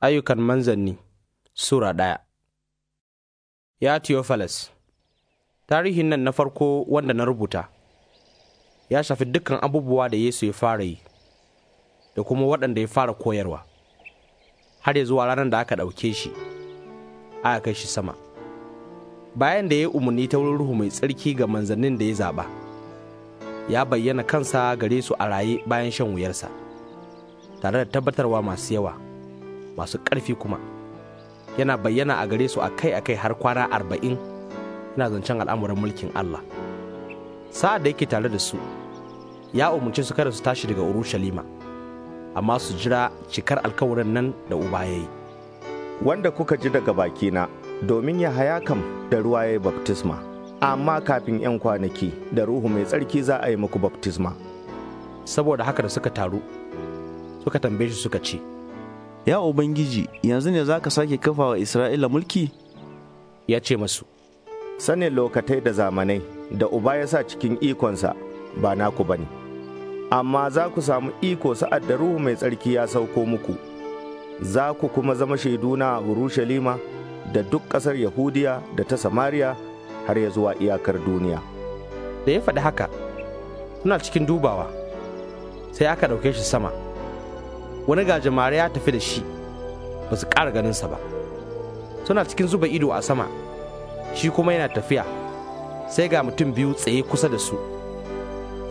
Ayyukan manzanni Sura ɗaya Ya Theophilus, tarihin nan na farko wanda na rubuta ya shafi dukkan abubuwa da Yesu ya fara yi da kuma waɗanda ya fara koyarwa, har ya zuwa ranar da aka ɗauke shi, aka kai shi sama. Bayan da ya yi umarni ta wurin ruhu mai tsarki ga manzannin da ya zaɓa, ya bayyana kansa gare su a raye bayan shan wuyarsa, tare da tabbatarwa masu yawa. masu ƙarfi kuma yana bayyana a gare su a kai-a kai har kwana arba'in yana zancen al'amuran mulkin Allah sa'ad da yake tare da su ya umarci su kada su tashi daga Urushalima amma su jira cikar alkawarin nan da uba ya yi wanda kuka ji daga bakina domin ya haya kam da ruwa ya yi baptisma amma kafin 'yan kwanaki da ruhu mai tsarki za a yi muku baptisma saboda haka da suka taru suka tambaye shi suka ce Ya Ubangiji, yanzu ne za ka sake kafa wa Isra'ila mulki? Ya ce masu, Sanin lokatai da zamanai da Uba ya sa cikin ikonsa ba naku ba ne, amma za ku samu iko sa'ad da Ruhu Mai Tsarki ya sauko muku, za ku kuma zama shaiduna a Urushalima da duk ƙasar Yahudiya da ta Samariya har ya zuwa iyakar duniya. Da ya faɗi haka, suna cikin dubawa, sai aka ɗauke shi sama. wani gajimare ya tafi da shi ba su ƙara ganinsa ba suna cikin zuba ido a sama shi kuma yana tafiya sai ga mutum biyu tsaye kusa da su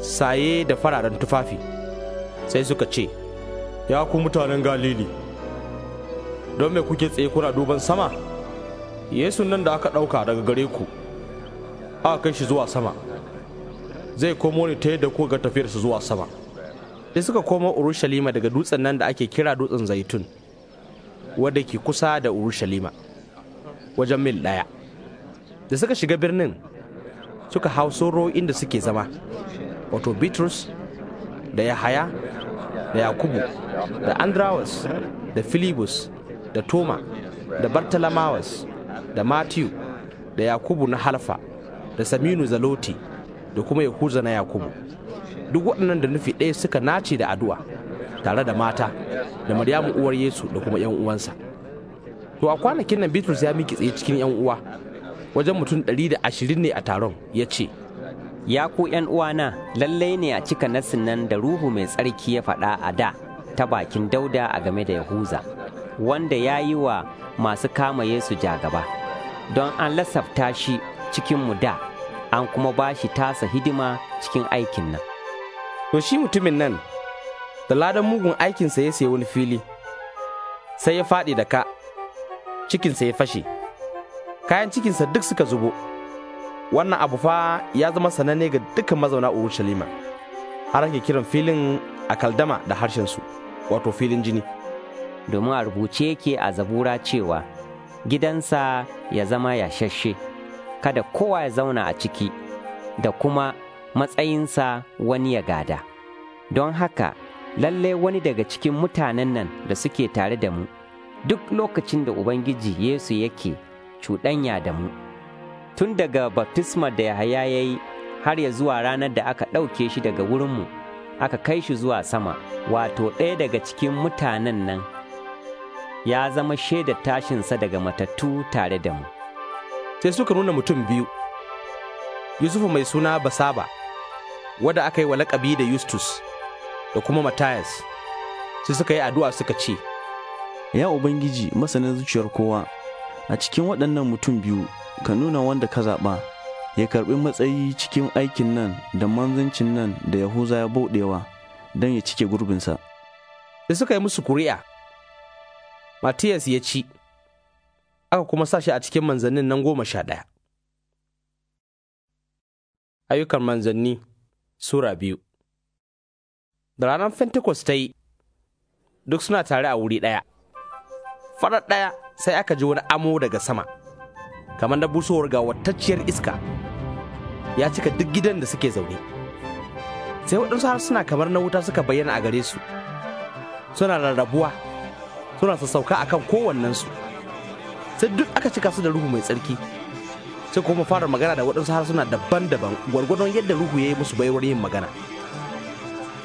saye da fararen tufafi sai suka ce ya ku mutanen galili don me kuke tsaye kuna duban sama yesu nan da aka ɗauka daga gare ku aka kai shi zuwa sama zai komo ne ta yadda ku ga tafiyarsa zuwa sama da suka koma urushalima daga dutsen nan da ake kira dutsen zaitun wadda ke kusa da urushalima wajen mil ɗaya da suka shiga birnin suka hau soro inda suke zama wato bitrus da yahaya da yakubu da andrawas da filibus da toma da bartalamawas da matthew da yakubu na halfa da saminu zaloti da kuma yahuza na yakubu duk waɗannan da nufi ɗaya suka nace da addu'a tare da mata da maryamu uwar yesu da kuma yan uwansa to a kwanakin nan bitrus ya miki tsaye cikin yan uwa wajen mutum ɗari da ashirin ne a taron ya ce ya ku yan uwana lallai ne a cika nassin nan da ruhu mai tsarki ya faɗa a da ta bakin dauda a game da yahuza wanda ya yi wa masu kama yesu jagaba don an lasafta shi cikin mu da an kuma ba shi tasa hidima cikin aikin nan to shi mutumin nan da ladan mugun aikinsa ya sayi wani fili sai ya faɗi da ka cikinsa ya fashe kayan cikinsa duk suka zubo wannan abu fa ya zama sananne ga dukkan mazauna urushalima har ake kiran filin a kaldama da harshensu wato filin jini domin a rubuce yake a zabura cewa gidansa ya zama yashashe kada kowa ya zauna a ciki da kuma matsayinsa wani ya gada. Don haka, lalle wani daga cikin mutanen nan da suke tare da mu, duk lokacin da Ubangiji Yesu yake cuɗanya da mu, tun daga baftisma da Yahaya ya yi har ya zuwa ranar da aka ɗauke shi daga wurinmu, aka kai shi zuwa sama, wato ɗaya daga cikin mutanen nan ya zama shaidar tashinsa daga matattu tare da mu. Sai suka nuna mutum biyu, Yusufu mai suna Basaba. wadda aka yi wa lakabi da Yustus da kuma Matthias sai suka yi addu'a suka ce, Ya Ubangiji masanin zuciyar kowa, a cikin waɗannan mutum biyu ka nuna wanda ka zaɓa, ya karɓi matsayi cikin aikin nan da manzancin nan da Yahuza ya buɗewa don ya cike gurbinsa. Sai suka yi musu kuri'a, Matthias ya ci, aka kuma sa shi a cikin manzannin nan goma sha ɗaya. Ayyukan manzanni Sura biyu Da ranar Pentecost ta yi, duk suna tare a wuri ɗaya. Faɗar ɗaya sai aka ji wani amo daga sama, kamar da busowar ga watacciyar iska ya cika duk gidan da suke zaune. Sai waɗansu har suna kamar na wuta suka bayyana a gare su, suna rarrabuwa, suna sassauka a kan kowannensu. Sai duk aka cika su da ruhu mai tsarki. sai kuma fara magana da waɗansu harsuna daban-daban gwargwadon yadda ruhu ya yi musu baiwar yin magana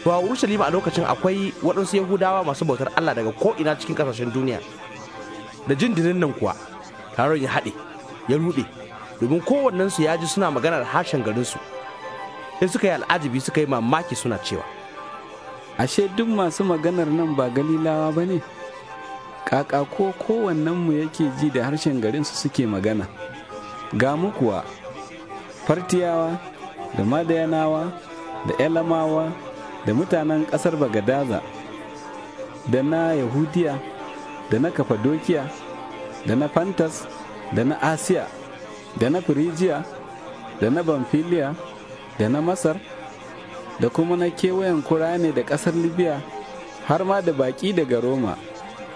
to a urushalima a lokacin akwai waɗansu yahudawa masu bautar allah daga ko'ina cikin ƙasashen duniya da jin dinin nan kuwa taron ya haɗe ya ruɗe domin kowannensu ya ji suna magana da harshen garinsu sai suka yi al'ajabi suka yi mamaki suna cewa ashe duk masu maganar nan ba galilawa ba ne kaka ko kowannenmu yake ji da harshen garinsu suke magana ga mukuwa, fartiyawa da madayanawa da elamawa da mutanen ƙasar bagadaza da na yahudiya da na kafadokiya da na fantas da na asiya da na firijiya da na bamfiliya da na masar da kuma na kewayen ne da ƙasar libya har ma da baƙi daga roma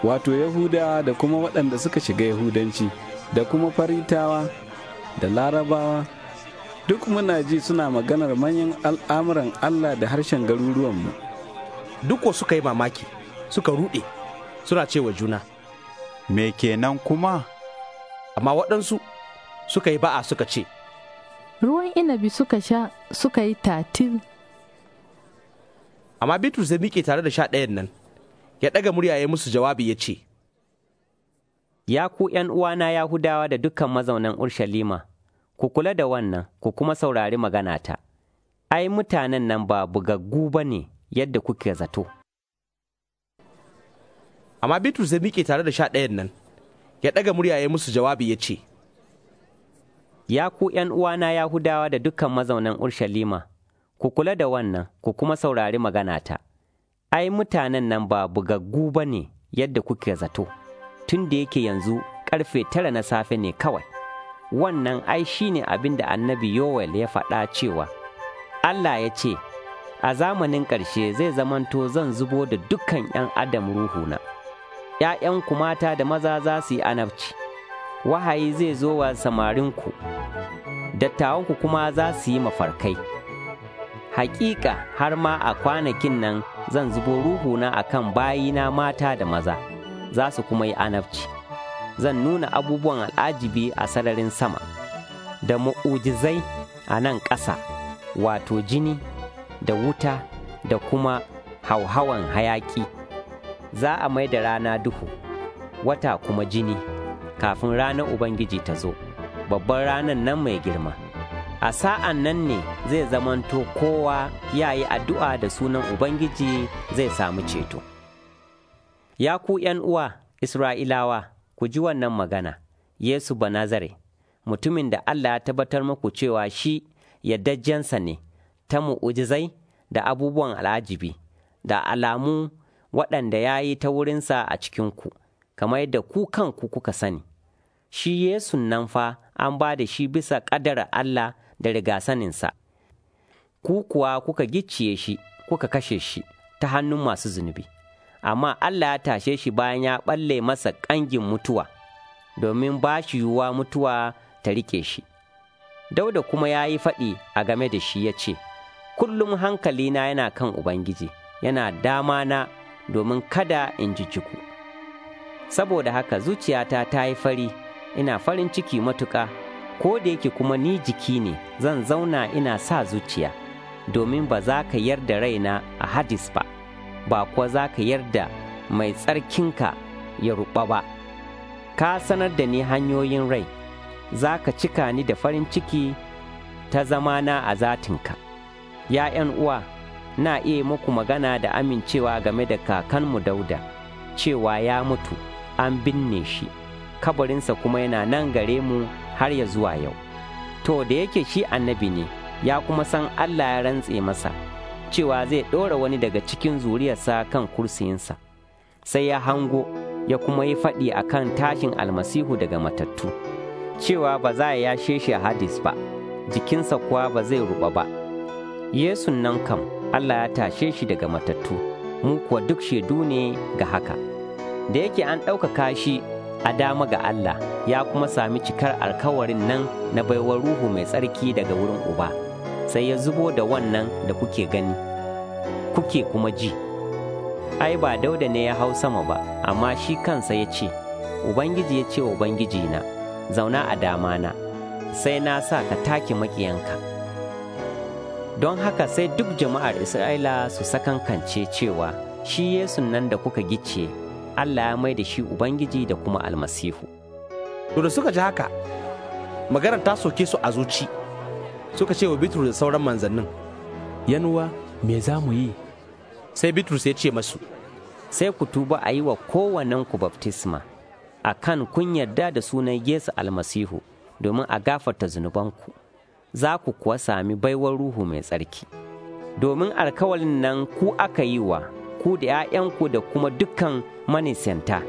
wato yahudawa da kuma waɗanda suka shiga yahudanci da kuma faritawa da larabawa duk muna ji suna maganar manyan al'amuran allah da harshen garuruwanmu duk suka yi mamaki suka rude suna cewa juna me kenan kuma amma waɗansu suka yi ba'a suka ce ruwan inabi suka sha suka yi tatil amma bitrus zai miƙe tare da sha ɗayan nan ya ɗaga murya ya musu jawabi ya ce Ya ku ’yan uwana Yahudawa da dukkan mazaunan Urshalima, ku kula da wannan, ku kuma saurari maganata. Ai, mutanen nan ba bugaggu ba ne yadda kuke zato. Amma Bitrus zai miƙe tare da sha ɗayan nan, ya ɗaga murya ya musu jawabi ya ce, Ya ku ’yan uwana Yahudawa da dukkan mazaunan Urshalima, ku kula da wannan, ku kuma saurari maganata. Ai, mutanen nan ba bugaggu ba ne yadda kuke zato. tun da yake yanzu karfe tara na safe ne kawai. Wannan ai shi ne abin da annabi Yowel ya faɗa cewa, Allah ya ce, A zamanin ƙarshe zai zamanto zan zubo da dukkan ’yan adam ruhuna, ’ya'yanku mata da maza za su yi anabci, wahayi zai zo wa samarinku, dattawanku kuma za su yi mafarkai. Hakika har ma a kwanakin nan zan zubo ruhuna a kan bayina mata da maza. za su kuma yi anabci zan nuna abubuwan al'ajibi a sararin sama da mu'ujizai a nan ƙasa wato jini da wuta da kuma hauhawan hayaƙi za a mai da rana duhu wata kuma jini kafin ranar ubangiji ta zo babban ranar nan mai girma a sa'an nan ne zai zamanto kowa ya yi addu'a da sunan Ubangiji zai samu ceto. Ya ku ’yan uwa, Isra'ilawa, ku ji wannan magana, Yesu Banazare, mutumin da Allah ya tabbatar muku cewa shi yaddajensa ne ta mu'ujizai da abubuwan al'ajibi, da alamu waɗanda ya yi ta wurinsa a cikinku, kamar yadda ku kanku kuka sani. Shi Yesu nan fa an ba da shi bisa ƙadar Allah da rigasaninsa. Ku kuwa kuka gicciye shi, kuka kashe shi ta hannun masu zunubi. amma Allah ya tashe shi bayan ya ɓalle masa ƙangin mutuwa, domin ba shi yiwuwa mutuwa ta riƙe shi. Dauda kuma ya yi faɗi a game da shi ya ce, Kullum hankalina yana kan Ubangiji, yana dama na domin kada in ji jiku. Saboda haka zuciyata ta yi fari, ina farin ciki matuƙa, ko da yake kuma ni jiki ne zan zauna ina sa zuciya, domin ba za ka yarda raina a hadis ba. ba kuwa za ka yarda mai tsarkinka ya ruɓa ba ka sanar da ni hanyoyin rai za ka cika ni da farin ciki ta zamana a zatinka ya 'yan uwa na iya muku magana da amincewa game da kakanmu dauda cewa ya mutu an binne shi kabarinsa kuma yana nan gare mu har ya zuwa yau to da yake shi annabi ne ya kuma san allah ya rantse masa cewa zai ɗora wani daga cikin zuriyarsa kan kursiyinsa sai ya hango ya kuma yi faɗi a kan tashin almasihu daga matattu cewa ba za a yashe shi hadis ba jikinsa kuwa ba zai ruba ba yesu nan kam allah ya tashe shi daga matattu mu kuwa duk shaidu ne ga haka da yake an ɗaukaka shi a dama ga allah ya kuma sami cikar alkawarin nan na baiwar ruhu mai tsarki daga wurin uba sai ya zubo da wannan da kuke gani kuke kuma ji ai ba dauda ne ya hau sama ba amma shi kansa ya ce ubangiji ya ce wa Ubangiji na, zauna a damana sai na sa ka take makiyanka don haka sai duk jama'ar isra'ila su sakankance cewa shi yesu nan da kuka gice allah ya mai da shi ubangiji da kuma almasihu to suka ji haka magana ta soke su a zuci suka ce wa bitrus da sauran manzannin yanuwa me za mu yi sai bitrus ya ce masu sai ku tuba a yi wa ku baftisma a kan kun yarda da sunan yesu almasihu domin a gafarta zunubanku za ku kuwa sami baiwar ruhu mai tsarki domin alkawalin nan ku aka yi wa ku da 'ya'yanku da kuma dukkan manisanta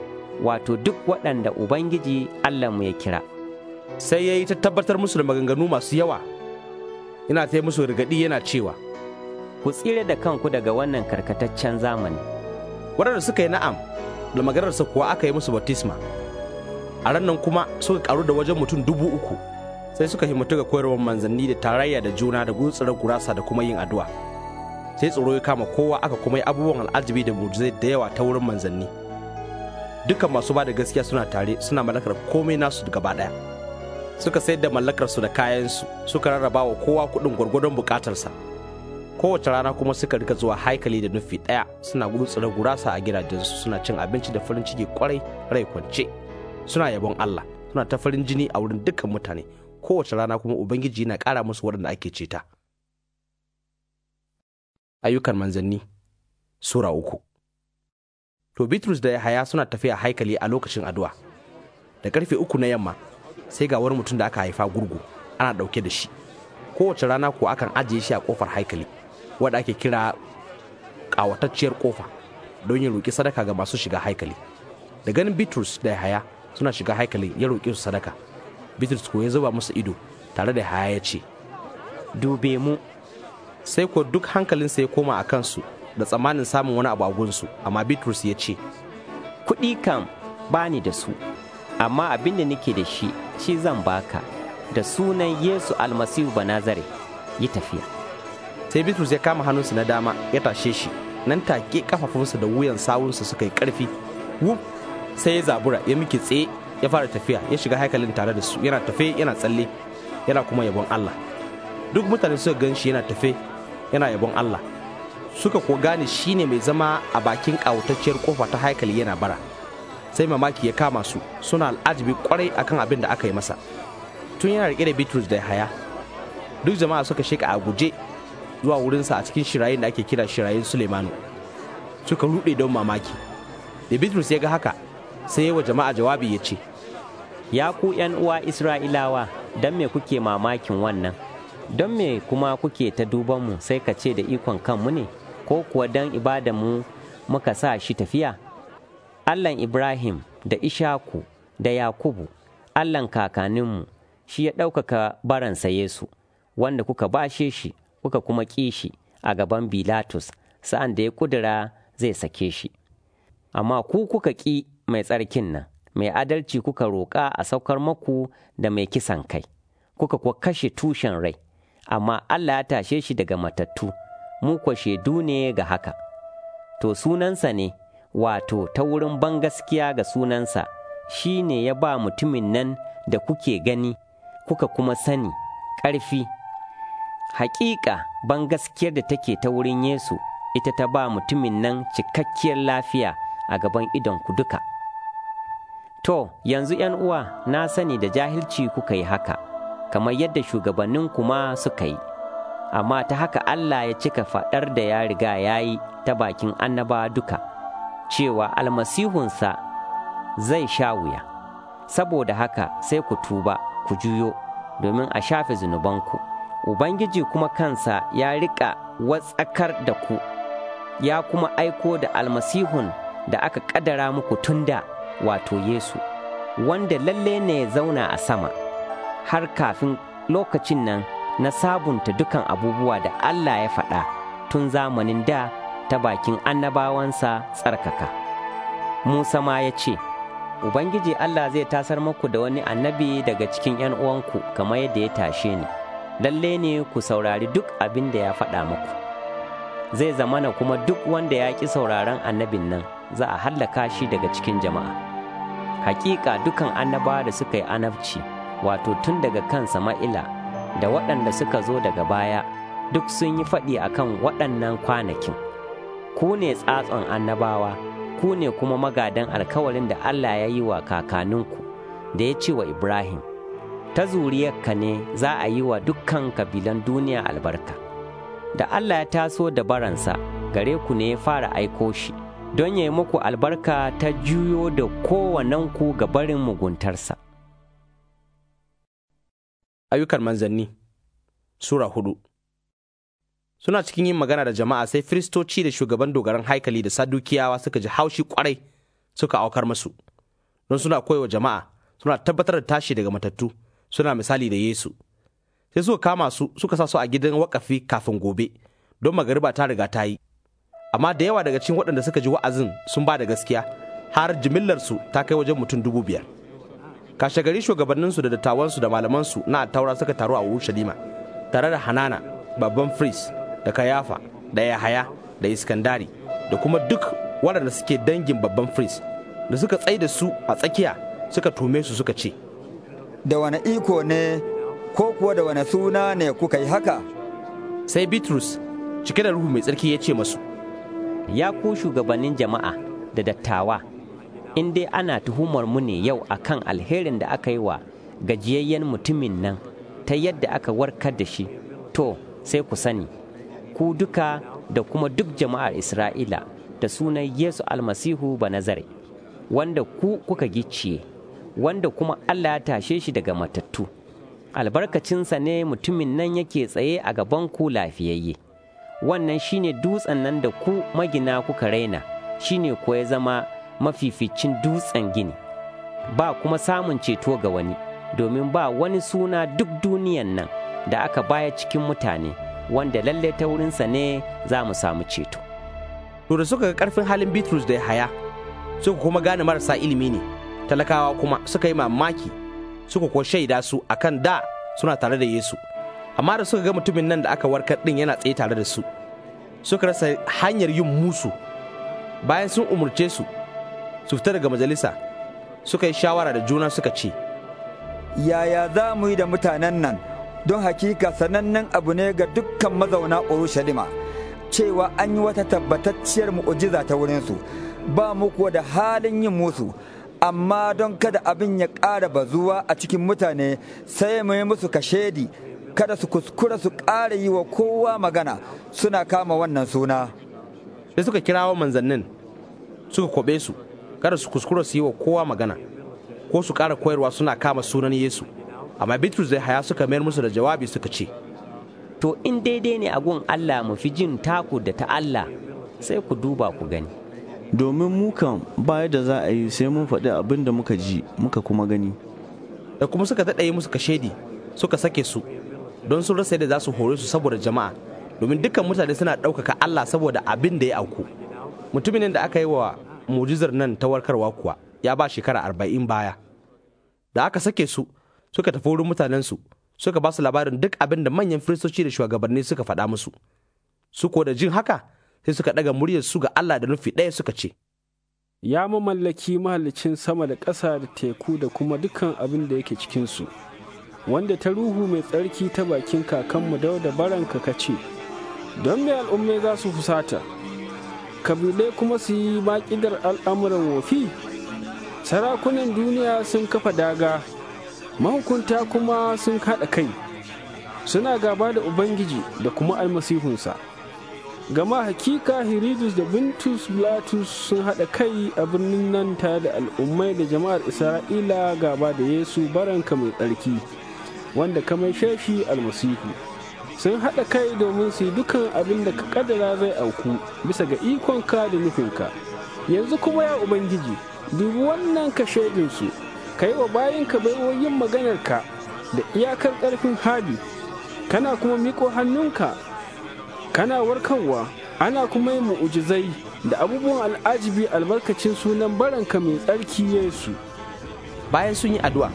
wato duk waɗanda ubangiji Allah mu ya kira sai ya yi ta tabbatar musu da maganganu masu yawa Ina ta musu rigadi yana cewa, Ku tsire da kanku daga wannan karkataccen zamani. Waɗanda suka yi na'am, da magararsa kuwa aka yi musu batisma. A ran kuma suka karu da wajen mutum dubu uku, sai suka himmatu ga koyarwar manzanni da tarayya da juna da gutsurar gurasa da kuma yin addu'a. Sai tsoro ya kama kowa aka kuma yi abubuwan al'ajabi da mujizai da yawa ta wurin manzanni. Dukan masu ba da gaskiya suna tare suna mallakar komai nasu gaba ɗaya. suka sayar da mallakarsu da kayansu suka rarraba wa kowa kuɗin gwargwadon bukatarsa kowace rana kuma suka rika zuwa haikali da nufi ɗaya suna gudu gurasa a gidajensu suna cin abinci da farin ciki kwarai rai kwance suna yabon Allah suna ta farin jini a wurin dukkan mutane kowace rana kuma ubangiji yana kara musu waɗanda ake ceta ayyukan manzanni sura uku to bitrus da yahaya suna tafiya haikali a lokacin addu'a da karfe uku na yamma sai ga wani mutum da aka haifa gurgu ana dauke da shi kowace rana ko akan ajiye shi a kofar haikali wadda ake kira ƙawatacciyar kofa don yin roƙi sadaka ga masu shiga haikali da ganin bitrus da haya suna shiga haikali ya roƙi su sadaka bitrus ko ya zuba musu ido tare da haya ya ce dube mu sai ko duk hankalinsa ya koma a kansu da tsammanin samun wani abu a gunsu amma bitrus ya ce kuɗi kam bani da su amma abin da nake da shi shi zan baka da sunan yesu almasihu banazare yi tafiya sai bitrus ya kama hannunsa na dama ya tashe shi nan take kafafunsa da wuyan sawunsa suka yi karfi wuf sai ya zabura ya miki tsaye ya fara tafiya ya shiga haikalin tare da su yana tafe yana tsalle yana kuma yabon allah duk mutane suka gan shi yana tafe yana yabon allah suka ko gane shine mai zama a bakin ƙawatacciyar kofa ta haikali yana bara sai mamaki ya kama su suna al'ajibi kwarai akan abin da aka yi masa tun yana rike da bitrus da haya duk jama'a suka sheka a guje zuwa wurinsa a cikin shirayen da ake kira shirayen sulemanu suka rude don mamaki da bitrus ya ga haka sai wa jama'a jawabi ya ce ya ku yan uwa isra'ilawa don me kuke mamakin wannan don me kuma kuke ta duban mu sai ka ce da ikon kanmu ne ko kuwa don mu muka sa shi tafiya Allahn Ibrahim da Ishaku da Yakubu, Allahn kakaninmu, shi ya ɗaukaka baransa Yesu, wanda kuka bashe shi, kuka kuma ƙi shi a gaban Bilatus, sa'an da ya kudura zai sake shi. Amma ku kuka ƙi mai tsarkin nan, mai adalci kuka roƙa a saukar maku da mai kisan kai, kuka kuwa kashe tushen rai, amma Allah ya tashe shi daga matattu, mu kwa shaidu ne ga haka. To sunansa ne. wato ta wurin ban gaskiya ga sunansa, shi ne ya ba mutumin nan da kuke gani, kuka kuma sani, ƙarfi. Hakika bangaskiyar da take ta wurin Yesu ita ta ba mutumin nan cikakkiyar lafiya a gaban idonku duka. To, yanzu ‘yan uwa na sani da jahilci kuka yi haka, kamar yadda shugabannin kuma suka yi, amma ta haka Allah ya cika faɗar da ya riga ya yi ta bakin annaba duka. cewa almasihunsa zai sha wuya saboda haka sai ku tuba ku juyo domin a shafe zunubanku ubangiji kuma kansa ya riƙa watsakar da ku ya kuma aiko da almasihun da aka ƙadara muku tun da wato yesu wanda lalle ne ya zauna a sama har kafin lokacin nan na sabunta dukan abubuwa da allah ya faɗa tun zamanin da ta bakin annabawansa tsarkaka. Musa ma ya ce, Ubangiji Allah zai tasar muku da wani annabi daga cikin ‘yan uwanku kamar yadda ya tashe ni, lalle ne ku saurari duk abin da ya faɗa muku. Zai zamana kuma duk wanda ya ƙi sauraron annabin nan za a hallaka shi daga cikin jama'a. Hakika dukan annabawa da suka yi anabci, wato tun daga kan Sama'ila da waɗanda suka zo daga baya, duk sun yi faɗi akan waɗannan kwanakin. ku ne tsatson annabawa ku ne kuma magadan alkawarin da Allah ya yi wa kakaninku da ya ce wa Ibrahim ta zuriyarka ne za a yi wa dukkan kabilan duniya albarka da Allah ya taso da baransa gare ku ne ya fara aiko shi don ya yi muku albarka ta juyo da kowananku ga barin muguntarsa ayyukan manzanni Sura hudu suna cikin yin magana da jama'a sai firistoci da shugaban dogaran haikali da sadukiyawa suka ji haushi kwarai suka aukar masu don suna koyawa jama'a suna tabbatar da tashi daga matattu suna misali da yesu sai suka kama su suka sa su a gidan wakafi kafin gobe don magariba ta riga ta yi amma da yawa daga cikin waɗanda suka ji wa'azin sun ba da gaskiya har jimillarsu ta kai wajen mutum dubu biyar kashe gari shugabanninsu da dattawansu da malamansu na taura suka taru a urushalima tare da hanana babban fris da kayafa da yahaya da iskandari da kuma duk waɗanda suke dangin babban firist da suka tsai da su a tsakiya suka tume su suka ce da wani iko ne ko kuwa da wani suna ne kuka yi haka sai bitrus cike da ruhu mai tsarki ya ce masu ya ku shugabannin jama'a da dattawa in dai ana tuhumar mu ne yau akan alherin da aka yi wa gajiyayyen mutumin nan ta yadda aka warkar da shi to sai ku sani ku duka da kuma duk jama'ar Isra'ila da sunan Yesu almasihu ba nazare, wanda ku kuka gicciye wanda kuma Allah ya tashe shi daga matattu albarkacinsa ne mutumin nan yake tsaye a gaban ku lafiyayye wannan shi ne dutsen nan da ku magina kuka raina shi ne ko ya zama mafificin dutsen gini ba kuma samun ceto ga wani domin ba wani suna duk duniyan nan da aka baya cikin mutane wanda lalle ta wurinsa ne za mu samu ceto. To da suka ga ƙarfin halin Bitrus da ya haya. suka kuma gane marasa ilimi ne talakawa kuma suka yi mamaki suka kuwa shaida su akan da suna tare da Yesu amma da suka ga mutumin nan da aka warkar ɗin yana tsaye tare da su suka rasa hanyar yin musu bayan sun umarce su su fita daga majalisa suka yi shawara da juna suka ce yaya za mu yi da mutanen nan don hakika sanannen abu ne ga dukkan mazauna Urushalima cewa an yi wata tabbatacciyar mu'ujiza ta wurinsu ba mu kuwa da halin yin musu amma don kada abin ya ƙara bazuwa a cikin mutane sai mu yi musu kashedi kada su kuskura su ƙara yi wa kowa magana suna kama wannan suna sai suka kira wa manzannin suka kwabe su kada su kuskura su yi wa kowa magana ko su ƙara koyarwa suna kama sunan yesu amma bitrus zai haya suka mayar musu da jawabi suka ce to in daidai ne a gun allah mu fi jin taku da ta allah sai ku duba ku gani domin mu kan baya da za a yi sai mun faɗi abin da muka ji muka kuma gani da kuma suka daɗa yi musu kashedi suka sake su don sun rasa yadda za su hore su saboda jama'a domin dukkan mutane suna ɗaukaka allah saboda abin da ya auku mutumin da aka yi wa mujizar nan ta warkarwa kuwa ya ba shekara arba'in baya da aka sake su suka tafi wurin mutanensu suka ba su labarin duk abin da manyan firistoci da shugabanni suka faɗa musu su ko da jin haka sai suka ɗaga muryar su ga Allah da nufi ɗaya suka ce ya mamallaki mahallicin sama da ƙasa da teku da kuma dukkan abin da yake cikinsu wanda ta ruhu mai tsarki ta bakin kakanmu da baranka ka ce don me al'ummai za su fusata kabilai kuma su yi maƙidar al'amuran wofi sarakunan duniya sun kafa daga mahukunta kuma sun haɗa kai suna gaba da ubangiji da kuma almasihunsa gama hakika hiridus da bintus blatus sun haɗa kai a birnin nan tare da al'ummai da jama'ar isra'ila gaba da yesu baranka mai tsarki wanda kamar shashi almasihu sun haɗa kai domin su yi dukan abin da ka kadara zai auku bisa ga ikonka da nufinka yanzu kuma ya ubangiji dubi wannan ka shaidinsu ka yi wa yin maganar ka da iyakar ƙarfin hali kana kuma miko hannunka kana warkarwa ana kuma yin mu'ujizai da abubuwan al'ajibi albarkacin sunan baranka mai tsarki yesu bayan sun yi addu'a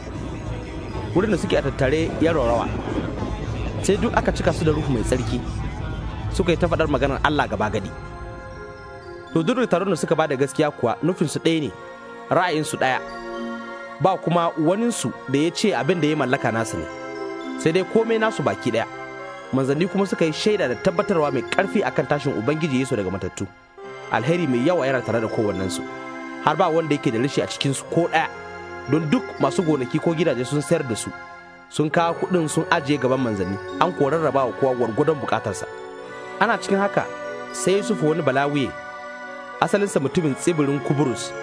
wurin da suke a tattare ya rawa sai duk aka cika su da ruhu mai tsarki suka yi ta faɗar maganar allah gaba gadi to duk taron da suka ba da gaskiya kuwa nufinsu ɗaya ne ra'ayinsu ɗaya ba kuma waninsu da ya ce abin da ya mallaka nasu ne sai dai komai nasu baki ɗaya manzanni kuma suka yi shaida da tabbatarwa mai karfi akan tashin ubangiji yesu daga matattu alheri mai yawa yana tare da kowannensu har ba wanda yake da rishi a cikin cikinsu ko ɗaya don duk masu gonaki ko gidaje sun sayar da su sun kawo kuɗin sun ajiye gaban manzanni an ko rarraba wa kowa gwargwadon bukatarsa ana cikin haka sai yusufu wani balawiye asalinsa mutumin tsibirin kuburus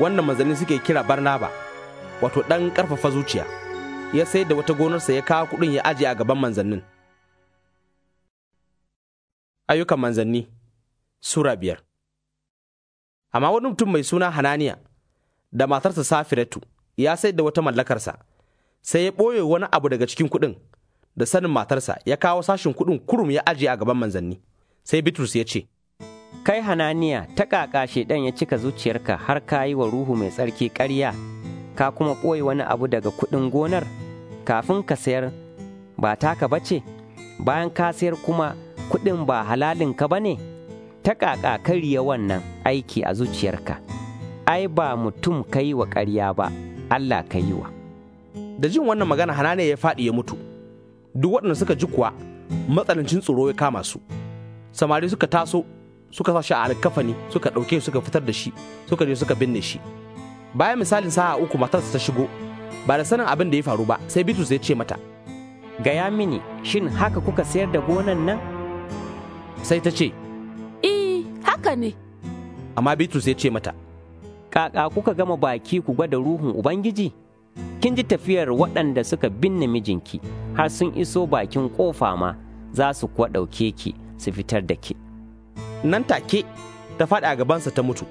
wannan manzanni suke kira barnaba wato ɗan ƙarfafa zuciya ya sai da wata gonarsa ya kawo kuɗin ya ajiye a gaban manzannin ayyukan manzanni sura biyar amma wani mutum mai suna hananiya da matarsa safiratu ya sai da wata mallakarsa sai ya ɓoye wani abu daga cikin kuɗin da sanin matarsa ya kawo sashin kuɗin kurum ya ajiye a gaban manzanni sai bitrus ya ce kai hananiya ta ƙaƙa shaidan ya cika zuciyarka har ka yi wa ruhu mai tsarki ƙarya ka kuma ɓoye wani abu daga kuɗin gonar kafin ka sayar ba taka ba ce bayan ka sayar kuma kuɗin ba halalin ka ba ne ta ƙaƙa karya wannan aiki a zuciyarka ai ba mutum ka yi wa ƙarya ba Allah ka yi wa da jin wannan magana hanane ya faɗi ya mutu duk waɗanda suka ji kuwa matsanancin tsoro ya kama su samari suka taso suka sa shi a alkafani suka ɗauke suka fitar da shi suka je suka binne shi bayan misalin sa'a uku matarsa ta shigo ba da sanin abin da ya faru ba sai bitrus ya ce mata gaya mini shin haka kuka sayar da gonan nan sai ta ce eh haka ne amma bitrus ya ce mata kaka kuka gama baki ku gwada ruhun ubangiji kin ji tafiyar waɗanda suka binne mijinki har sun iso bakin ƙofa ma za su kuwa ɗauke ki su fitar da ke nan take ta faɗa gabansa ta mutu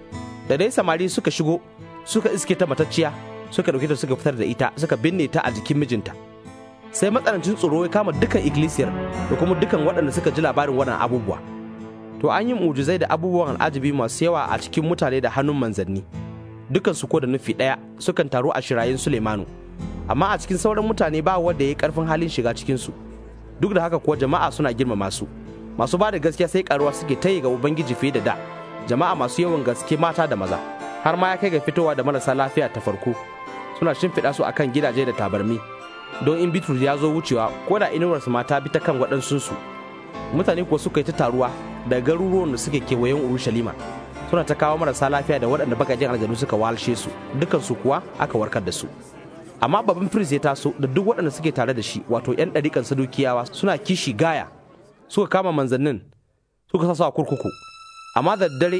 da dai samari suka shigo suka iske ta matacciya suka ɗauke ta suka fitar da ita suka binne ta a jikin mijinta sai matsanancin tsoro ya kama dukan ikkilisiyar da kuma dukan waɗanda suka ji labarin waɗannan abubuwa to an yi mujizai da abubuwan al'ajabi masu yawa a cikin mutane da hannun manzanni dukan su ko da nufi ɗaya sukan taru a shirayin Sulemanu amma a cikin sauran mutane ba wanda ya yi karfin halin shiga cikin su duk da haka kuwa jama'a suna girmama su masu ba da gaskiya sai karuwa suke tayi ga ubangiji fiye da da jama'a masu yawan gaske mata da maza har ma ya kai ga fitowa da marasa lafiya ta farko suna shimfiɗa su akan gidaje da tabarmi don in bitrus ya zo wucewa ko da inuwarsa mata bi ta kan waɗansunsu mutane kuwa suka yi ta taruwa da garuruwan da suke kewayen urushalima suna ta kawo marasa lafiya da waɗanda bakajen aljanu suka walshe su dukansu kuwa aka warkar da su amma babban firist ya taso da duk waɗanda suke tare da shi wato 'yan ɗariƙan sadukiyawa suna kishi gaya suka kama manzannin suka sa su a kurkuku amma da dare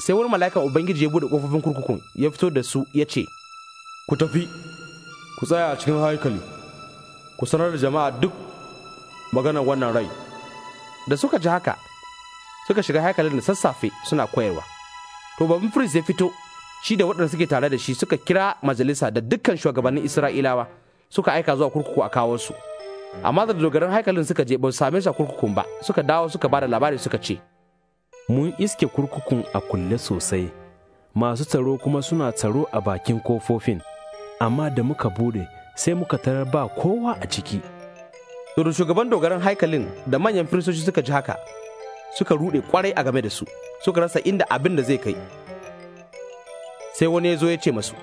sai wani mala'ikan ubangiji ya bude kofofin kurkukun ya fito da su ya ce ku tafi ku tsaya a cikin haikali ku sanar da jama'a duk maganar wannan rai da suka ji haka suka shiga haikalin da sassafe suna koyarwa to babban firist ya fito shi da waɗanda suke tare da shi suka kira majalisa da dukkan shugabannin isra'ilawa suka aika zuwa kurkuku a kawo su amma da dogaran haikalin suka je ba su same su a kurkukun ba suka dawo suka ba da labari suka ce mun iske kurkukun a kulle sosai, masu tsaro kuma suna tsaro a bakin kofofin, amma da muka bude sai muka tarar ba kowa a ciki. Tsoron shugaban dogaran haikalin da manyan firistoci suka ji haka, suka ruɗe kwarai a game da su, suka rasa inda abin da zai kai. Sai wani ya zo ya ce masu.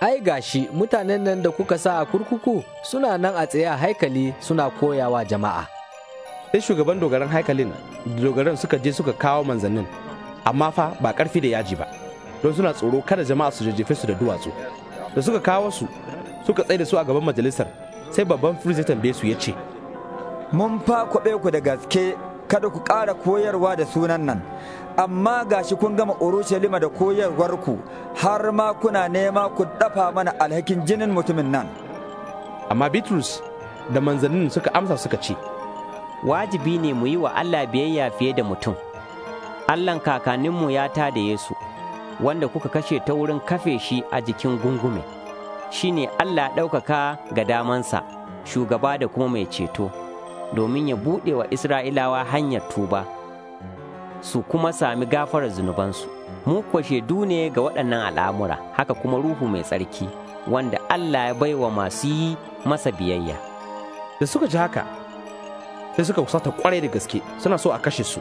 Ai gashi mutanen nan da kuka sa a kurkuku suna nan a tsaye a haikali suna koyawa jama'a. sai shugaban dogaran haikalin dogaran suka je suka kawo manzannin amma fa ba karfi da yaji ba don suna tsoro kada jama'a su jajjefe su da duwatsu da suka kawo su suka tsaye da su a gaban majalisar sai babban firist ya tambaye su ya ce mun fa kwaɓe ku da gaske kada ku ƙara koyarwa da sunan nan amma gashi kun gama urushalima da koyarwar ku, har ma kuna nema ku dafa mana alhakin jinin mutumin nan amma bitrus da manzannin suka amsa suka ce wajibi ne mu yi wa Allah biyayya fiye da mutum. Allahn kakanninmu ya ta da Yesu, wanda kuka kashe ta wurin kafe shi a jikin gungume, shi ne Allah ɗaukaka ga damansa, shugaba da kuma mai ceto, domin ya buɗe wa Isra'ilawa hanyar tuba, su kuma sami gafarar zunubansu. Mu kuwa shaidu ne ga waɗannan al'amura, haka kuma Ruhu mai tsarki, wanda Allah ya baiwa masu yi masa biyayya. Da suka ji haka, sai suka kusata kwarai da gaske suna so a kashe su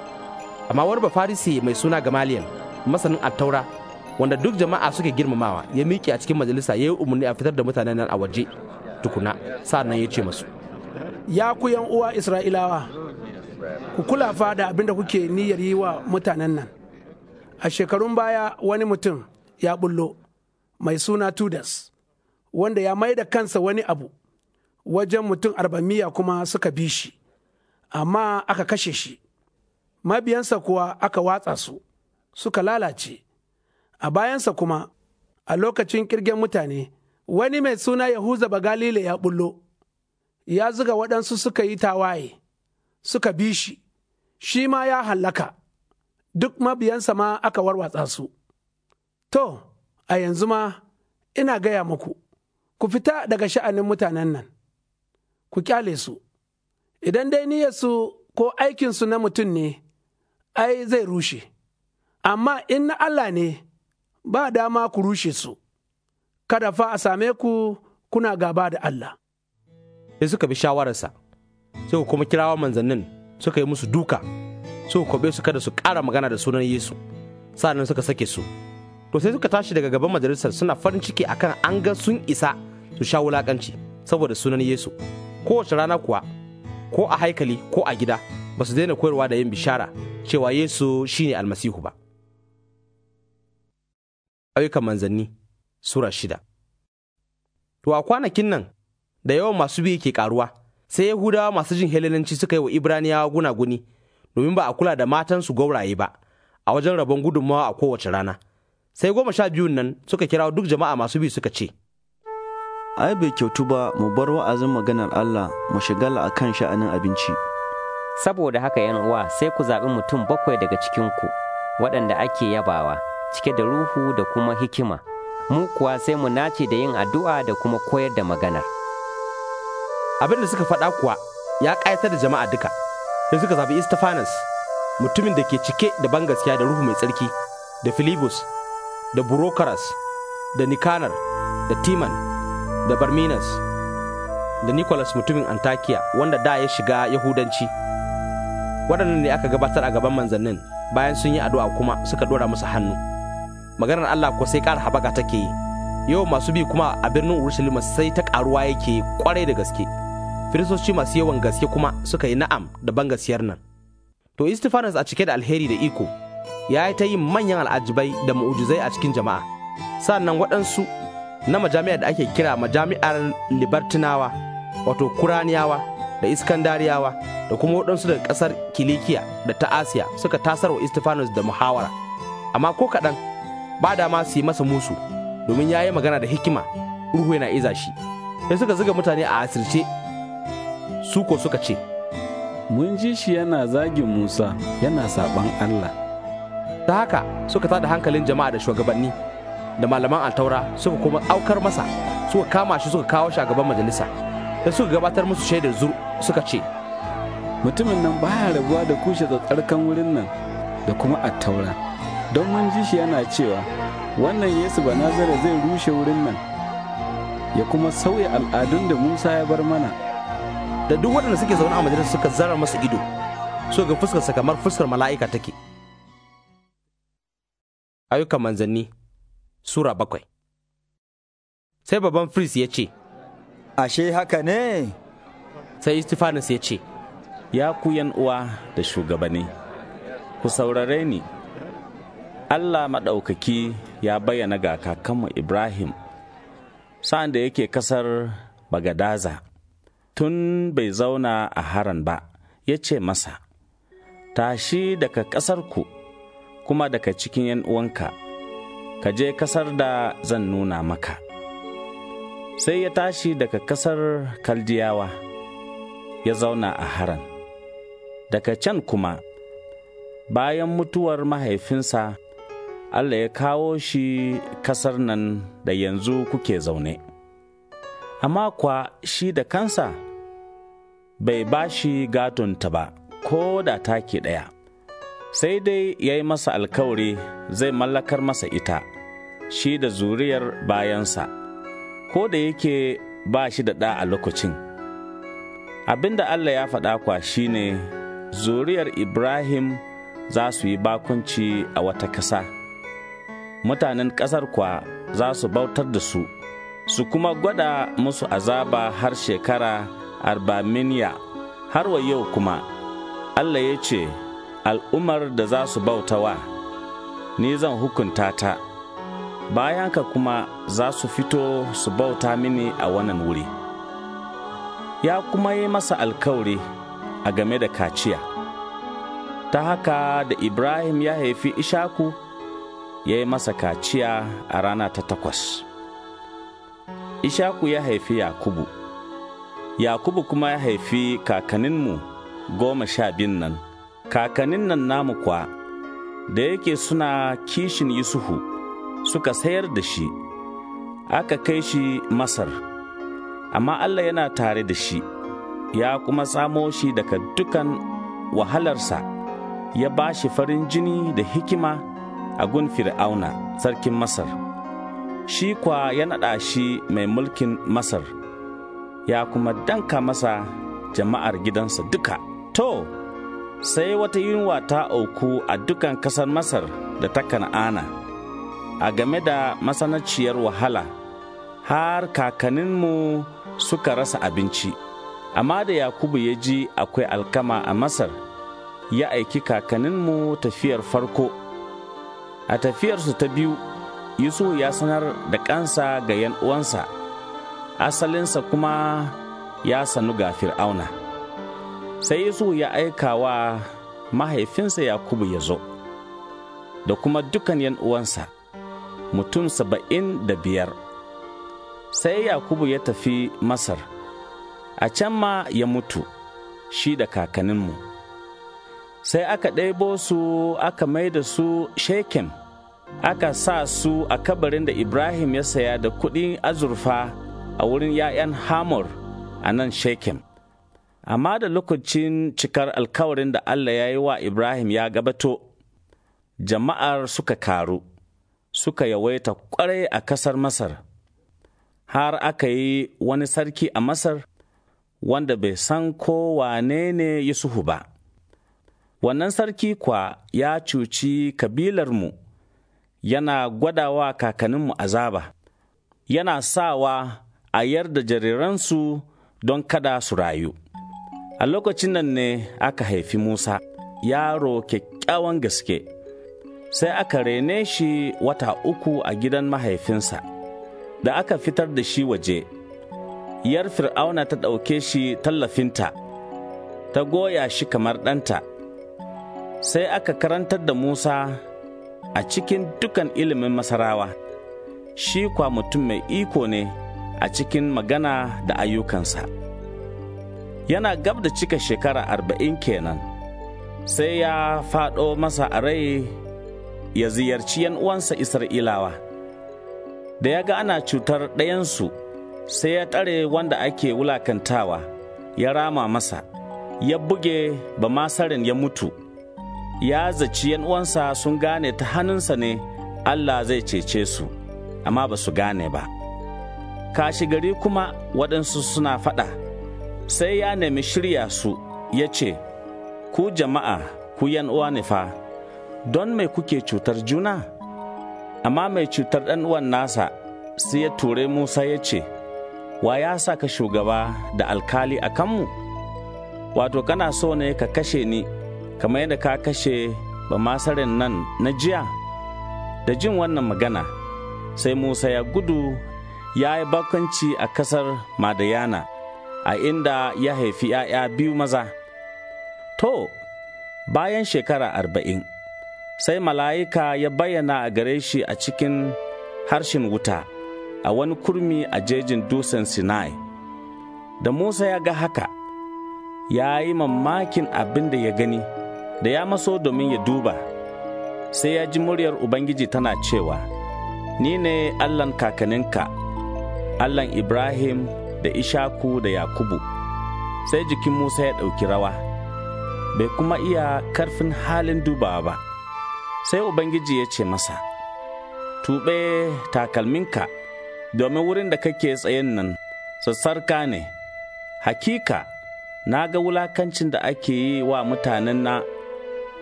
amma wani bafarisi mai suna gamaliyan masanin attaura wanda duk jama'a suke girmamawa ya miƙe a cikin majalisa ya yi umarni a fitar da mutanen nan a waje tukuna sa'an nan ya ce masu ya ku yan uwa isra'ilawa ku kula fa da abin da kuke niyyar yi wa mutanen nan a shekarun baya wani mutum ya bullo mai suna tudas wanda ya mai da kansa wani abu wajen mutum miya kuma suka bi shi amma aka kashe shi, mabiyansa kuwa aka watsa su, suka lalace, a bayansa kuma, a lokacin kirgen mutane, wani mai suna Yahuza Bagalile ya bullo, ya zuga waɗansu suka yi tawaye, suka bi shi, shi ma ya hallaka, duk mabiyansa ma aka warwatsa su. To, a yanzu ma ina gaya muku, ku fita daga sha'anin mutanen nan, ku kyale su. idan dai niyyarsu ko aikinsu na mutum ne, ai zai rushe, amma in na Allah ne ba dama ku rushe su, kada fa a same ku kuna gaba da Allah. Sai suka bi shawararsa, sai ku kuma kirawa manzannin suka yi musu duka, suka kwabe su kada su ƙara magana da sunan Yesu, sa'an suka sake su. To sai suka tashi daga gaban majalisar suna farin ciki akan an ga sun isa su sha wulakanci saboda sunan Yesu. Kowace rana kuwa ko a haikali ko a gida ba su daina koyarwa da yin bishara cewa Yesu shine almasihu ba. Ayyukan manzanni Sura shida To a kwanakin nan da yawan masu biyu ke karuwa sai Yahudawa masu jin Helenanci suka yi wa Ibraniyawa guni domin ba a kula da matansu gauraye ba a wajen rabon gudunmawa a kowace rana. Sai goma sha biyun nan suka kira duk jama'a masu biyu suka ce, ai bai kyautu ba mu bar wa'azin maganar Allah mu shiga a kan sha'anin abinci. Saboda haka yan uwa sai ku zaɓi mutum bakwai daga cikinku waɗanda ake yabawa cike da ruhu da kuma hikima, mu kuwa sai mu nace da yin addu'a da kuma koyar da maganar. Abin da suka faɗa kuwa ya ƙayatar da jama'a duka, sai suka zaɓi Istifanas mutumin da ke cike da bangaskiya da ruhu mai tsarki, da Filibus, da Burokaras, da Nikanar, da Timan. da Barminas da Nicholas mutumin Antakiya wanda da ya shiga Yahudanci. Waɗannan ne aka gabatar a gaban manzannin bayan sun yi addu'a kuma suka ɗora musu hannu. Maganar Allah ko sai ƙara haɓaka take yi. Yau masu bi kuma a birnin Urushalima sai ta ƙaruwa yake ƙwarai da gaske. Firistoci masu yawan gaske kuma suka yi na'am da ban gaskiyar nan. To Istifanas a cike da alheri da iko ya yi ta yin manyan al'ajibai da mu'ujizai a cikin jama'a. Sannan waɗansu na majami'ar da ake kira majami'ar libertinawa wato kuraniyawa da iskandariyawa da kuma waɗansu daga ƙasar kilikiya da ta asiya suka tasar wa istifanus da muhawara amma ko kaɗan ba da ma su yi masa musu domin ya yi magana da hikima ruhu yana iza shi sai suka zuga mutane a asirce su ko suka ce mun ji shi yana zagin musa yana saɓan allah ta haka suka tada hankalin jama'a da shugabanni da malaman altaura suka kuma aukar masa suka kama shi suka kawo shi a gaban majalisa da suka gabatar musu shaidar zur suka ce mutumin nan baya rabuwa da kushe tsarkan wurin nan da kuma attaura don mun ji shi yana cewa wannan yesu banazara zai rushe wurin nan ya kuma sauya al'adun da musa ya bar mana da duk waɗanda suke zaune a majalisa suka zara masa ido suka ga fuskarsa kamar fuskar mala'ika take ayyukan manzanni Sura bakwai Sai babban firist ya ce, Ashe haka ne? Sai Istifanus ya ce, Ya ku uwa da shugabanni, ku saurare ni, Allah maɗaukaki ya bayyana ga kakanmu Ibrahim, sa'an da yake kasar Bagadaza, tun bai zauna a haran ba, ya ce masa, Tashi daga ƙasarku kuma daga cikin uwanka. ka je kasar da zan nuna maka. Sai ya tashi daga kasar Kaldiyawa, ya zauna a Haran. Daga can kuma, bayan mutuwar mahaifinsa, Allah ya kawo shi kasar nan da yanzu kuke zaune. Amma kwa shi da kansa bai ba shi gatonta ba, ko da take ɗaya. sai dai ya yi masa alkawari zai mallakar masa ita shi da zuriyar bayansa, ko da yake ba shi da ɗa a lokacin. Abin da Allah ya faɗa kwa shi ne, zuriyar Ibrahim za su yi bakunci a wata ƙasa, mutanen ƙasar kwa za su bautar da su, su kuma gwada musu azaba har shekara arbaminiya har wa yau kuma, Allah ya ce, al'ummar da za su bautawa, ni zan hukunta ta. bayan ka kuma za su fito su bauta mini a wannan wuri. Ya kuma yi masa alkawari a game da kaciya, ta haka da Ibrahim ya haifi Ishaku ya yi masa kaciya a rana ta takwas. Ishaku ya haifi Yakubu, Yakubu kuma ya haifi kakaninmu goma sha biyun nan, kakanin nan namu kwa, da yake suna kishin Yusufu. suka sayar da shi aka kai shi masar amma allah yana tare da shi ya kuma samo shi daga dukan wahalarsa ya ba shi farin jini da hikima a gun fir'auna sarkin masar shi kwa ya naɗa shi mai mulkin masar ya kuma danka masa jama'ar gidansa duka to sai wata yunwa ta auku a dukan ƙasar masar da ta kan'ana a game da masanaciyar wahala har kakanninmu suka rasa abinci amma da yakubu ya ji akwai alkama a masar ya aiki kakanninmu tafiyar farko a tafiyarsu ta biyu Yusuf ya sanar da kansa ga yan uwansa asalinsa kuma ya sanu ga fir'auna sai Yusuf ya aika wa mahaifinsa yakubu ya zo da kuma dukan yan uwansa mutum saba'in da biyar sai yakubu ya tafi masar a can ma ya mutu shi da kakanninmu sai aka ɗaibo su aka mai da su shekem aka sa su a kabarin da ibrahim ya saya da kuɗin azurfa a wurin ‘ya'yan hamor a nan shekem amma da lokacin cikar alkawarin da allah ya yi wa ibrahim ya gabato jama'ar suka karu suka yawaita ƙwarai a ƙasar Masar, har aka yi wani sarki a Masar wanda bai san ko wane ne Yusufu ba. Wannan sarki kwa ya cuci kabilarmu yana gwadawa kakaninmu azaba, yana sawa a yarda jariransu don kada su rayu. A lokacin nan ne aka haifi Musa, yaro kyakkyawan gaske. sai aka rene shi wata uku a gidan mahaifinsa, da aka fitar da shi waje. Yar Fir'auna ta ɗauke shi tallafinta, ta goya shi kamar ɗanta, sai aka karantar da Musa a cikin dukan ilimin masarawa, shi kwa mutum mai iko ne a cikin magana da ayyukansa. Yana gab da cika shekara arba'in kenan, sai ya faɗo masa a rai ya ziyarci ‘yan uwansa Isra'ilawa. Da ya ga ana cutar ɗayansu, sai ya tare wanda ake wulakantawa, ya rama masa, ya buge ba masarin ya mutu. Ya zaci ‘yan uwansa sun gane ta hannunsa ne Allah zai cece su, amma ba su gane ba. Kashi gari kuma waɗansu suna faɗa, sai ya nemi shirya su, ya ce, Ku jama'a, ku uwa ne fa. don mai kuke cutar juna? Amma mai cutar ɗan uwan nasa sai ya ture Musa ya ce, Wa ya sa ka shugaba da alkali a kanmu? Wato, kana so ne ka kashe ni, kamar yadda ka kashe ba masarin nan na jiya? Da jin wannan magana, sai Musa ya gudu ya yi bakanci a kasar Madayana, a inda ya haifi ‘ya'ya biyu maza. To, bayan shekara arba'in. sai mala'ika ya bayyana a gare shi a cikin harshen wuta a wani kurmi a jejin dusan sinai da musa ya ga haka ya yi mamakin abin da ya gani da ya maso domin ya duba sai ya ji muryar ubangiji tana cewa ni ne Allahn kakaninka Allahn ibrahim da ishaku da yakubu sai jikin musa ya ɗauki rawa bai kuma iya karfin halin dubawa ba sai ubangiji ya ce masa tuɓe takalminka domin wurin da kake tsayen nan sassarka ne hakika na ga wulakancin da ake yi wa mutanen na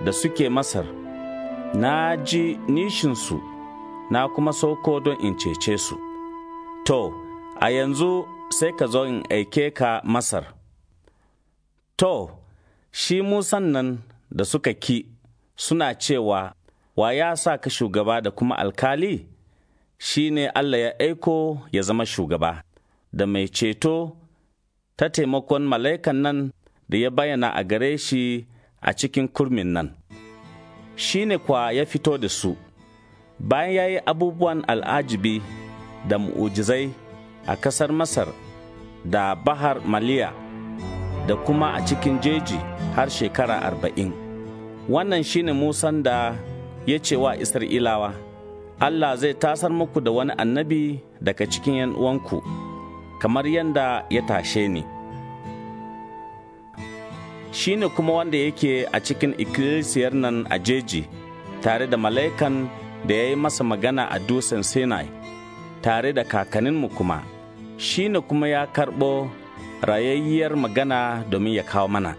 da suke masar na ji nishinsu na kuma sauko don in cece su to a yanzu sai ka zo in aike ka masar to shi musan nan da suka ki suna cewa wa ya sa ka shugaba da kuma alkali shi ne Allah ya aiko ya zama shugaba da mai ceto ta taimakon mala'ikan nan da ya bayyana a gare shi a cikin kurmin nan shi ne kwa ya fito da su bayan ya yi abubuwan al'ajibi da mu'ujizai a ƙasar masar da bahar maliya da kuma a cikin jeji har shekara arba'in wannan shi ne musan da ya ce wa Isra'ilawa, Allah zai tasar muku da wani annabi daga cikin ‘yan uwanku, kamar yadda ya tashe ni. Shi ne kuma wanda yake a cikin ikkilisiyar nan a jeji, tare da mala'ikan da ya yi masa magana a dusan Sinai, tare da kakaninmu kuma, shi ne kuma ya karɓo rayayyiyar magana domin ya kawo mana.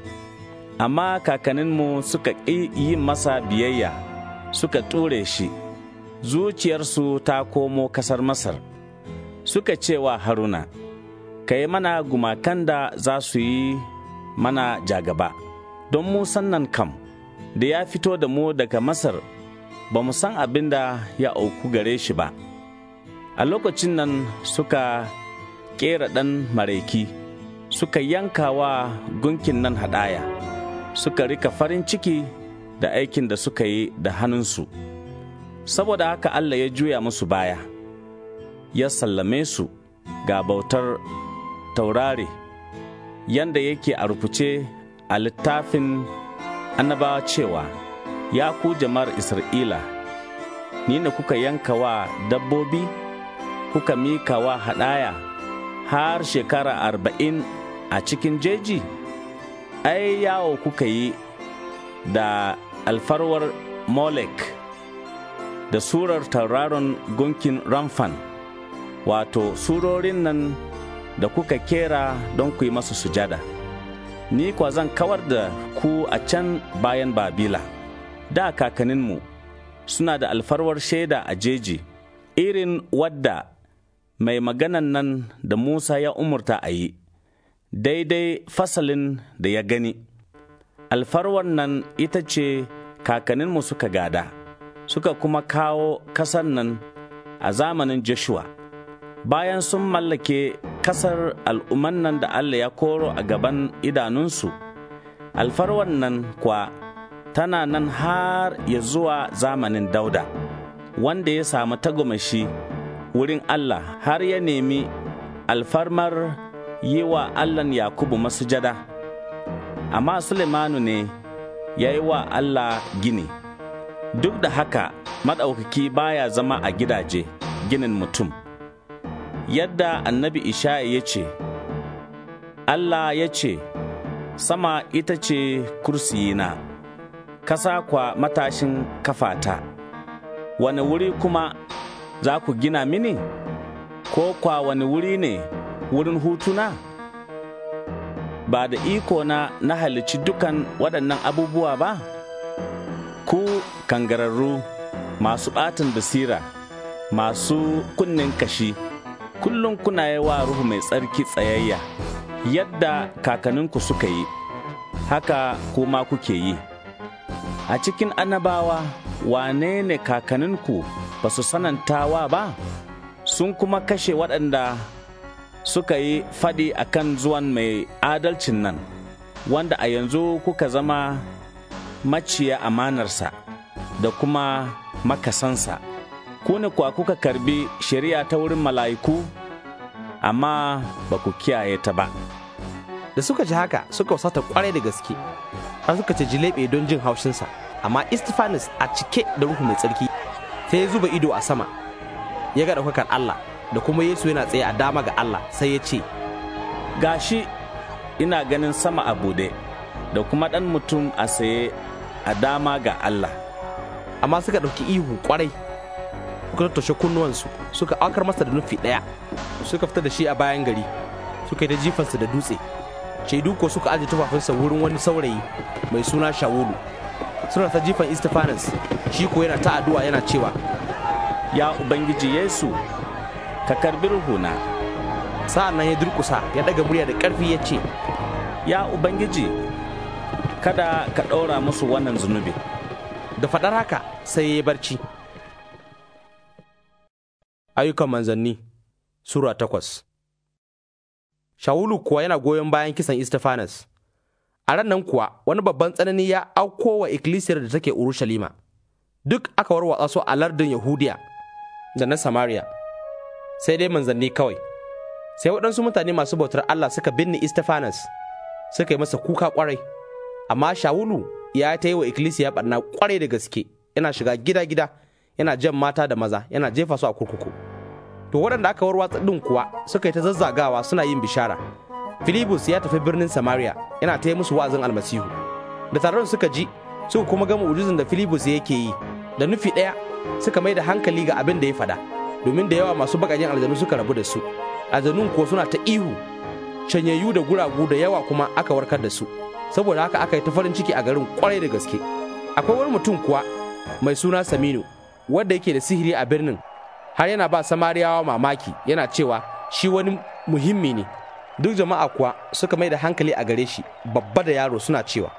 Amma kakaninmu suka ƙi yi masa biyayya. suka ture shi, zuciyarsu ta komo ƙasar Masar, suka ce wa Haruna, ka yi mana gumakan da za su yi mana jagaba, don mu nan kam, da ya fito da mu daga Masar, ba mu san abin da ya auku gare shi ba. A lokacin nan suka ƙera ɗan maraiki, suka yanka wa gunkin nan haɗaya, suka rika farin ciki. da aikin da suka yi da hannunsu, saboda haka Allah ya juya musu baya, ya sallame su ga bautar taurari yanda yake a rufuce a littafin annabawa cewa, Ya ku jama'ar Isra'ila, ni ne kuka yanka wa dabbobi, kuka mika wa haɗaya har shekara arba'in a cikin jeji? ai yawo kuka yi da alfarwar molek da surar tauraron gunkin ramfan wato surorin nan da kuka kera don ku yi masu sujada ni kwa zan kawar da ku a can bayan babila da kakaninmu suna da alfarwar shaida a jeji irin wadda mai maganan nan da musa ya umurta a yi daidai fasalin da ya gani alfarwar nan ita ce kakanninmu suka gada suka kuma kawo ƙasar nan a zamanin Joshua bayan sun mallake kasar al'umman nan da Allah ya koro a gaban idanunsu alfarwar nan kwa tana nan har ya zuwa zamanin dauda wanda ya samu tagomashi wurin Allah har ya nemi alfarmar yi wa Allahn Yakubu masujada amma Sulemanu ne ya yi wa Allah gini. Duk da haka maɗaukaki baya zama a gidaje ginin mutum. Yadda annabi Ishaya ya ce, Allah ya ce, Sama ita ce kursiyina, Kasa kwa matashin kafata, wani wuri kuma za ku gina mini, ko kwa wani wuri ne wurin hutuna? ba da iko na na halici dukan waɗannan abubuwa ba? Ku kangararru masu ɓatin basira, masu kunnen kashi, kullum kuna yi wa Ruhu mai tsarki tsayayya, yadda kakanninku suka yi, haka kuma kuke yi. A cikin anabawa, wane ne kakanninku ba su sanantawa ba, sun kuma kashe waɗanda suka yi faɗi a kan zuwan mai adalcin nan, wanda a yanzu kuka zama maciya amanarsa da kuma makasansa. Ku ne kuwa kuka karbi shari'a ta wurin mala'iku, amma ba ku kiyaye ta ba. Da suka ji haka suka wasata kwarai da gaske, har suka ci jilebe don jin haushinsa, amma Istifanis a cike da ruhu mai tsarki, sai ya zuba ido a sama, ya ga ɗaukakar Allah. da kuma Yesu yana tsaye a dama ga Allah sai ya ce, Gashi ina ganin sama a bude da kuma ɗan mutum a saye a dama ga Allah. Amma suka ɗauki ihu ƙwarai, suka tattoshe kunnuwansu, suka aukar masa da nufi ɗaya, suka fita da shi a bayan gari, suka yi ta jifansa da dutse. Shaidu ko suka aje tufafinsa wurin wani saurayi mai suna Shawulu. Suna ta jifan Istifanas, shi ko yana ta addu'a yana cewa, Ya Ubangiji Yesu, ka karbi ruhuna sa'an nan ya durkusa ya daga murya da karfi ya ce ya ubangiji kada ka ɗaura musu wannan zunubi da faɗar haka sai ya barci ayyukan manzanni sura takwas shawulu kuwa yana goyon bayan kisan istifanas a ran kuwa wani babban tsanani ya auko wa ikkilisiyar da take urushalima duk aka warwatsa su a lardin yahudiya da na samariya sai dai manzanni kawai sai waɗansu mutane masu bautar Allah suka binne Istifanas suka yi masa kuka kwarai amma Shawulu ya ta yi wa ikkilisiya barna kwarai da gaske yana shiga gida-gida yana jan mata da maza yana jefa su a kurkuku to waɗanda aka warwatsa ɗin kuwa suka yi ta zazzagawa suna yin bishara filibus ya tafi birnin samaria yana ta yi musu wa'azin almasihu da taron suka ji suka kuma gama mu'ujizin da filibus yake yi da nufi ɗaya suka mai da hankali ga abin da ya faɗa. domin da yawa masu bakajen aljanu suka rabu da su aljanun kuwa suna ta ihu canyayyu da guragu da yawa kuma aka warkar da su saboda haka aka yi ta farin ciki a garin kwarai da gaske akwai wani mutum kuwa mai suna saminu wanda yake da sihiri a birnin har yana ba samariyawa mamaki yana cewa shi wani muhimmi ne duk jama'a kuwa suka mai da hankali a gare shi babba da yaro suna cewa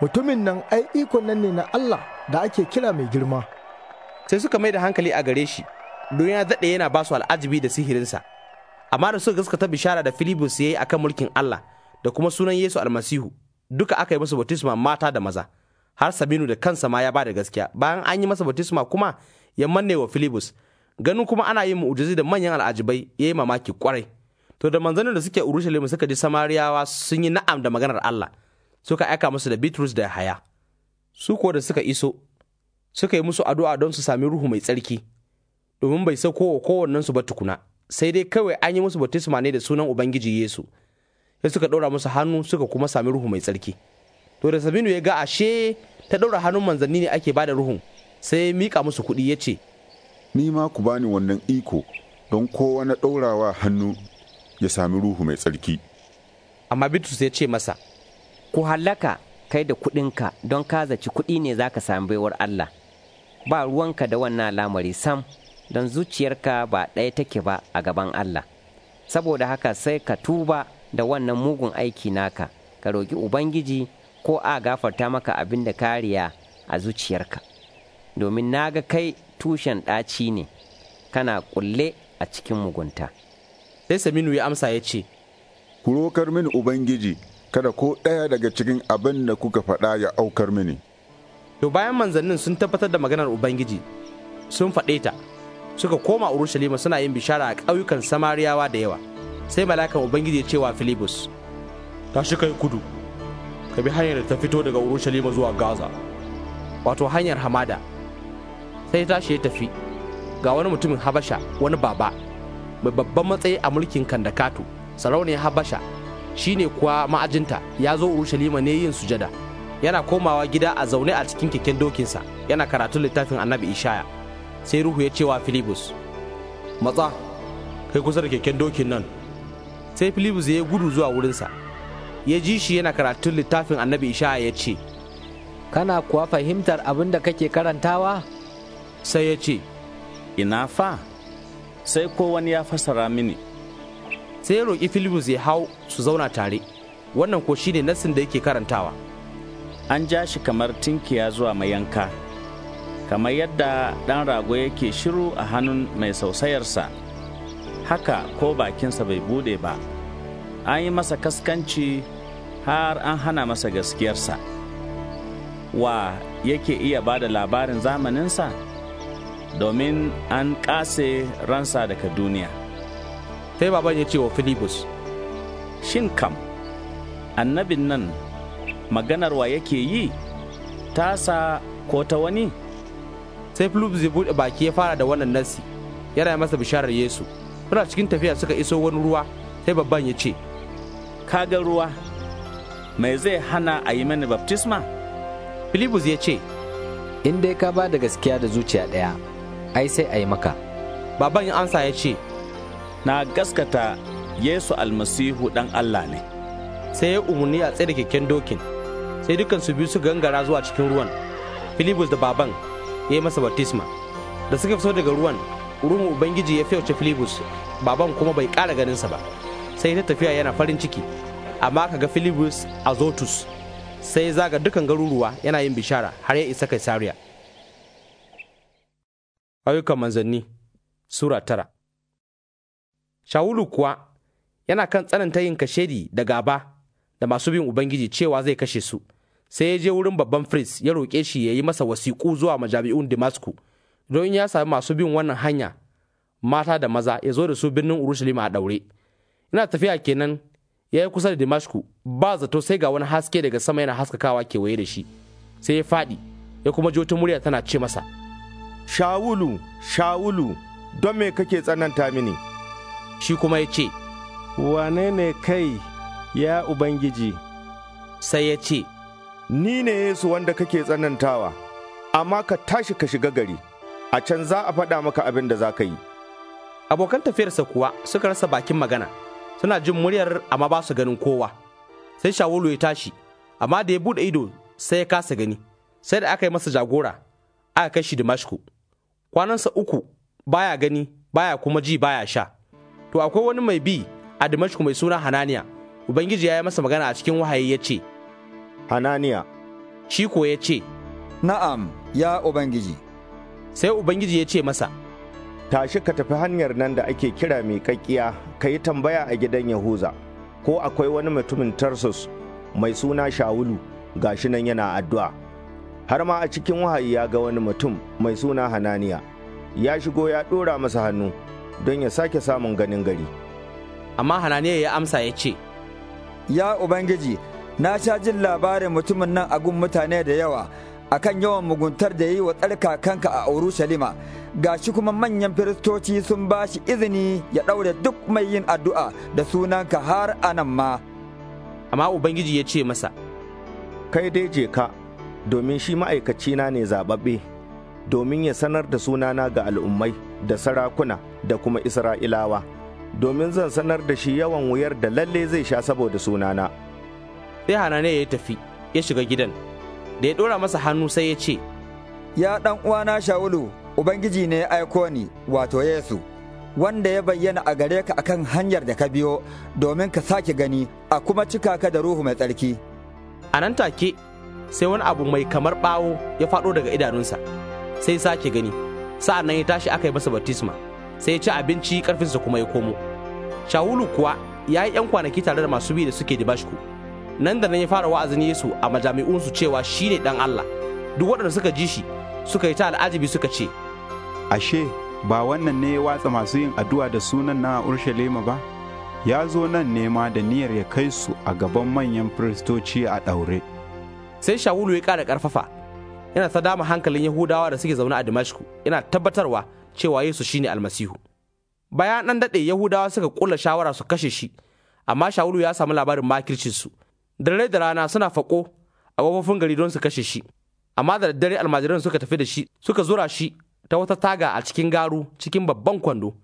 mutumin nan ai ikon nan ne na allah da ake kira mai girma sai suka mai da hankali a gare shi don ya daɗe yana ba su al'ajibi da sihirinsa amma da suka gaskata bishara da filibus ya yi akan mulkin allah da kuma sunan yesu almasihu duka aka yi masa batisma mata da maza har saminu da kansa ma ya ba da gaskiya bayan an yi masa batisma kuma ya manne wa filibus ganin kuma ana yin mu'ujizi da manyan al'ajibai ya yi mamaki kwarai to da manzannin da suke urushalima suka ji samariyawa sun yi na'am da maganar allah suka aika musu da bitrus da haya su kuwa da suka iso suka yi musu addu'a don su sami ruhu mai tsarki domin bai sauko wa su ba tukuna sai dai kawai an yi musu baptisma ne da sunan ubangiji yesu sai suka ɗaura musu hannu suka kuma sami ruhu mai tsarki to da sabinu ya ga ashe ta ɗaura hannun manzanni ne ake bada ruhun sai ya miƙa musu kuɗi ya ce ni ma ku bani wannan iko don kowa na ɗaurawa hannu ya sami ruhu mai tsarki amma bitrus ya ce masa ku hallaka kai da kuɗinka don ka zaci kuɗi ne za ka sami baiwar allah ba ruwanka da wannan lamari sam don zuciyarka ba ɗaya take ba a gaban Allah. Saboda haka sai ka tuba da wannan mugun aiki naka, ka roƙi Ubangiji ko a gafarta maka abin da kariya a zuciyarka. Domin na ga kai tushen ɗaci ne, kana ƙulle a cikin mugunta. Sai Saminu ya amsa ya ce, Ku rokar mini Ubangiji, kada ko ɗaya daga cikin abin da kuka faɗa ya aukar mini. To bayan manzannin sun tabbatar da maganar Ubangiji, sun faɗe ta. suka koma Urushalima suna yin bishara a ƙauyukan Samariyawa da yawa. Sai malakan Ubangiji ya ce wa Filibus, Tashi kai kudu, ka bi hanyar ta fito daga Urushalima zuwa Gaza, wato hanyar hamada. Sai tashi ya tafi ga wani mutumin Habasha wani baba, mai babban matsayi a mulkin Kandakatu, sarauniyar Habasha, shi ne kuwa ma'ajinta ya zo Urushalima ne yin sujada. Yana komawa gida a zaune a cikin keken dokinsa, yana karatun littafin annabi Ishaya. sai ruhu ya cewa filibus matsa kai kusa da keken dokin nan sai filibus ya gudu zuwa wurinsa ya ji shi yana karatun littafin annabi ishaya ya ce kana kuwa fahimtar abin da kake karantawa sai ya ce ina fa sai kowani ya fassara mini sai ya roƙi filibus ya hau su zauna tare wannan ko shi ne nassin da yake karantawa an ja shi kamar tinkiya zuwa mayanka kamar yadda ɗan rago yake shiru a hannun mai sausayarsa haka ko bakinsa bai bude ba an yi masa kaskanci har an hana masa gaskiyarsa wa yake iya ba da labarin zamaninsa domin an ƙase ransa daga duniya sai baban ya ce wa filibus shin kam annabin nan maganar wa yake yi tasa ko ta wani sai Philip zai buɗe baki ya fara da wannan nasi yana masa bisharar Yesu suna cikin tafiya suka iso wani ruwa sai babban ya ce ka ga ruwa mai zai hana a yi mani baptisma Filibus ya ce in dai ka ba da gaskiya da zuciya ɗaya ai sai a yi maka baban ya amsa ya ce na gaskata yesu almasihu ɗan allah ne sai ya umarni a tsaye da keken dokin sai dukansu biyu su gangara zuwa cikin ruwan Filibus da baban ya yi masa baptisma da suka fito daga ruwan ruhun ubangiji ya fiyauce filibus baban kuma bai ƙara ganinsa ba sai ta tafiya yana farin ciki amma ka ga filibus azotus sai zaga dukan garuruwa yana yin bishara har ya isa kaisariya ayyukan manzanni sura tara shawulu kuwa yana kan tsananta yin kashedi da gaba da masu bin ubangiji cewa zai kashe su sai ya je wurin babban firist ya roƙe shi ya yi masa wasiƙu zuwa majami'un Damascus don ya sami masu bin wannan hanya mata da maza ya zo da su birnin Urushalima a ɗaure. Ina tafiya kenan ya yi kusa da Damascus ba zato sai ga wani haske daga sama yana haskakawa kewaye da shi sai ya faɗi ya kuma ji wata murya tana ce masa. Shawulu, Shawulu, don me kake tsananta mini? Shi kuma ya ce, Wane ne kai, ya Ubangiji? Sai ya ce, Ni ne Yesu wanda kake tsanantawa, amma ka tashi ka shiga gari, a can za a faɗa maka abin da za ka yi. Abokan tafiyarsa kuwa suka rasa bakin magana, suna jin muryar amma ba su ganin kowa. Sai Shawulu ya tashi, amma da ya buɗe ido sai ya kasa gani, sai da aka yi masa jagora, aka kai shi Dimashku. Kwanansa uku baya gani, baya kuma ji baya sha. To akwai wani mai bi a Dimashku mai suna Hananiya, Ubangiji ya yi masa magana a cikin wahayi ya ce, Hananiya. Shi ko ya ce, Na'am, ya Ubangiji. Sai Ubangiji ya ce masa, Tashi ka tafi hanyar nan da ake kira mai kakkiya ka yi tambaya a gidan Yahuza, ko akwai wani mutumin Tarsus mai suna Shawulu gashi nan yana addu'a. Har ma a cikin wahayi ya ga wani mutum mai suna Hananiya, ya shigo ya ɗora masa hannu don ya sake samun ganin gari. Amma Hananiya ya amsa ya ce, Ya Ubangiji, na sha jin labarin mutumin nan a gun mutane da yawa akan yawan muguntar da ya yi wa tsarka kanka a Urushalima gashi kuma manyan firistoci sun ba shi izini ya ɗaure duk mai yin addu'a da sunanka har anan ma. Amma Ubangiji ya ce masa, Kai dai je ka, domin shi ma'aikacina ne zaɓaɓɓe, domin ya sanar da sunana ga al'ummai da sarakuna da kuma Isra'ilawa, domin zan sanar da shi yawan wuyar da lalle zai sha saboda sunana. sai Hanane ya tafi ya shiga gidan da ya ɗora masa hannu sai ya ce ya ɗan uwana shawulu ubangiji ne ya aiko ni wato yesu wanda ya bayyana a gare ka akan hanyar da ka biyo domin ka sake gani a kuma cika ka da ruhu mai tsarki a nan take sai wani abu mai kamar bawo ya faɗo daga idanunsa sai sake gani sa'an nan ya tashi aka yi masa batisma sai ya ci abinci ƙarfinsa kuma ya komo shawulu kuwa ya yi 'yan kwanaki tare da masu bi da suke dibashku nan da nan ya fara wa'azin Yesu a majami'unsu cewa shi ne ɗan Allah. Duk waɗanda suka ji shi suka yi ta al'ajabi suka ce, Ashe, ba wannan ne ya watsa masu yin addu'a da sunan na Urshalima ba? Ya zo nan nema da niyyar ya kai su a gaban manyan firistoci a ɗaure. Sai Shawulu ya ƙara ƙarfafa, yana ta dama hankalin Yahudawa da suke zaune a Damasku, yana tabbatarwa cewa Yesu shine almasihu. Bayan ɗan daɗe Yahudawa suka ƙulla shawara su kashe shi, amma Shawulu ya samu labarin makircinsu. su. dare da rana suna faƙo a kofofin gari don su kashe shi amma da daddare almajiran suka tafi da shi suka zura shi ta wata taga a cikin garu cikin babban kwando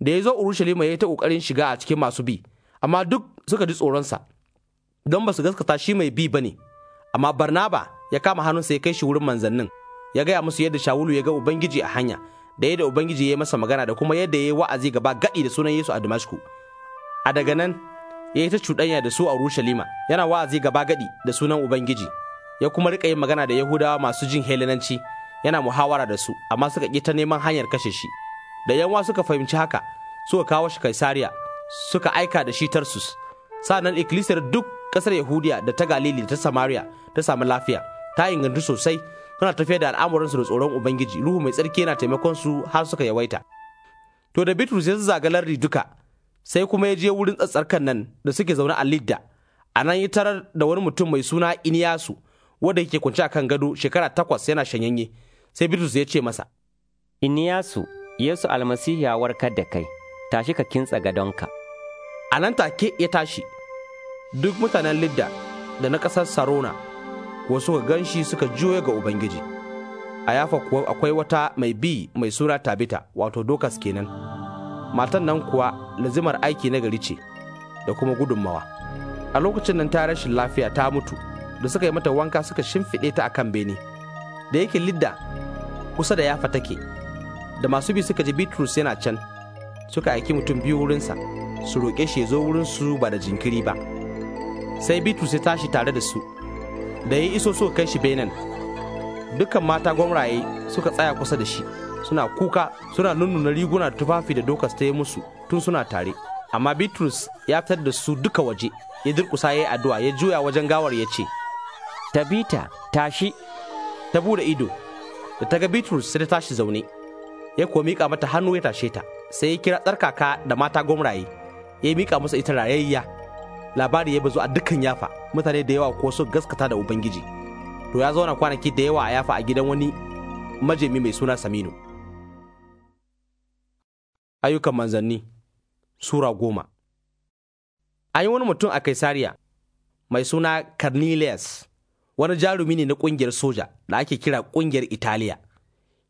da ya zo urushalima ya yi ta ƙoƙarin shiga a cikin masu bi amma duk suka ji tsoronsa don ba su gaskata shi mai bi ba ne amma barnaba ya kama hannunsa ya kai shi wurin manzannin ya gaya musu yadda shawulu ya ga ubangiji a hanya da yadda ubangiji ya yi masa magana da kuma yadda ya yi wa'azi gaba gadi da sunan yesu a damasku a daga nan ya yi ta cuɗanya da su a Urushalima yana wa'azi gaba gadi da sunan Ubangiji ya kuma rika yin magana da Yahudawa masu jin Helenanci yana muhawara da su amma suka ƙi ta neman hanyar kashe shi da yanwa suka fahimci haka suka kawo shi Kaisariya suka aika da shi Tarsus nan. ikkilisiyar duk ƙasar Yahudiya da ta Galili da ta Samaria ta samu lafiya ta ingantu sosai suna tafiya da al'amuransu da tsoron Ubangiji ruhu mai tsarki yana taimakon su har suka yawaita to da Bitrus ya zaga lardi duka sai kuma ya je wurin tsatsarkan nan da suke zaune a Lidda, a nan ya tarar da wani mutum mai suna Iniyasu, wanda yake kunce akan gado shekara takwas yana shanyanye, sai Bitrus ya ce masa, Iniyasu, Yesu almasihi ya warkar da kai, tashi ka kintsa gadonka. A nan take ya tashi, duk mutanen Lidda da na ƙasar Sarona, wasu ga gan shi suka juya ga Ubangiji. A yafa kuwa akwai wata mai bi mai suna Tabita, wato Dokas kenan. matan nan kuwa lazimar aiki na gari ce da kuma gudunmawa a lokacin nan ta rashin lafiya ta mutu da suka yi mata wanka suka shimfiɗe ta akan bene da yake lidda kusa da yafa take da masu bi suka ji bitrus yana can suka aiki mutum biyu wurinsa su roƙe shi ya zo wurin su ba da jinkiri ba sai bitrus ya tashi tare da su da ya iso suka kai shi benin dukkan mata gwamraye suka tsaya kusa da shi suna kuka suna nunnuna riguna da tufafi da dokas ta yi musu tun suna tare amma bitrus ya fitar da su duka waje ya durkusa ya yi addu'a ya juya wajen gawar ya ce tabita tashi ta bude ido da ta ga bitrus sai ta tashi zaune ya kuwa miƙa mata hannu ya tashe ta sai ya kira tsarkaka da mata gwamraye ya miƙa masa ita rayayya labari ya bazu a dukkan yafa mutane da yawa ko su gaskata da ubangiji to ya zauna kwanaki da yawa a yafa a gidan wani majemi mai suna saminu Ayyukan manzanni Sura goma An yi wani mutum a Kaisariya mai suna Cornelius, wani jarumi ne na ƙungiyar soja da ake kira ƙungiyar Italiya.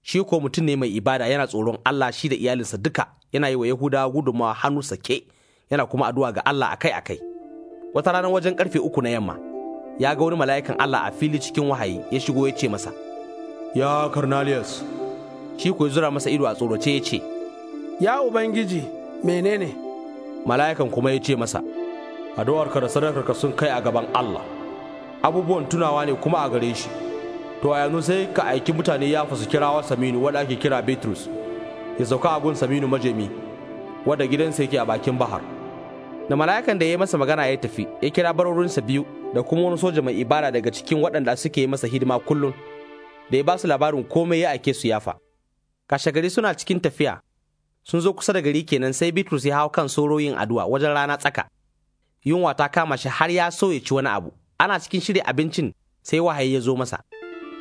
Shi ko mutum ne mai ibada yana tsoron Allah shi da iyalinsa duka yana yi wa Yahudawa gudunmawa hannu sake yana kuma addu'a ga Allah akai-akai. Wata ranar wajen karfe uku na yamma, ya ga wani mala'ikan Allah a fili cikin wahayi ya shigo ya ce masa, Ya Cornelius, shi ko ya zura masa ido a tsorace ya ce, ya Ubangiji menene? Mala'ikan kuma ya ce masa, addu'arka da sadakarka sun kai a gaban Allah, abubuwan tunawa ne kuma a gare shi. To a yanzu sai ka aiki mutane ya fasu kirawa Saminu wadda ake kira Bitrus, ya sauka a gun Saminu majemi, wadda gidansa yake a bakin bahar. Da mala'ikan da ya yi masa magana ya tafi, ya kira barorinsa biyu da kuma wani soja mai ibada daga cikin waɗanda suke yi masa hidima kullum, da ya ba su labarin komai ya aike su yafa. Kashagari suna cikin tafiya, sun zo kusa da gari kenan sai Bitrus ya hau kan soroyin addu'a wajen rana tsaka. Yunwa ta kama shi har ya so ya ci wani abu. Ana cikin shirya abincin sai wahayi ya zo masa.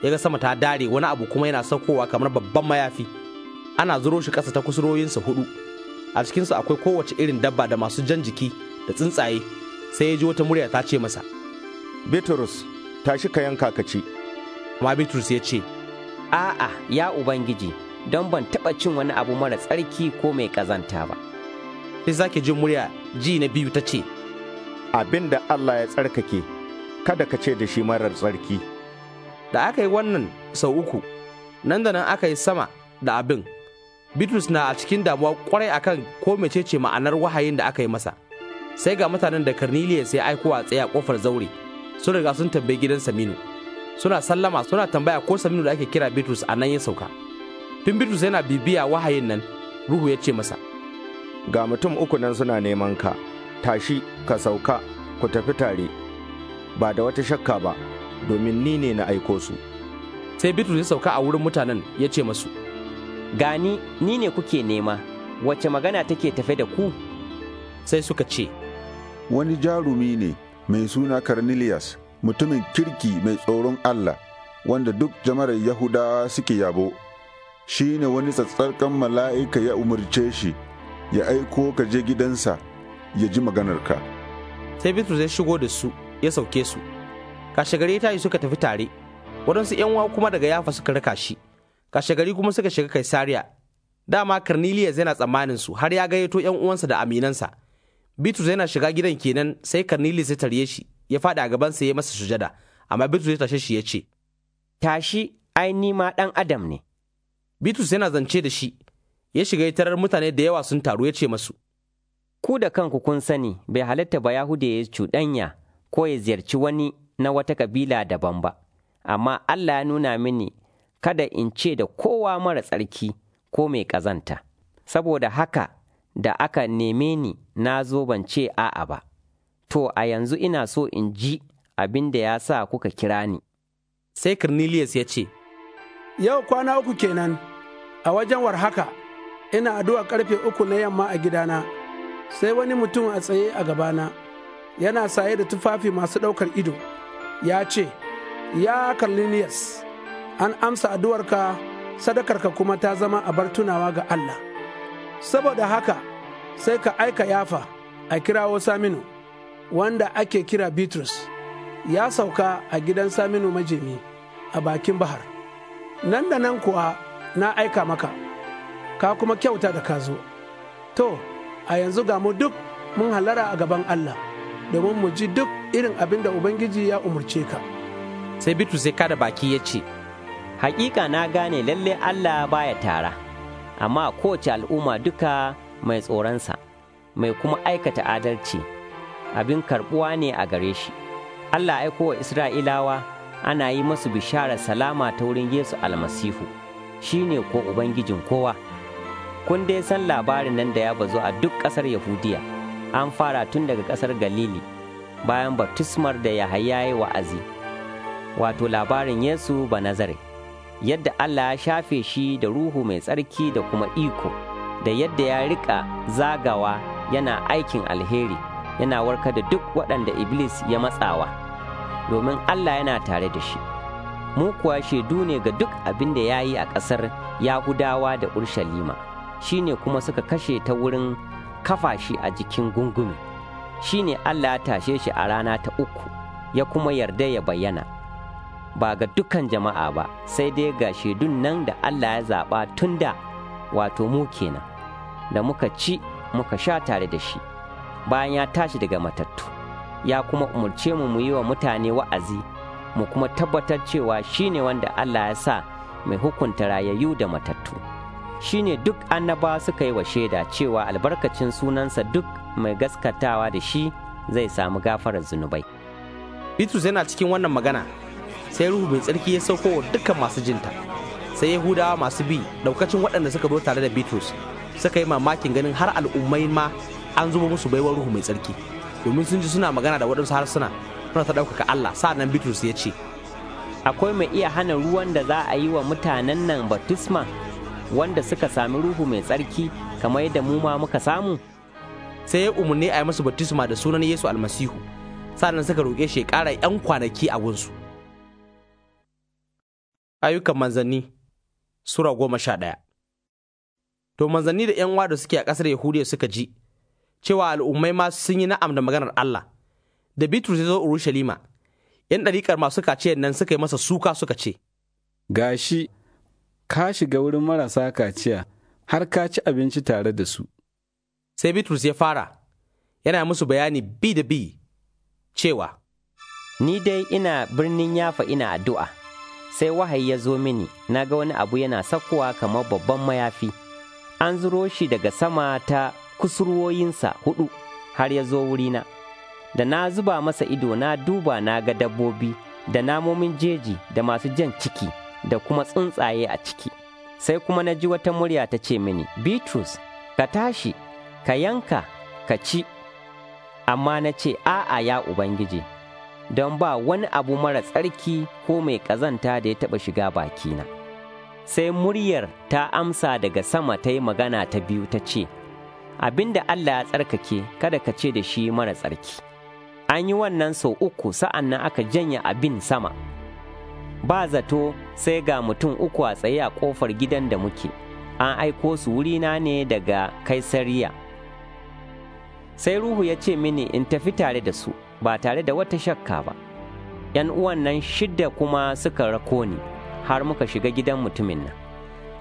Ya ga sama ta dare wani abu kuma yana saukowa kamar babban mayafi. Ana zuro shi ƙasa ta kusuroyinsa hudu. A cikinsu akwai kowace irin dabba da masu jan jiki da tsuntsaye. Sai ya ji wata murya ta ce masa. Bitrus, tashi ka yanka ka ci. Amma Bitrus ya ce, A'a, ya Ubangiji, don ban taɓa cin wani abu mara tsarki ko mai ƙazanta ba. Sai sake jin murya ji na biyu ta ce, Abin da Allah ya tsarkake, kada ka ce da shi marar tsarki. Da aka yi wannan sau uku, nan da nan aka yi sama da abin. Bitrus na a cikin damuwa kwarai akan ko ce ma'anar wahayin da aka yi masa. Sai ga mutanen da Cornelius ya aiko a tsaye a kofar zaure, sun riga sun tambayi gidan Saminu. Suna sallama suna tambaya ko Saminu da ake kira Bitrus a nan ya sauka. tun bitrus yana bibiya wahayin nan ruhu ya ce masa ga mutum uku nan suna neman ka tashi ka sauka ku tafi tare ba da wata shakka ba domin ni ne na aiko su sai bitrus ya sauka a wurin mutanen ya ce masu gani ni ne kuke nema wace magana take tafe da ku sai suka ce wani jarumi ne mai suna Cornelius mutumin kirki mai tsoron Allah wanda duk jama'ar Yahudawa suke yabo shi ne wani tsatsarkan mala'ika ya umarce shi ya aiko ka je gidansa ya ji maganar ka. Sai Bitrus ya shigo da su ya sauke su, kashegari ta yi suka tafi tare, waɗansu uwa kuma daga yafa suka raka shi, kashegari kuma suka shiga Kaisariya. Dama zai yana tsammanin su har ya gayyato ‘yan uwansa da aminansa. Bitrus yana shiga gidan kenan sai Karniliya ya tarye shi ya faɗi a gabansa ya masa sujada, amma Bitrus ya tashe shi ya ce, Tashi, ai ni ma ɗan Adam ne. Bitrus yana zance da shi, ya shiga ya tarar mutane da yawa sun taru ya ce masu. Ku da kanku kun sani bai halitta ba Yahuda ya cuɗanya ko ya ziyarci wani na wata kabila daban ba, amma Allah ya nuna mini kada in ce da kowa mara tsarki ko mai ƙazanta. Saboda haka da aka neme ni na zo ban ce a'a ba, to a yanzu ina so in ji abin da ya sa kuka kira ni. Sai Cornelius ya ce, Yau kwana uku kenan. a wajen war haka ina addu'a karfe uku na yamma a gidana sai wani mutum a tsaye a gabana yana saye da tufafi masu ɗaukar ido ya ce ya Karliniyas, an amsa addu'arka sadakarka kuma ta zama a bar tunawa ga Allah saboda haka sai ka aika yafa a kirawo saminu wanda ake kira bitrus ya sauka a gidan saminu majemi a bakin bahar nan da nan kuwa na aika maka, ka kuma kyauta da ka zo. To, a yanzu ga mu duk mun halara a gaban Allah, domin mu ji duk irin abin da Ubangiji ya umarce ka. Sai Bitrus ya kada baki ya ce, Hakika na gane lalle Allah baya tara, amma kowace al'umma duka mai tsoronsa, mai kuma aikata adalci, abin karɓuwa ne a gare shi. Allah aiko wa Isra'ilawa ana yi masu bishara salama ta wurin Yesu almasihu. shi ne ko Ubangijin kowa. Kun dai san labarin nan da ya bazu a duk ƙasar Yahudiya, an fara tun daga ƙasar Galili bayan baptismar da ya yi wa'azi, wato labarin Yesu ba nazare, yadda Allah ya shafe shi da ruhu mai tsarki da kuma iko, da yadda ya riƙa zagawa yana aikin alheri, yana warka da duk waɗanda Iblis ya matsawa, domin Allah yana tare da shi. mu kuwa shaidu ne ga duk abin da ya yi a ƙasar Yahudawa da Urshalima, shi ne kuma suka kashe ta wurin kafa shi a jikin gungume, shi ne Allah ya tashe shi a rana ta uku, ya kuma yarda ya bayyana. Ba ga dukan jama'a ba, sai dai ga shaidun nan da Allah ya zaɓa tun da wato mu kenan, da muka ci muka sha tare da shi, bayan ya tashi daga matattu, ya kuma umarce mu mu yi wa mutane wa'azi. mu kuma tabbatar cewa shi ne wanda Allah ya sa mai hukunta rayayyu da matattu. Shi ne duk annaba suka yi wa shaida cewa albarkacin sunansa duk mai gaskatawa da shi zai samu gafarar zunubai. Bitrus yana cikin wannan magana sai ruhu mai tsarki ya sauko wa dukkan masu jinta. Sai Yahudawa masu bi daukacin waɗanda suka zo tare da Bitrus suka yi mamakin ganin har al'ummai ma an zuba musu baiwar ruhu mai tsarki domin sun ji suna magana da waɗansu harsuna suna ta ɗaukaka Allah sa'annan Bitrus ya ce akwai mai iya hana ruwan da za a yi wa mutanen nan baptisma wanda suka sami ruhu mai tsarki kamar yadda mu ma muka samu sai ya umarni a yi musu baptisma da sunan Yesu almasihu sa'annan suka roƙe shi ya ƙara 'yan kwanaki a gunsu ayyukan manzanni Sura goma sha ɗaya. To manzanni da ‘yan da suke a ƙasar Yahudiya suka ji, cewa al'ummai ma sun yi na'am da maganar Allah, da Bitrus ya zo Urushalima, ‘yan ɗariƙar masu kaciyar nan suka yi masa suka suka ce, Ga shi ka shiga wurin marasa kaciya har ka ci abinci tare da su. Sai Bitrus ya fara, yana musu bayani bi da bi cewa, Ni dai ina birnin yafa ina addu'a, sai wahayi ya zo mini, na ga wani abu yana sakkowa kamar babban mayafi, an zuro shi daga sama ta kusurwoyinsa hudu har ya zo wurina. da na zuba masa ido na duba na ga dabbobi da namomin jeji da masu jan ciki da kuma tsuntsaye a ciki sai kuma na ji wata murya ta ce mini bitrus ka tashi ka yanka ka ci amma na ce a'a ya ubangiji don ba wani abu mara tsarki ko mai ƙazanta da ya taɓa shiga bakina sai muryar ta amsa daga sama ta yi magana ta biyu ta ce Abinda allah ya tsarkake kada ka ce da shi mara tsarki an yi wannan sau uku sa'an nan aka janya abin sama ba zato sai ga mutum uku a tsaye a ƙofar gidan da muke an aiko su wurina ne daga kaisariya sai ruhu ya ce mini in tafi tare da su ba tare da wata shakka ba ‘yan uwan nan shidda kuma suka rako ni har muka shiga gidan mutumin nan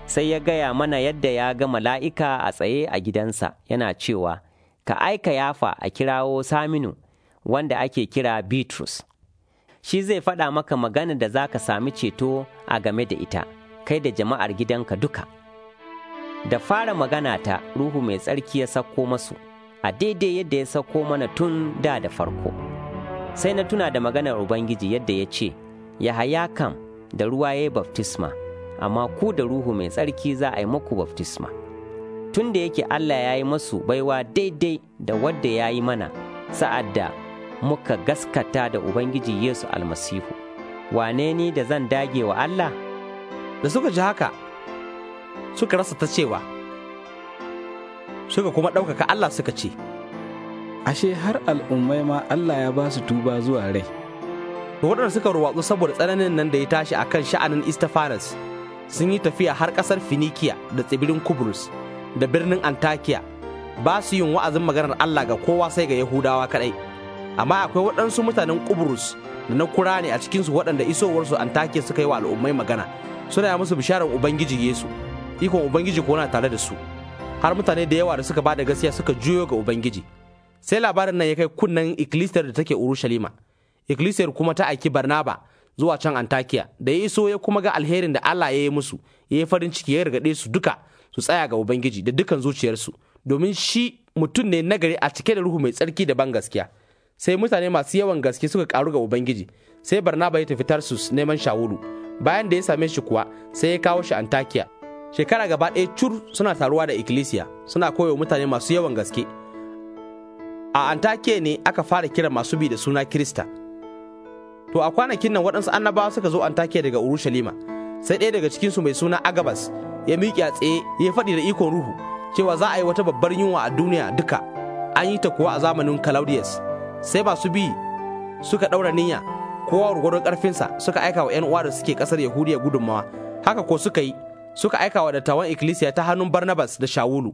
sai ya gaya mana yadda ya ga mala'ika a tsaye a gidansa yana cewa ka aika yafa a kirawo saminu wanda ake kira Bitrus. Shi zai faɗa maka magana da za ka sami ceto a game da ita, kai da jama'ar gidanka duka. Da fara magana ta Ruhu mai tsarki ya sauko masu, a daidai yadda ya sauko mana tun da da farko. Sai na tuna da maganar Ubangiji yadda ya ce, Yahaya kam da ruwa ya yi baftisma, amma ku da Ruhu mai tsarki za a yi muku baftisma. Tun da yake Allah ya yi masu baiwa daidai da wadda ya yi mana, sa'ad da muka gaskata da Ubangiji Yesu almasihu, wane ni da zan dage wa Allah? Da suka ji haka, suka rasa ta cewa, suka kuma ɗaukaka Allah suka ce, Ashe har al'ummai ma Allah ya ba su tuba zuwa rai. waɗanda suka ruwatsu saboda tsananin nan da ya tashi a kan sha'anin Istafanas sun yi tafiya har ƙasar Finikiya da tsibirin Kubrus da birnin Antakiya ba su yin wa'azin maganar Allah ga kowa sai ga Yahudawa kaɗai. amma akwai waɗansu mutanen kubrus da na kura ne a cikinsu waɗanda isowarsu take suka yi wa al'ummai magana suna musu bisharar ubangiji yesu ikon ubangiji ko na tare da su har mutane da yawa da suka bada gaskiya suka juyo ga ubangiji sai labarin nan ya kai kunnen ikkilisiyar da take urushalima ikkilisiyar kuma ta aiki barnaba zuwa can antakiya da ya iso ya kuma ga alherin da allah ya yi musu ya yi farin ciki ya rigaɗe su duka su tsaya ga ubangiji da dukan zuciyarsu domin shi mutum ne nagari a cike da ruhu mai tsarki da ban gaskiya sai mutane masu yawan gaske suka karu ga Ubangiji, sai Barnaba ya tafi Tarsus neman Shawulu, bayan da ya same shi kuwa sai ya kawo shi Antakiya. Shekara gaba ɗaya cur suna taruwa da ikkilisiya suna koyo mutane masu yawan gaske. A Antakiya ne aka fara kiran masu bi da suna Kirista. To a kwanakin nan waɗansu annabawa suka zo Antakiya daga Urushalima, sai ɗaya daga cikinsu mai suna Agabas ya miƙe a tsaye ya faɗi da ikon ruhu cewa za a yi wata babbar yunwa a duniya duka an yi ta kuwa a zamanin Claudius. sai ba su bi suka ɗaura niyya kowa gwargwadon ƙarfinsa suka aika wa 'yan uwa da suke ƙasar yahudiya gudunmawa haka ko suka yi suka aika wa dattawan ikkilisiya ta hannun barnabas da shawulu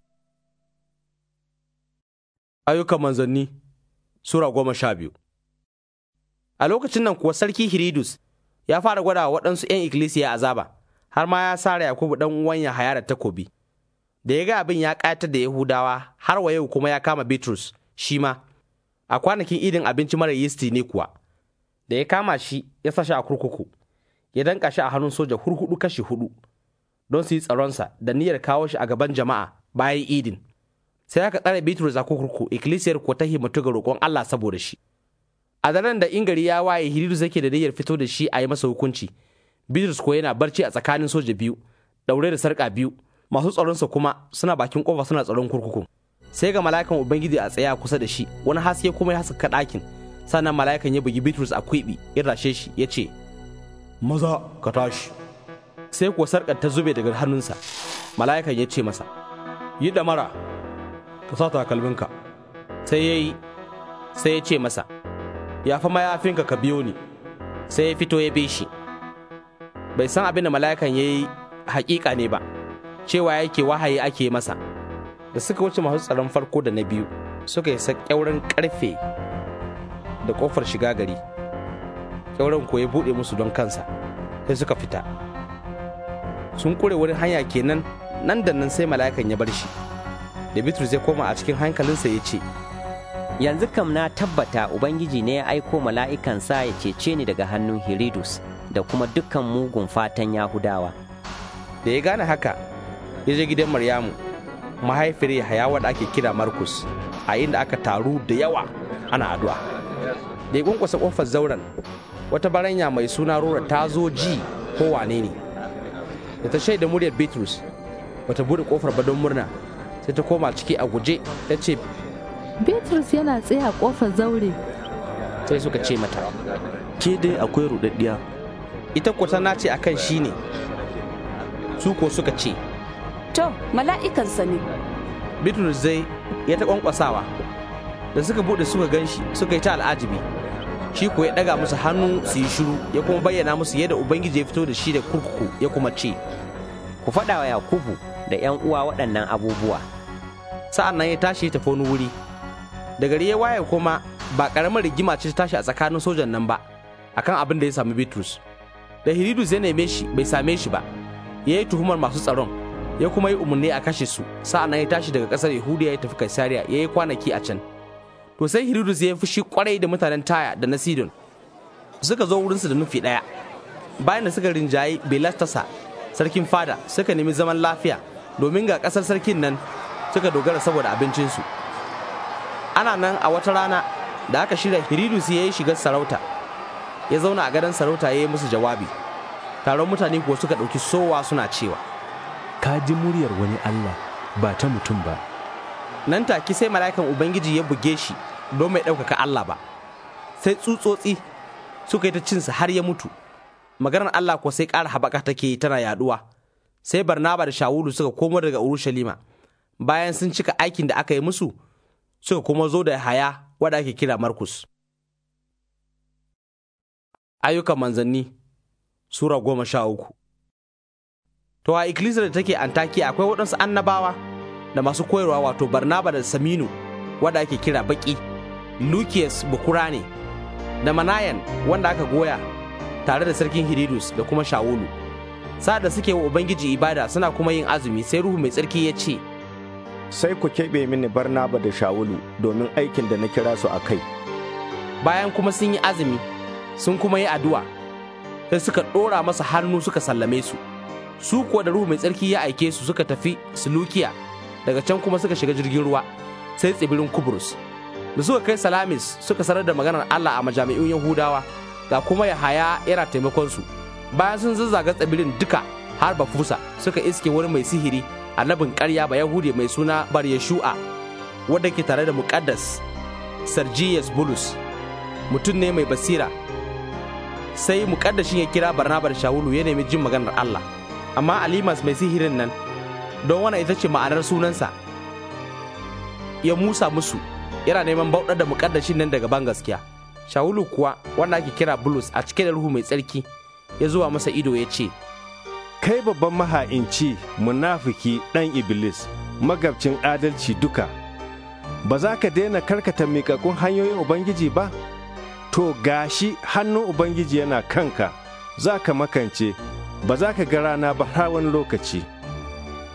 ayyukan manzanni sura goma sha biyu a lokacin nan kuwa sarki hiridus ya fara gwada wa waɗansu 'yan ikkilisiya azaba har ma ya sare yakubu ɗan uwan ya haya da takobi da ya ga abin ya ƙayatar da yahudawa har wa yau kuma ya kama bitrus shi ma a kwanakin idin abinci mara yisti ne kuwa da ya kama shi ya sa shi a kurkuku ya danka shi a hannun soja hurhudu kashi hudu don su yi tsaronsa da niyyar kawo shi a gaban jama'a bayan idin sai aka tsare bitrus a kurkuku ikkilisiyar ko ta himmatu ga roƙon allah saboda shi a daren da ingari ya waye hiridu zake da niyyar fito da shi a yi masa hukunci bitrus ko yana barci a tsakanin soja biyu daure da sarƙa biyu masu tsaronsa kuma suna bakin ƙofa suna tsaron kurkukun sai ga mala'ikan ubangiji a tsaya kusa da shi wani haske kuma ya haskaka ɗakin sannan mala'ikan ya bugi bitrus a kwiɓi ya rashe shi ya ce maza ka tashi sai kuwa sarƙar ta zube daga hannunsa mala'ikan ya ce masa yi ɗamara ka sa takalminka sai ya yi sai ya ce masa ya fa mayafinka ka biyo ni sai ya fito ya bi shi bai san abin da mala'ikan ya yi hakika ne ba cewa yake wahayi ake masa da suka wuce masu tsaron farko da na biyu suka isa kyauren karfe da kofar shiga gari kyauren ko ya buɗe musu don kansa sai suka fita sun kure wurin hanya kenan nan da nan sai mala'ikan ya bar shi da bitrus ya koma a cikin hankalinsa ya ce yanzu kam na tabbata ubangiji ne ya aiko mala'ikansa ya cece ni daga hannun hiridus da kuma dukkan mugun fatan yahudawa da ya gane haka ya je gidan maryamu mahaifiyar Yahaya wadda ake kira Markus a inda aka taru da yawa ana addu'a. Da ya kunkusa kofar zauren wata baranya mai suna Rora ta zo ji ko wane ne. Da ta shaida muryar Bitrus wata bude kofar ba don murna sai ta koma ciki a guje ta ce Bitrus yana tsaye a kofar zaure. Sai suka ce mata. Ke dai akwai rudaddiya. Ita kuwa na ce akan shi ne. Su ko suka ce to mala'ikansa ne bitrus zai ya ta kwankwasawa da suka buɗe suka gan shi suka yi ta al'ajibi shi kuwa ya daga musu hannu su yi shiru ya kuma bayyana musu yadda ubangiji ya fito da shi da kurkuku ya kuma ce ku faɗa wa yakubu da yan uwa waɗannan abubuwa sa'an nan ya tashi ta tafi wuri da gari ya waye kuma ba ƙaramar rigima ce ta tashi a tsakanin sojan nan ba akan abin da ya sami bitrus da hiridus ya neme shi bai same shi ba ya yi tuhumar masu tsaron ya kuma yi umarni a kashe su na ya tashi daga ƙasar yahudiya ya tafi kaisariya ya yi kwanaki a can to sai hiridus ya yi fushi kwarai da mutanen taya da na sidon suka zo wurinsu da nufi ɗaya bayan da suka rinjaye belastasa sarkin fada suka nemi zaman lafiya domin ga ƙasar sarkin nan suka dogara saboda abincinsu ana nan a wata rana da aka shirya hiridus ya yi shigar sarauta ya zauna a gadon sarauta ya yi musu jawabi taron mutane kuwa suka ɗauki sowa suna cewa ka ji muryar wani Allah ba ta mutum ba. Nan take sai mala'ikan Ubangiji ya buge shi don mai ɗaukaka Allah ba, sai tsutsotsi suka yi ta cinsa har ya mutu. Maganar Allah ko sai ƙara haɓaka take yi tana yaɗuwa. Sai Barnaba da Shawulu suka komo daga Urushalima. Bayan sun cika aikin da aka yi musu, suka kuma zo da haya wadda ake kira Markus. Ayyukan manzanni Sura goma sha uku To a ikkilisiyar da take antaki akwai waɗansu annabawa da masu koyarwa wato Barnaba da Saminu wanda ake kira Baki, Lucius Bukurane da Manayan wanda aka goya tare da sarkin Hiridus da kuma Shawulu. Sa'ad da suke wa Ubangiji ibada suna kuma yin azumi sai Ruhu mai tsarki ya ce, Sai ku keɓe mini Barnaba da Shawulu domin aikin da na kira su a kai. Bayan kuma sun yi azumi, sun kuma yi addu'a, sai suka ɗora masa hannu suka sallame su. su kuwa da ruhu mai tsarki ya aike su suka tafi sulukiya daga can kuma suka shiga jirgin ruwa sai tsibirin kubrus da suka kai salamis suka sanar da maganar allah a majami'un yahudawa ga kuma yahaya yana taimakon su bayan sun zazzaga tsibirin duka har bafusa suka iske wani mai sihiri annabin karya ba yahudi mai suna bar yeshu'a wanda ke tare da muƙaddas Sergius bulus mutum ne mai basira sai muƙaddashin ya kira Barnabas da shawulu ya nemi jin maganar allah amma alimas mai sihirin nan don wani ita ce ma'anar sunansa ya musa musu yana neman bauɗar da muƙaddashin nan daga ban gaskiya shawulu kuwa wanda ake kira bulus a cike da ruhu mai tsarki ya zuwa masa ido ya ce kai babban maha'inci munafiki ɗan iblis magabcin adalci duka ba za ka daina karkata miƙaƙƙun hanyoyin ubangiji ba to gashi hannun ubangiji yana kanka za ka makance ba za ka ga rana ba har wani lokaci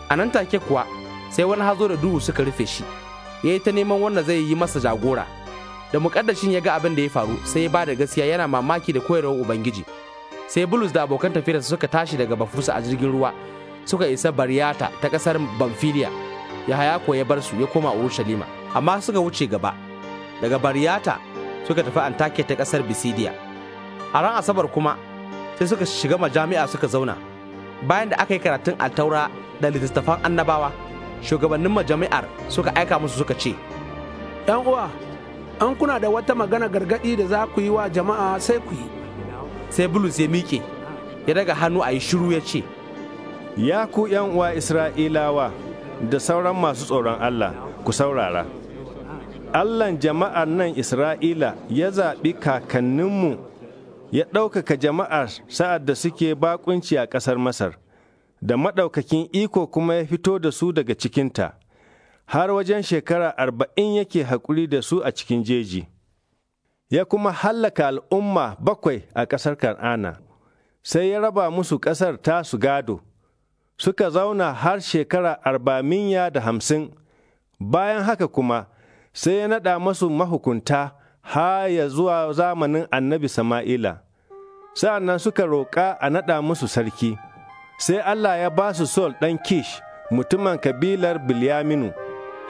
a nan take kuwa sai wani hazo da duhu suka rufe shi ya yi ta neman wanda zai yi masa jagora da mukaddashin ya ga abin da ya faru sai ya ba da gaskiya yana mamaki da koyarwar ubangiji sai bulus da abokan tafiyarsa suka tashi daga bafusa a jirgin ruwa suka isa bariyata ta ƙasar bamfiliya yahaya ko ya bar su ya koma urushalima amma suka wuce gaba daga bariyata suka tafi antakiya ta ƙasar bisidiya a ran asabar kuma sai suka shiga majami'a suka zauna bayan da aka yi karatun altaura da littattafan annabawa shugabannin majami'ar suka aika musu suka ce ‘yan uwa an kuna da wata magana gargaɗi da za ku yi wa jama'a sai ku yi sai bulus ya miƙe ya daga hannu a yi shiru ya ce ya ku ‘yan uwa isra'ilawa da sauran masu tsoron allah ku saurara Allan jama'ar nan Isra'ila ya zaɓi kakanninmu ya ɗaukaka jama'ar sa'ad da suke bakunci a ƙasar Masar, da maɗaukakin iko kuma ya fito da su daga cikinta, har wajen shekara arba'in yake haƙuri da su a cikin jeji. Ya kuma hallaka al'umma bakwai a ƙasar Kan'ana, sai ya raba musu ƙasar ta su gado, suka zauna har shekara arba'in da hamsin, bayan haka kuma sai ya naɗa masu mahukunta. haya zuwa zamanin annabi Sama'ila, sa'an nan suka roƙa a naɗa musu sarki, sai Allah ya ba su Sol ɗan Kish mutumin kabilar Bilyaminu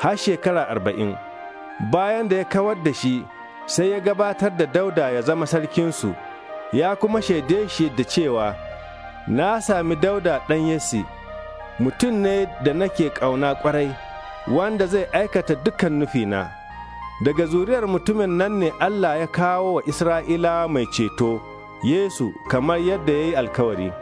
har shekara arba'in. Bayan da ya kawar da shi, sai ya gabatar da Dauda ya zama sarkinsu, ya kuma shaide shi da cewa, Na sami Dauda ɗan Yesse, mutum ne da nake ƙauna ƙwarai, wanda zai aikata dukkan nufina. daga zuriyar mutumin nan ne Allah ya kawo wa Isra'ila mai ceto, Yesu kamar yadda ya yi alkawari.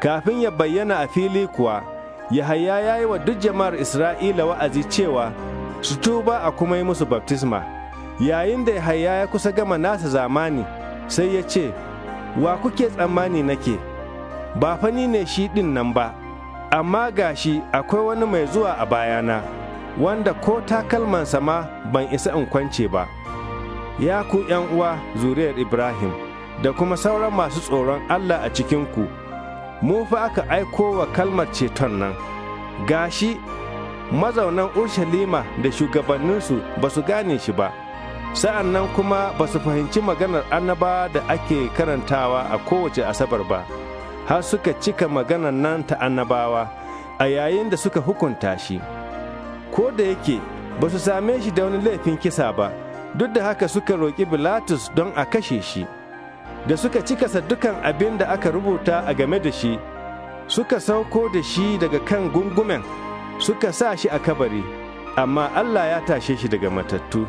Kafin ya bayyana a fili kuwa, Yahaya ya yi wa duk jama'ar Isra'ila wa'azi cewa su tuba a kuma yi musu baptisma. Yayin da Yahaya ya kusa gama nasa zamani, sai ya ce, Wa kuke tsammani nake, ba fani ne shi ɗin nan ba, amma gashi akwai wani mai zuwa a bayana. wanda ko takalmansa ma ban isa in kwance ba ya ku uwa zuriyar ibrahim da kuma sauran masu tsoron allah a cikinku mu fa aka aiko wa kalmar ceton nan gashi mazaunan urshalima da shugabanninsu ba su gane shi ba sa'an nan kuma ba su fahimci maganar annaba da ake karantawa a kowace asabar ba har suka cika maganar nan ta annabawa a yayin da suka hukunta shi. ko da yake ba su same shi da wani laifin kisa ba duk da haka suka roƙi Bilatus don a kashe shi da suka cikasa dukan abin da aka rubuta a game da shi suka sauko da shi daga kan gungumen suka sa shi a kabari amma Allah ya tashe shi daga matattu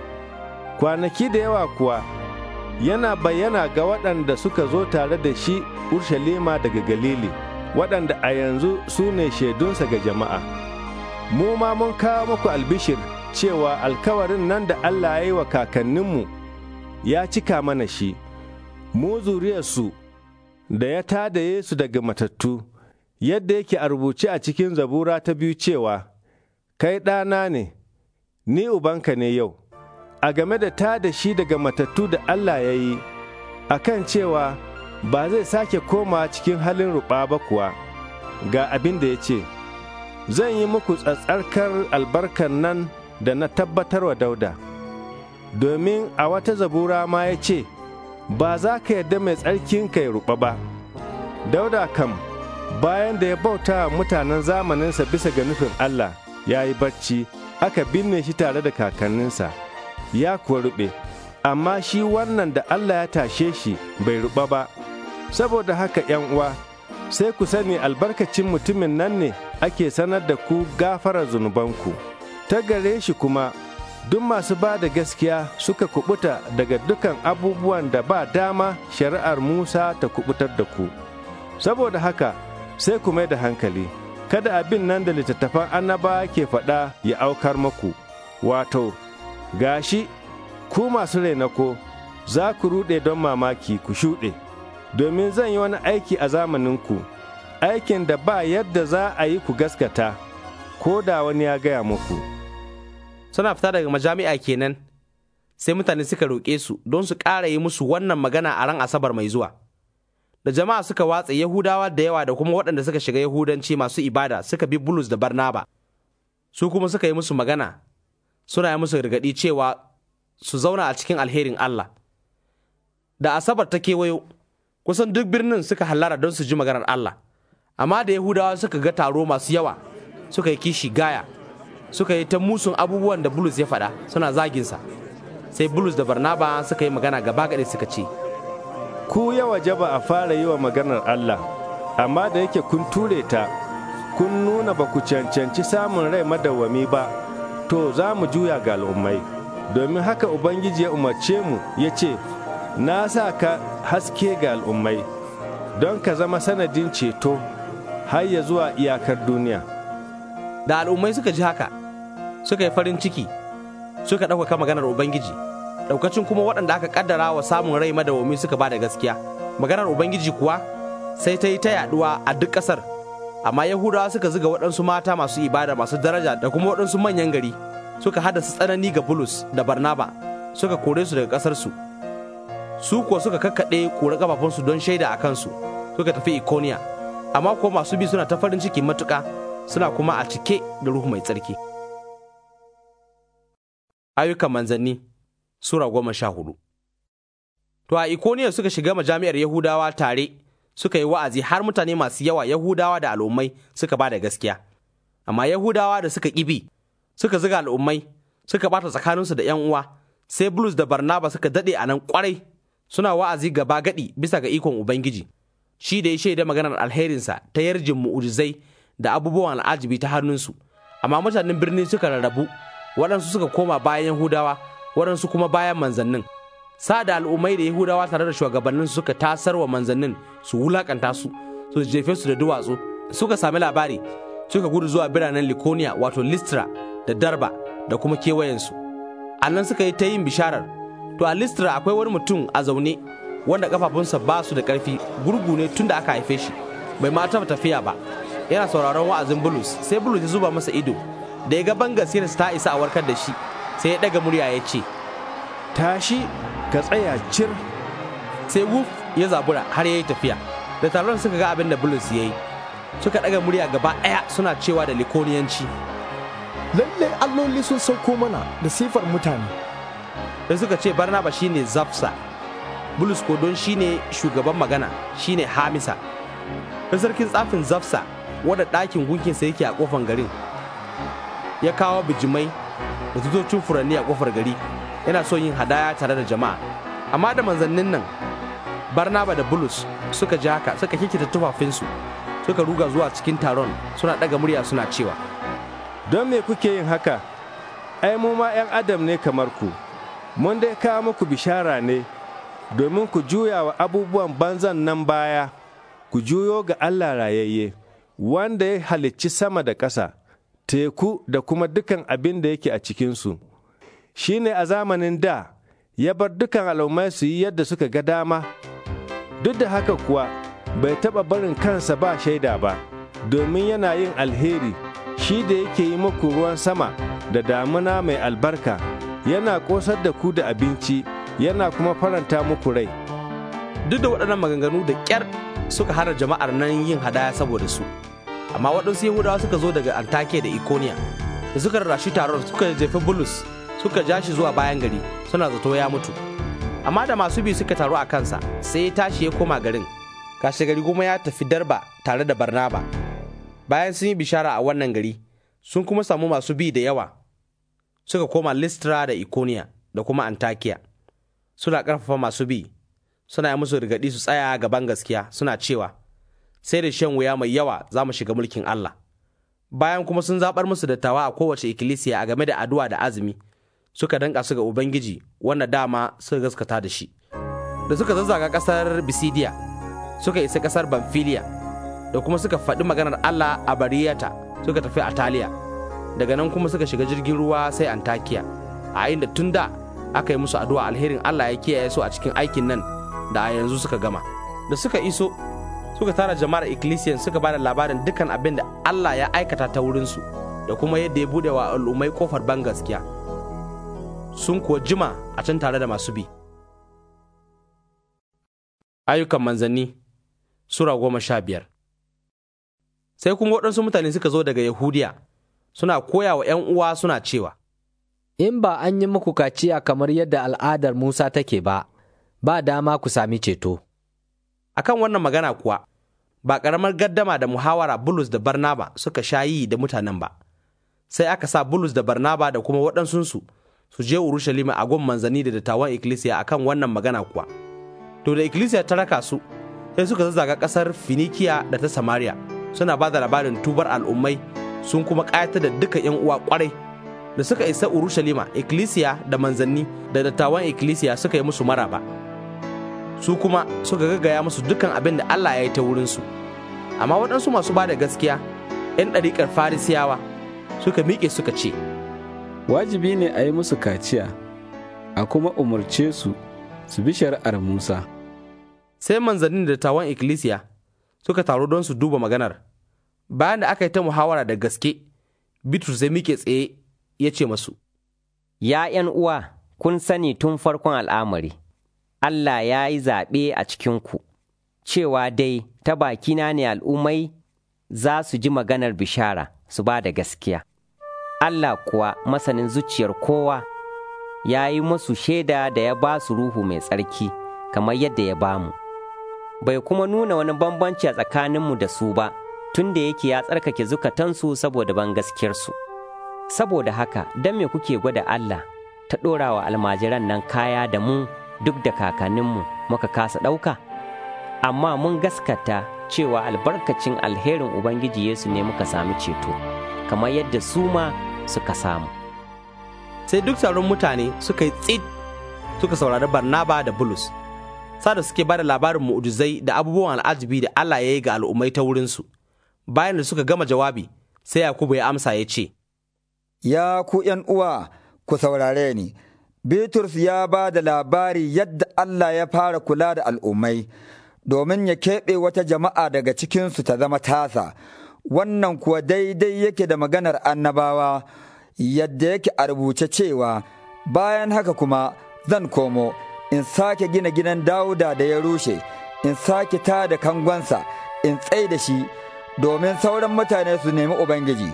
kwanaki da yawa kuwa yana bayyana ga waɗanda suka zo tare da shi Urshalima daga Galili waɗanda a yanzu su ne shaidunsa ga jama'a. mu ma mun kawo muku albishir cewa alkawarin nan da Allah ya yi wa kakanninmu ya cika mana shi, mu zuriyarsu da ya tada Yesu daga matattu, yadda yake a rubuce a cikin zabura ta biyu cewa, Kai ɗana ne, ni ubanka ne yau, a game da tada shi daga matattu da Allah ya yi, a kan cewa ba zai sake koma cikin halin ruɓa ba kuwa, ga abin da ya ce. zan yi muku tsatsarkar albarkar nan da na tabbatar wa dauda domin a wata zabura ma ya ce ba za ka yarda mai tsarkin ka ya ruɓa ba dauda kam bayan da ya bauta mutanen zamaninsa bisa ga nufin allah ya yi barci aka binne shi tare da kakanninsa ya kuwa ruɓe amma shi wannan da allah ya tashe shi bai ruɓa ba saboda haka 'yan uwa sai ku sani albarkacin mutumin nan ne ake sanar da ku gafara zunubanku. Ta gare shi kuma, duk masu ba da gaskiya suka kubuta daga dukan abubuwan da ba dama shari'ar Musa ta kubutar da ku. Saboda haka, sai ku mai da hankali, kada abin nan da littattafan annaba ke faɗa ya aukar maku, wato, gashi, ku masu rainako, za ku ruɗe don mamaki ku shuɗe. domin zan yi wani aiki a zamaninku, aikin da ba yadda za a yi ku gaskata, ko da wani ya gaya muku. Suna fita daga majami'a kenan, sai mutane suka roƙe su don su ƙara yi musu wannan magana a ran Asabar mai zuwa. Da jama'a suka watsa Yahudawa da yawa da kuma waɗanda suka shiga Yahudanci masu ibada suka bi Bulus da Barnaba. Su kuma suka yi musu magana, suna yi musu gargaɗi cewa su zauna a cikin alherin Allah. Da Asabar ta kewayo, kusan duk birnin suka hallara don su ji maganar Allah amma da Yahudawa suka ga taro masu yawa suka yi kishi gaya suka yi ta musun abubuwan da Bulus ya faɗa suna zaginsa sai Bulus da Barnaba suka yi magana gaba gaɗe suka ce ku ya waje ba a fara yi wa maganar Allah amma da yake kun ture ta kun nuna ba ku cancanci samun rai madawwami ba to za mu juya ga al'ummai domin haka Ubangiji ya umarce mu ya ce na sa ka haske ga al'ummai don ka zama sanadin ceto har ya zuwa iyakar duniya da al'ummai suka ji haka suka yi farin ciki suka ɗaukaka maganar ubangiji ɗaukacin kuma waɗanda aka ƙaddara wa samun rai madawomi suka ba da gaskiya maganar ubangiji kuwa sai ta yi ta yaɗuwa a duk ƙasar amma yahudawa suka zuga waɗansu mata masu ibada masu daraja da kuma waɗansu manyan gari suka haddasa tsanani ga bulus da barnaba suka kore su daga ƙasarsu su kuwa suka kakkaɗe ƙura ƙafafunsu don shaida a kansu suka tafi ikoniya amma kuwa masu bi suna ta farin ciki matuƙa suna kuma a cike da ruhu mai tsarki ayyukan manzanni sura goma sha hudu to a ikoniya suka shiga majami'ar yahudawa tare suka yi wa'azi har mutane masu yawa yahudawa da al'ummai suka ba da gaskiya amma yahudawa da suka ƙibi suka ziga al'ummai suka ɓata tsakaninsu da 'yan uwa sai bulus da barnaba suka daɗe a nan ƙwarai suna wa'azi gaba gadi bisa ga ikon Ubangiji, shi da ya shaida maganar alherinsa ta yarjin mu'ujizai da abubuwan al'ajibi ta hannunsu, amma mutanen birni suka rarrabu, waɗansu suka koma bayan Yahudawa, waɗansu kuma bayan manzannin. Sa da al'ummai da Yahudawa tare da shugabannin suka tasar wa manzannin su wulakanta su, su jefe su da duwatsu, suka sami labari, suka gudu zuwa biranen Likoniya wato Listra da Darba da kuma kewayensu. annan suka yi ta yin bisharar to a listra akwai wani mutum a zaune wanda kafafunsa ba su da karfi gurgu ne tun da aka haife shi bai ma taba tafiya ba yana sauraron wa'azin bulus sai bulus ya zuba masa ido da ya ga bangasiyar ta isa a warkar da shi sai ya daga murya ya ce tashi ka tsaya cir sai wuf ya zabura har ya yi tafiya da taron suka ga abin da bulus ya yi suka ɗaga murya gaba ɗaya suna cewa da likoniyanci lallai alloli sun sauko mana da sifar mutane da suka ce barnaba shine zafsa bulus ko don shine shugaban magana shine hamisa da sarkin tsafin zafsa wadda ɗakin gunkinsa yake a ƙofar garin ya kawo bijimai da tutocin furanni a ƙofar gari yana son yin hadaya tare da jama'a amma da manzannin nan barnaba da bulus suka ji haka suka kikita tufafinsu suka ruga zuwa cikin taron suna ɗaga murya suna cewa don me kuke yin haka ai mu ma 'yan adam ne kamar ku mun dai kawo muku bishara ne domin ku juya wa abubuwan banzan nan baya ku juyo ga Allah rayayye wanda ya halicci sama da ƙasa teku da kuma dukan abin da yake a cikinsu shi ne a zamanin da ya bar dukan al'ummai su yi yadda suka ga dama duk da haka kuwa bai taɓa barin kansa ba shaida ba domin yana yin alheri shi da yake yi muku ruwan sama da damuna mai albarka yana kosar da ku da abinci yana kuma faranta muku rai duk da waɗannan maganganu da kyar suka hana jama'ar nan yin hadaya saboda su amma waɗansu yahudawa suka zo daga antake da ikoniya da suka rarrashi taron suka jefi bulus suka ja shi zuwa bayan gari suna zato ya mutu amma da masu biyu suka taru a kansa sai ya tashi ya koma garin kashe gari kuma ya tafi darba tare da barnaba bayan sun yi bishara a wannan gari sun kuma samu masu bi da yawa suka koma Listra da Ikoniya da kuma Antakiya. Suna karfafa masu bi, suna yi musu rigadi su tsaya gaban gaskiya suna cewa, sai da shan wuya mai yawa za mu shiga mulkin Allah. Bayan kuma sun zaɓar musu dattawa a kowace ikkilisiya a game da addu'a da azumi, suka danƙa su ga Ubangiji wanda dama suka gaskata da shi. Da suka zazzaga ƙasar Bisidiya, suka isa ƙasar Bamfiliya, da kuma suka faɗi maganar Allah a Bariyata suka tafi a taliya. daga nan kuma suka shiga jirgin ruwa sai antakiya a yayin tun da aka yi musu addu'a alherin allah ya kiyaye su a cikin aikin nan da a yanzu suka gama da suka iso suka tara jama'ar ikkilisiyan suka bada labarin dukkan abin da allah ya aikata ta wurin su da kuma yadda ya bude wa al'ummai kofar ban gaskiya sun kuwa jima a can tare da masu bi ayyukan manzanni sura goma sha biyar sai kuma waɗansu mutane suka zo daga yahudiya suna koya wa ‘yan uwa suna cewa, In ba an yi muku kaciya kamar yadda al'adar Musa take ba, ba dama ku sami ceto. a kan wannan magana kuwa, ba ƙaramar gaddama da muhawara Bulus da Barnaba suka sha yi da mutanen ba, sai aka sa Bulus da Barnaba da kuma waɗansunsu su je Urushalima a gun manzanni da dattawan ikkilisiya kan wannan magana kuwa. To da ikkilisiya ta raka su, sai suka zazzaga ƙasar Finikiya da ta Samariya, suna ba da labarin tubar al'ummai sun kuma ƙayatar da duka 'yan uwa ƙwarai da suka isa urushalima ikkilisiya da manzanni da dattawan ikkilisiya suka yi musu maraba su kuma suka gaggaya musu dukan abin da allah ya yi ta wurinsu amma waɗansu masu ba da gaskiya 'yan ɗariƙar farisiyawa suka miƙe suka ce wajibi ne a yi musu kaciya a kuma umarce su su bi shari'ar musa sai manzannin da dattawan ikkilisiya suka taru don su duba maganar bayan da aka yi ta muhawara da gaske bitrus zai miƙe tsaye ya ce masu ‘Ya'yan uwa kun sani tun farkon al'amari Allah ya yi zaɓe a cikinku cewa dai ta bakina ne al'ummai za su ji maganar bishara su ba da gaskiya Allah kuwa masanin zuciyar kowa ya yi masu shaida da ya ba su ruhu mai tsarki kamar yadda ya ba mu bai kuma nuna wani bambanci a tsakaninmu da su ba. tun da yake ya tsarkake zukatansu saboda ban gaskiyarsu Saboda haka, don me kuke gwada Allah ta ɗora wa almajiran nan kaya da mu duk da kakanninmu muka kasa ɗauka? Amma mun gaskata cewa albarkacin alherin Ubangiji Yesu ne muka sami ceto, kamar yadda su ma suka samu. Sai duk taron mutane suka yi tsit suka saurari Barnaba da Bulus, sada suke ba da labarin mu'ujizai da abubuwan al'ajabi da Allah ya yi ga al'ummai ta wurinsu. bayan da suka gama jawabi sai Yakubu ya amsa ya ce, Ya ku ’yan uwa ku saurare ni, Bitrus ya ba da labari yadda Allah ya fara kula da al'ummai, domin ya keɓe wata jama'a daga cikinsu ta zama tasa, wannan kuwa daidai yake da maganar annabawa, yadda yake a rubuce cewa, bayan haka kuma zan komo, in sake gina gidan Dawuda da ya rushe, in sake tada kangonsa, in tsai da shi. domin sauran mutane su nemi Ubangiji,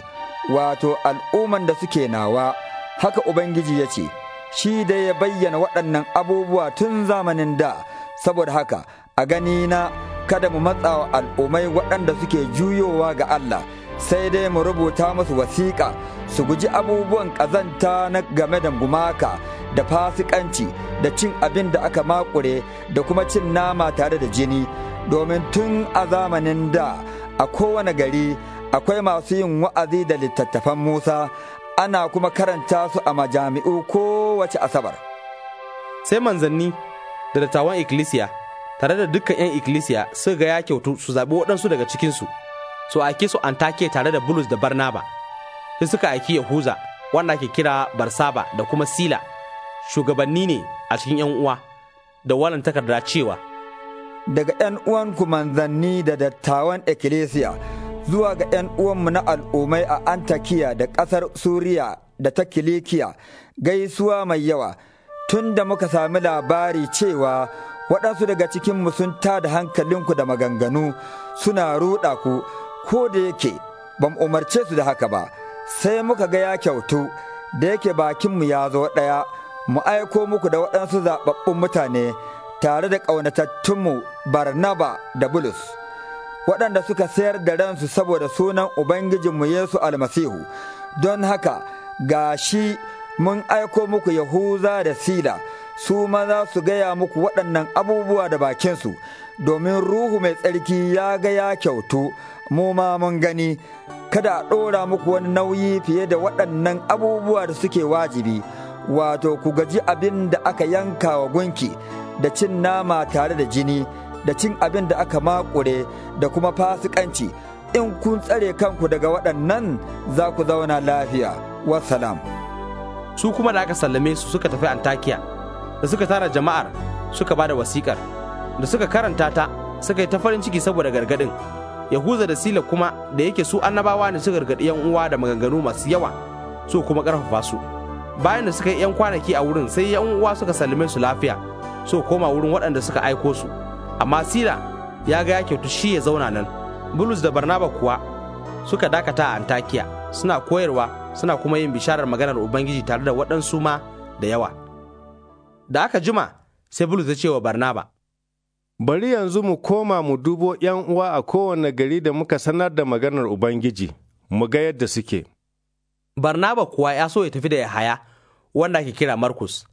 wato al'umman da suke nawa, haka Ubangiji ya ce, shi da ya bayyana waɗannan abubuwa tun zamanin da, saboda haka a gani na kada mu matsa wa al'ummai waɗanda suke juyowa ga Allah, sai dai mu rubuta musu wasiƙa su guji abubuwan ƙazanta na game da gumaka da fasikanci da cin abin da aka makure da kuma cin nama tare da jini, domin tun a zamanin da. a kowane gari akwai masu yin wa'azi da littattafan Musa ana kuma karanta su a majami'u kowace asabar. Sai manzanni da dattawan ikkilisiya tare da dukkan 'yan ikkilisiya sun ga ya kyautu su zaɓi waɗansu daga cikinsu su aiki su take tare da bulus da barnaba sai suka aiki yahuza wanda ke kira barsaba da kuma sila shugabanni ne a cikin 'yan uwa da walan takarda cewa daga ‘yan uwanku manzanni da dattawan ikkilisiya zuwa ga ‘yan uwanmu na al'ummai a Antakiya da ƙasar Suriya da ta Kilikiya gaisuwa mai yawa, tun da muka sami labari cewa waɗansu daga cikinmu sun tada hankalinku da maganganu suna ruɗa ku, ko da yake mu umarce su da haka ba, sai muka ga ya kyautu da yake bakinmu ya zo ɗaya, mu aiko muku da waɗansu zaɓaɓɓun mutane. tare da ƙaunatattunmu barnaba da bulus waɗanda suka sayar da ransu saboda sunan ubangijinmu yesu almasihu don haka ga shi mun aiko muku yahuza da sila su ma za su gaya muku waɗannan abubuwa da bakinsu domin ruhu mai tsarki ya ga ya kyautu mu ma mun gani kada a ɗora muku wani nauyi fiye da waɗannan abubuwa da suke wajibi wato ku gaji abin da aka yanka wa gunki da cin nama tare da jini da cin abin da aka makure da kuma fasikanci in kun tsare kanku daga waɗannan za ku zauna lafiya wassalam su kuma da aka sallame su suka tafi antakiya da suka tara jama'ar suka ba da wasikar da suka karanta ta suka yi ta farin ciki saboda gargadin yahuza da sila kuma da yake su annabawa ne suka gargadi yan uwa da maganganu masu yawa su kuma karfafa su bayan da suka yi yan kwanaki a wurin sai yan uwa suka sallame su lafiya so koma wurin waɗanda suka aiko su amma sila ya ga ya kyautu shi ya zauna nan bulus da barnaba kuwa suka dakata a antakiya suna koyarwa suna kuma yin bisharar maganar ubangiji tare da waɗansu ma da yawa da aka jima sai bulus ya ce wa barnaba bari yanzu mu koma mu dubo yan uwa a kowane gari da muka sanar da maganar ubangiji mu ga yadda suke barnaba kuwa ya so ya tafi da ya haya wanda ake kira markus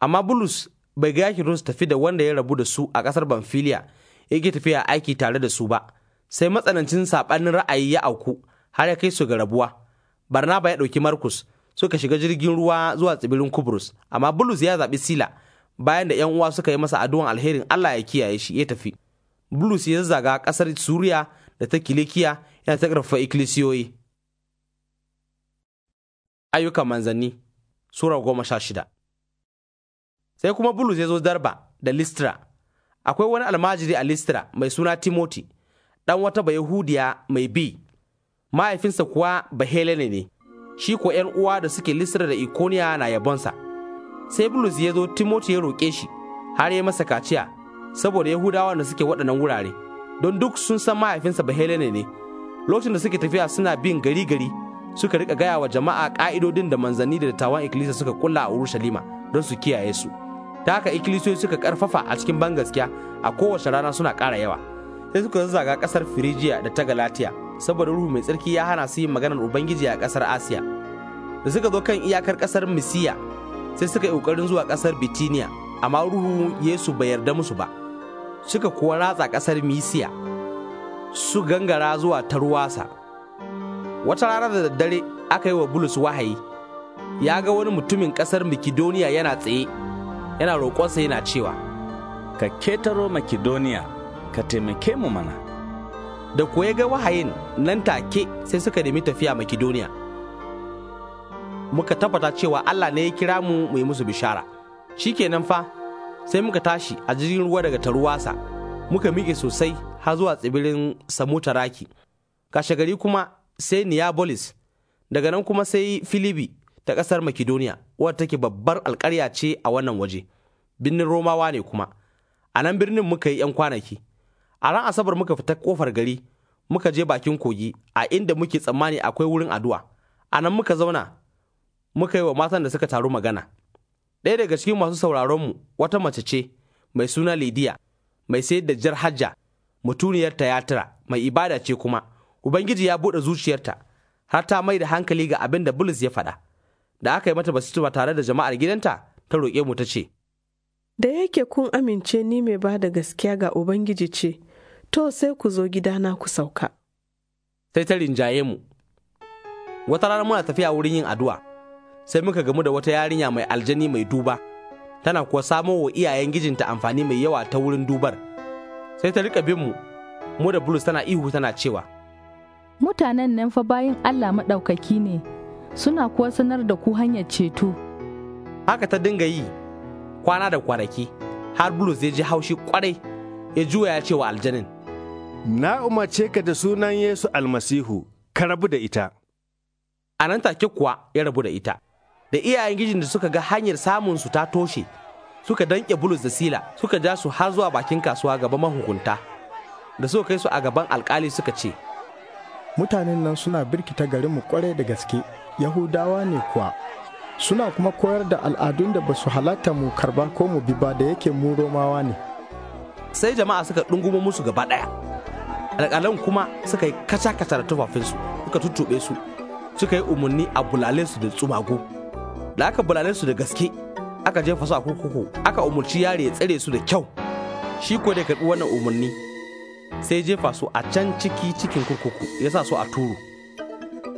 amma bulus bai ga yakin su tafi da wanda ya rabu da su a ƙasar Banfilia yake tafiya aiki tare da su ba sai matsanancin saɓanin ra'ayi ya auku har ya kai su ga rabuwa Barnaba ya ɗauki Markus suka shiga jirgin ruwa zuwa tsibirin Kubrus amma Bulus ya zabi Sila bayan da ‘yan uwa suka yi masa addu'an alherin Allah ya kiyaye shi ya tafi Bulus ya zaga ƙasar Suriya da ta Kilikiya yana ta ƙarfafa ikkilisiyoyi Ayyukan manzanni Sura goma sha shida sai kuma bulus ya zo darba da listra akwai wani almajiri a listra mai suna timoti ɗan wata bayahudiya mai bi mahaifinsa kuwa helene ne shi ko ‘yan uwa da suke listra da ikoniya na yabonsa sai bulus ya zo timoti ya roƙe shi har ya masa kaciya saboda yahudawa da suke waɗannan wurare don duk sun san mahaifinsa helene ne lokacin da suke tafiya suna bin gari gari suka rika gaya wa jama'a ƙa'idodin da manzanni da dattawan ikkilisiya suka kula a urushalima don su kiyaye su ta haka ikilisiyoyi suka karfafa a cikin ban gaskiya a kowace rana suna ƙara yawa sai suka zazzaga ƙasar firijiya da ta galatiya saboda ruhu mai tsarki ya hana su yin maganar ubangiji a ƙasar asiya da suka zo kan iyakar ƙasar misiya sai suka yi ƙoƙarin zuwa ƙasar bitiniya amma ruhu yesu bai yarda musu ba suka kuwa ratsa ƙasar misiya su gangara zuwa ruwasa wata rana da daddare aka yi wa bulus wahayi ya ga wani mutumin ƙasar makedoniya yana tsaye yana roƙonsa yana cewa ka ketaro makedoniya ka taimake mu mana da ya ga wahayin nan take sai suka nemi tafiya makedoniya muka tabbata cewa allah ne ya kira mu mu yi musu bishara shi kenan fa sai muka tashi a jirgin ruwa daga taruwasa muka miƙe sosai har zuwa tsibirin samutaraki kashe gari kuma sai niyabolis daga nan kuma sai filibi ta ƙasar Makedoniya, wadda take babbar alƙarya ce a wannan waje, birnin Romawa ne kuma. A nan birnin muka yi ‘yan kwanaki, a ran Asabar muka fita ƙofar gari, muka je bakin kogi a inda muke tsammani akwai wurin addu'a. A nan muka zauna, muka yi wa matan da suka taru magana. Ɗaya daga cikin masu sauraronmu wata mace ce mai suna Lidiya, mai sayar da jar hajja, mutuniyar tayatira mai ibada ce kuma, Ubangiji ya buɗe zuciyarta, har ta mai da hankali ga abin da Bulus ya faɗa. da aka yi mata basitu tare da jama'ar gidanta ta roƙe mu ta ce. Da yake kun amince ni mai ba da gaskiya ga Ubangiji ce, to sai ku zo gidana ku sauka. Sai ta rinjaye mu. Wata rana muna tafiya wurin yin addu'a, sai muka gamu da wata yarinya mai aljani mai duba, tana kuwa samo wa iyayen gijinta amfani mai yawa ta wurin dubar. Sai ta riƙa bin mu, mu da Bulus tana ihu tana cewa. Mutanen nan fa bayan Allah maɗaukaki ne, suna kuwa sanar da ku hanyar ceto. Haka ta dinga yi kwana da kwanaki har Bulus ya ji haushi kwarai ya juya ya ce wa aljanin. Na umarce ka da sunan Yesu almasihu ka rabu da ita. A nan take kuwa ya rabu da ita. Da iyayen gijin da suka ga hanyar samunsu ta toshe suka danƙe Bulus da Sila suka ja su har zuwa bakin kasuwa gaba mahukunta. Da suka kai su a gaban alkali suka ce. Mutanen nan suna birkita garinmu kwarai da gaske. yahudawa ne kuwa suna kuma koyar da al'adun da ba su halatta mu karba ko mu bi ba da yake mu romawa ne sai jama'a suka ɗungumo musu gaba ɗaya alƙalan kuma suka yi kaca-kaca da tufafinsu suka tuttuɓe su suka yi umarni a bulale su da tsumago da aka bulale su da gaske aka jefa su a kurkuku aka umarci yare ya tsare su da kyau shi ko da karɓi wannan umarni sai jefa su a can ciki cikin kurkuku ya sa su a turu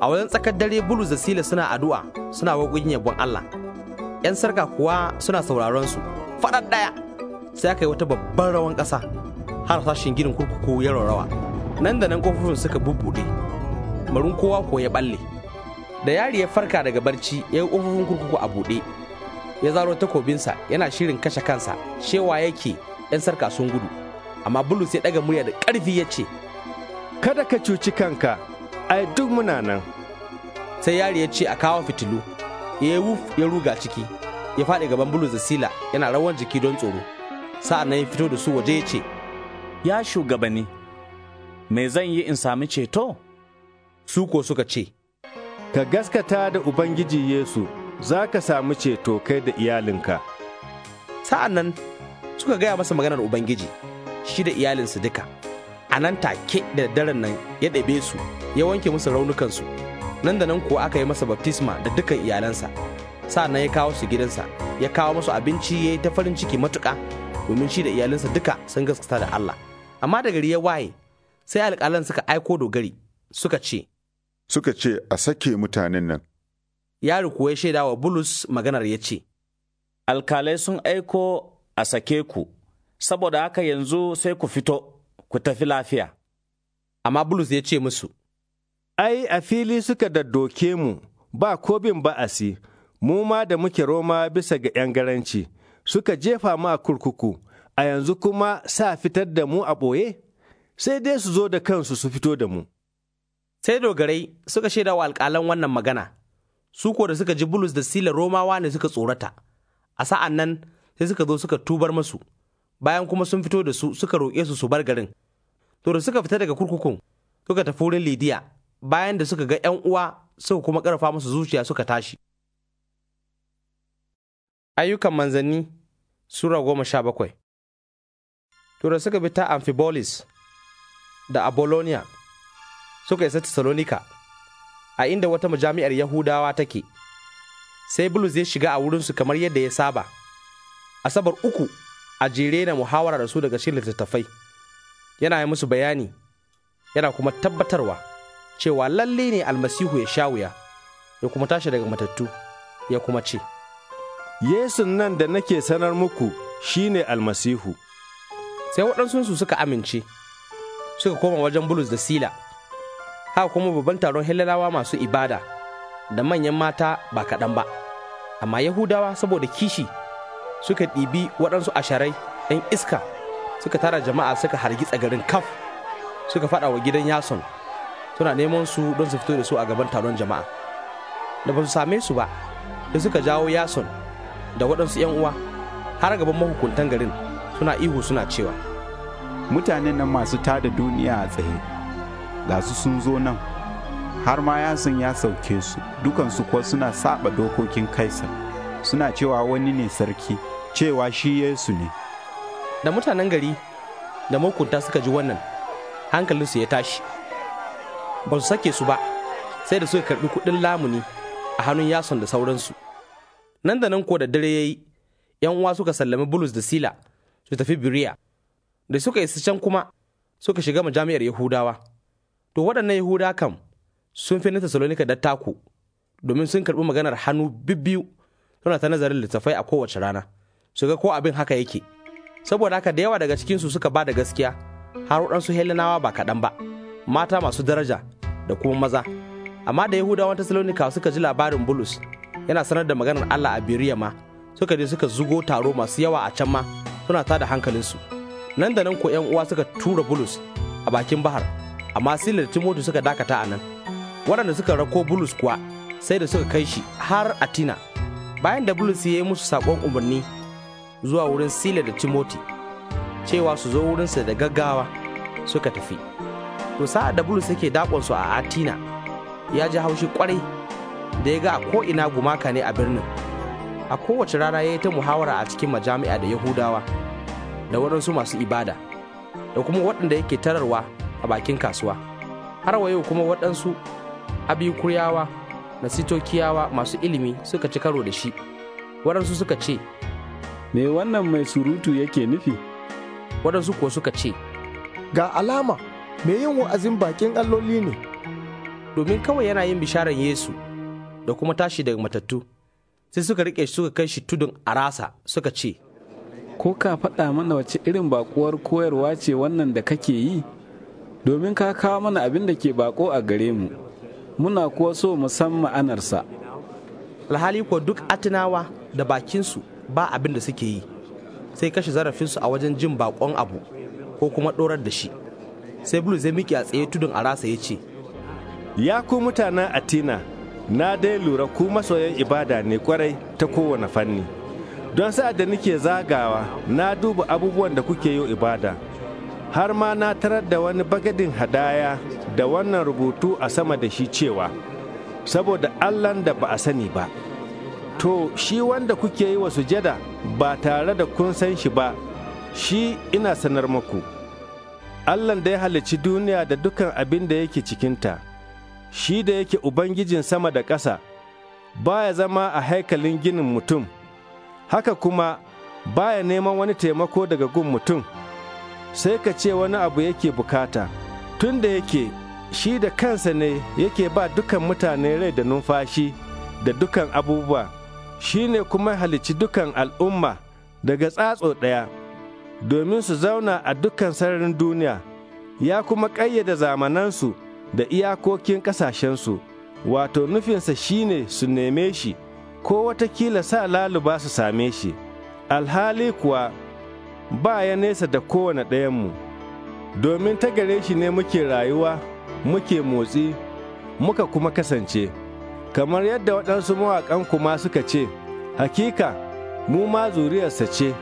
a wajen tsakar dare bulus da sila suna addu'a suna waƙoƙin yabon allah yan sarka kuwa suna sauraron su faɗar ɗaya sai aka yi wata babban rawan ƙasa har sashen ginin kurkuku ya rawa nan da nan kofofin suka bubbuɗe marin kowa ko ya balle da yari ya farka daga barci ya yi kofofin kurkuku a buɗe ya zaro takobinsa yana shirin kashe kansa cewa yake yan sarka sun gudu amma bulus ya ɗaga murya da ƙarfi ya ce kada ka cuci kanka ai duk muna nan sai yari ya ce a kawo fitilu ya yi wuf ya ruga ciki ya faɗi gaban bulus da sila yana rawan jiki don tsoro sa'an na ya fito da su waje ya ce ya shugabanni me zan yi in sami ceto su ko suka ce ka gaskata da ubangiji yesu za ka sami ceto kai da iyalinka sa'an nan suka gaya masa maganar ubangiji shi da iyalinsa duka a nan take da daren nan ya ɗabe su ya wanke musu raunukansu nan da nan kuwa aka yi masa baftisma da dukkan iyalansa nan ya kawo su gidansa ya kawo musu abinci ya yi ta farin ciki matuƙa domin shi da iyalinsa duka sun gaskata da Allah amma da gari ya waye sai alƙalan suka aiko dogari suka ce suka ce a sake mutanen nan Yari kuwa ya shaida wa bulus maganar ya ce alkalai sun aiko a sake ku saboda haka yanzu sai ku fito ku tafi lafiya. Amma Bulus ya ce musu, Ai, a fili suka daddoke mu ba ko bin ba'asi, mu ma da muke Roma bisa ga ‘yan garanci, suka jefa mu a kurkuku, a yanzu kuma sa fitar da mu a ɓoye, sai dai su zo da kansu su fito da mu. Sai dogarai suka shaida wa alƙalan wannan magana, su ko da suka ji Bulus da Sila Romawa ne suka tsorata, a sa'an nan sai suka zo suka tubar masu. bayan kuma sun fito da su suka roƙe su su bar garin to da suka fita daga kurkukun suka tafi wurin lidiya bayan da suka ga 'yan uwa suka kuma ƙarfa musu zuciya suka tashi ayyukan manzanni sura goma sha bakwai to da suka bi ta amphibolis da abolonia suka isa Thessalonica a inda wata majami'ar yahudawa take sai bulus ya shiga a wurinsu kamar yadda ya saba asabar uku a jere na muhawara da su daga cikin littattafai yana yi musu bayani yana kuma tabbatarwa cewa lalle ne almasihu ya sha wuya ya kuma tashi daga matattu ya kuma ce yesu nan da nake sanar muku shine almasihu sai waɗansu waɗansunsu suka amince suka koma wajen bulus da sila haka kuma babban taron helalawa masu ibada da manyan mata ba kaɗan ba amma yahudawa saboda kishi suka ɗibi waɗansu asharai 'yan iska suka tara jama'a suka hargitsa garin kaf suka faɗa wa gidan yason suna neman su don su fito da su a gaban taron jama'a da ba su same su ba da suka jawo yason da waɗansu 'yan uwa har gaban mahukuntan garin suna ihu suna cewa mutanen nan masu tada duniya a tsaye ga su sun zo nan har ma yason ya sauke su dukansu kuwa suna saba dokokin kaisar suna cewa wani ne sarki cewa shi Yesu ne. Da mutanen gari da makunta suka ji wannan hankalinsu ya tashi, ba su sake su ba sai da suka karɓi kuɗin lamuni a hannun yason da sauransu. Nan da nan ko da dare ya yi, yan uwa suka sallami Bulus da Sila su tafi Biriya, da suka isa can kuma suka shiga majami'ar Yahudawa. To waɗannan Yahuda kam sun fi na Tesalonika da taku, domin sun karɓi maganar hannu bibbiyu suna ta nazarin littafai a kowace rana su ga ko abin haka yake saboda haka da yawa daga cikinsu suka ba da gaskiya har waɗansu helenawa ba kaɗan ba mata masu daraja da kuma maza amma da yahudawa yahudawan tessalonika suka ji labarin bulus yana sanar da maganar allah a biriya ma suka je suka zugo taro masu yawa a can ma suna tada su. nan da nan ko yan uwa suka tura bulus a bakin bahar amma silar timoti suka dakata a nan waɗanda suka rako bulus kuwa sai da suka kai shi har atina bayan da bulus ya yi musu saƙon umarni zuwa wurin sila da timoti cewa su zo wurinsa da gaggawa suka tafi to sa'a da bulus yake su a atina ya ji haushi kwarai da ya ga a ko'ina gumaka ne a birnin a kowace rana ya yi ta muhawara a cikin majami'a da yahudawa da waɗansu masu ibada da kuma waɗanda yake tararwa a bakin kasuwa har wayo kuma waɗansu kuryawa na sitokiyawa masu ilimi suka ci karo da shi waɗansu suka ce me wannan mai surutu yake nufi waɗansu kuwa suka ce ga alama mai yin wa'azin bakin alloli ne domin kawai yana yin bisharan yesu da kuma tashi daga matattu sai suka rike shi suka kai shi tudun arasa suka ce ko ka faɗa mana wace irin bakuwar koyarwa ce wannan da kake yi domin ka kawo mana abin da ke bako a gare mu muna kuwa so musamman anarsa. alhali kuwa duk atinawa da bakinsu ba abin da suke yi sai kashe zarafinsu a wajen jin bakon abu ko kuma ɗorar da shi sai Bulu zai miki a tsaye tudun a rasa ya ce ya ku mutanen atina na dai lura ku masoyan ibada ne kwarai ta kowane fanni don sa'ad da nake zagawa na duba abubuwan da kuke yi ibada har ma na tarar da wani bagadin hadaya da wannan rubutu a sama da shi cewa saboda Allahn da ba a sani ba to shi wanda kuke yi wa sujada ba tare da kun san shi ba shi ina sanar muku allan da ya halicci duniya da dukan abin da yake cikinta shi da yake ubangijin sama da ƙasa Ba ya zama a haikalin ginin mutum haka kuma ba ya neman wani taimako daga gun mutum sai ka ce wani abu yake bukata. tun da yake shi da kansa ne yake ba dukan mutane rai da numfashi da dukan abubuwa shi ne kuma halici dukan al'umma daga tsatso ɗaya domin su zauna a dukan sararin duniya ya kuma ƙayyada zamanansu da iyakokin ƙasashensu wato nufinsa shi ne su neme shi ko watakila sa laluba su same shi alhali kuwa ba ya nesa da kowane ɗayanmu. mu domin ta gare shi ne muke rayuwa muke motsi muka kuma kasance kamar yadda waɗansu mawaƙan kuma suka ce hakika mu ma zuriyarsa ce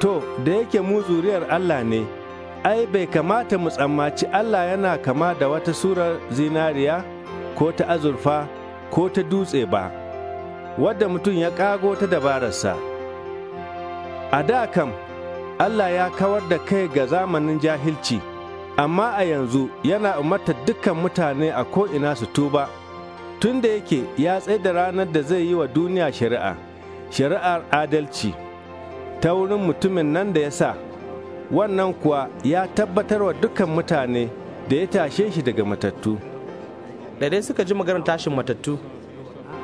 to da yake mu zuriyar Allah ne ai bai kamata mu tsammaci Allah yana kama da wata surar zinariya ko ta azurfa ko ta dutse ba wadda mutum ya ƙago ta dabararsa a da kam Allah ya kawar da kai ga zamanin jahilci, amma a yanzu yana umarta dukkan mutane a ko'ina su tuba, tun da yake ya tsaye da ranar da zai yi wa duniya shari'a, shari'ar adalci, ta wurin mutumin nan da ya sa, wannan kuwa ya tabbatar wa dukkan mutane da ya tashe shi daga matattu. Da dai suka ji maganar tashin matattu,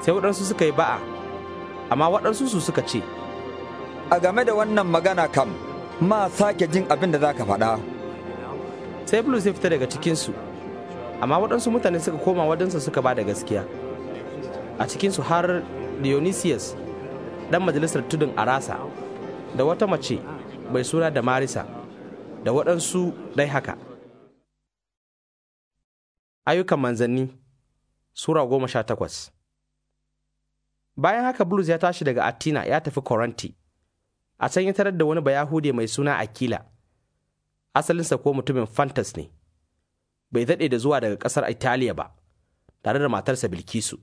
sai waɗansu suka yi ba'a, amma waɗansu su suka ce. A game da wannan magana kam. ma sake jin abin da za ka faɗa. Sai Bulus ya fita daga cikinsu, amma waɗansu mutane suka koma wadansa suka ba da gaskiya. A cikinsu har Dionysius, ɗan majalisar tudun Arasa, da wata mace mai suna da Marisa, da waɗansu dai haka. Ayyukan manzanni Sura goma sha takwas Bayan haka Bulus ya tashi daga Atina ya tafi Koranti. a can ya tarar da wani bayahude mai suna akila asalinsa ko mutumin fantas ne bai daɗe da zuwa daga ƙasar italiya ba tare da matarsa bilkisu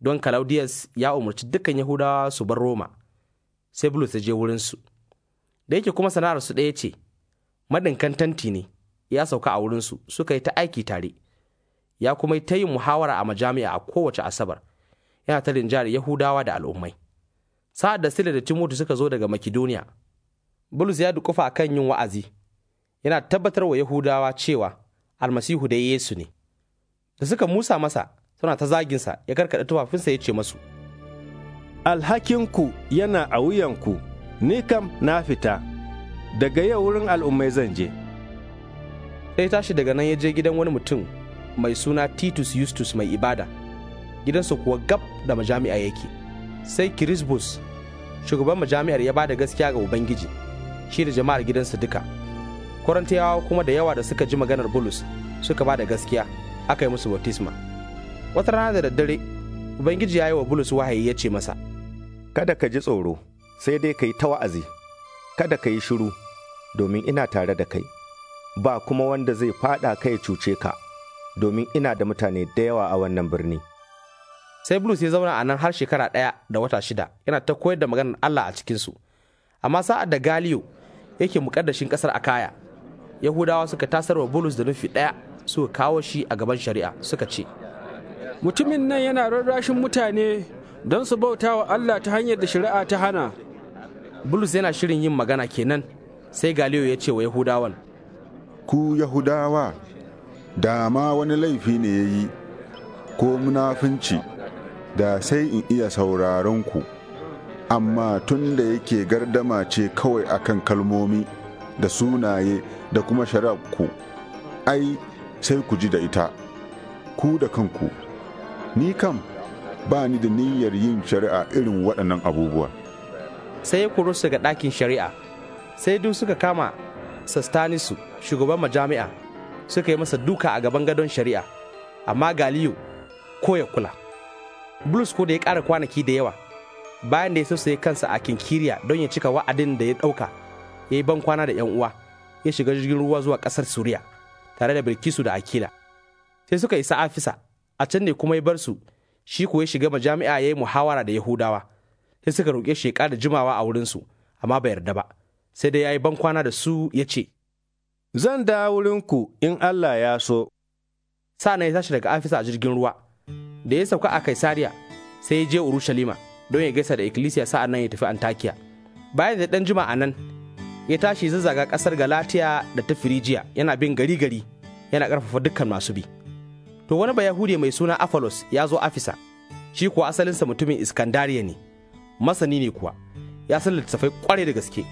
don Claudius ya umarci dukkan Yahudawa su bar Roma, sai Bulus ya je wurinsu. Da yake kuma sana'ar su ɗaya ce, madinkan tanti ne, ya sauka a wurinsu suka yi ta aiki tare, ya kuma yi ta yin muhawara a majami'a a kowace Asabar, yana ta rinjari Yahudawa da al'ummai. sa'ad da Sila da Timoti suka zo daga Makedoniya, Bulus ya dukufa kan yin wa'azi, yana tabbatar wa Yahudawa cewa almasihu da Yesu ne. Da suka musa masa suna ta zaginsa ya karkaɗa tufafinsa ya ce masu. Alhakinku yana a wuyanku, ni kam na fita, daga yau wurin al'ummai zan je. Sai tashi daga nan ya je gidan wani mutum mai suna Titus yustus mai ibada, gidansa kuwa gab da majami'a yake. Sai Kirisbus shugaban majami'ar ya ba gaskiya ga ubangiji shi da jama'ar gidansa duka korintiyawa kuma da yawa da suka ji maganar bulus suka ba da gaskiya aka yi musu baptisma wata rana da daddare ubangiji ya yi wa bulus wahayi ya ce masa kada ka ji tsoro sai dai ka yi ta wa'azi kada ka yi shiru domin ina tare da kai ba kuma wanda zai fada kai cuce ka domin ina da mutane da yawa a wannan birni. sai Bulus ya zauna a nan har shekara ɗaya da wata shida yana ta koyar da maganar Allah a cikinsu. Amma sa'ad da Galiyo yake muƙaddashin ƙasar kaya, Yahudawa suka tasar wa Bulus da nufi ɗaya suka kawo shi a gaban shari'a suka ce, Mutumin nan yana rarrashin mutane don su bauta wa Allah ta hanyar da shari'a ta hana. Bulus yana shirin yin magana kenan sai Galiyo ya ce wa Yahudawan, Ku Yahudawa, da ma wani laifi ne ya yi, ko munafunci. da sai in iya sauraron ku amma tun da yake gardama ce kawai akan kalmomi da sunaye da kuma shari'ar ku ai sai ku ji da ita ku da kanku ni kam ba ni da niyyar yin shari'a irin waɗannan abubuwa sai ku rusa ga ɗakin shari'a sai duk suka kama sastanisu shugaban majami'a suka yi masa duka a gaban gadon shari'a amma galiyo ko ya kula bulus ko da ya ƙara kwanaki da yawa bayan da ya sassaye kansa a kinkiriya don ya cika wa'adin da ya ɗauka ya yi ban kwana da yan uwa ya shiga jirgin ruwa zuwa ƙasar suriya tare da bilkisu da akila sai suka isa afisa a can ne kuma ya bar su shi kuwa ya shiga majami'a ya yi muhawara da yahudawa sai suka roƙe shi ya da jimawa a wurinsu amma bai yarda ba sai dai ya yi ban kwana da su ya ce zan da wurinku in allah ya so sa ya tashi daga afisa a jirgin ruwa da ya sauka a kaisariya sai ya je urushalima don ya gaisa da ikkilisiya sa'an nan ya tafi antakiya bayan da ɗan jima a nan ya tashi zazzaga ƙasar galatiya da ta firijiya yana bin gari gari yana ƙarfafa dukkan masu bi to wani bayahudi mai suna afalos ya zo afisa shi kuwa asalinsa mutumin iskandariya ne masani ne kuwa ya san littattafai kwarai da gaske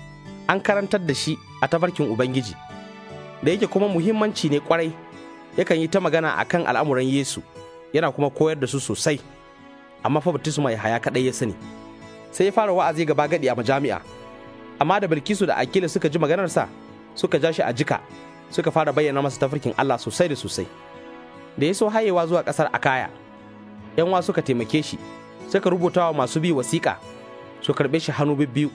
an karantar da shi a tafarkin ubangiji da yake kuma muhimmanci ne kwarai yakan yi ta magana akan al'amuran yesu yana kuma koyar da su sosai amma fa baptisma ya haya kaɗai ya sani sai ya fara wa'azi gaba gadi a majami'a amma da bilkisu da akila suka ji maganarsa suka ja shi a jika suka fara bayyana masa tafarkin allah sosai da sosai da ya so hayewa zuwa ƙasar akaya yan wa suka taimake shi suka rubuta wa masu bi wasiƙa su karɓe shi hannu biyu.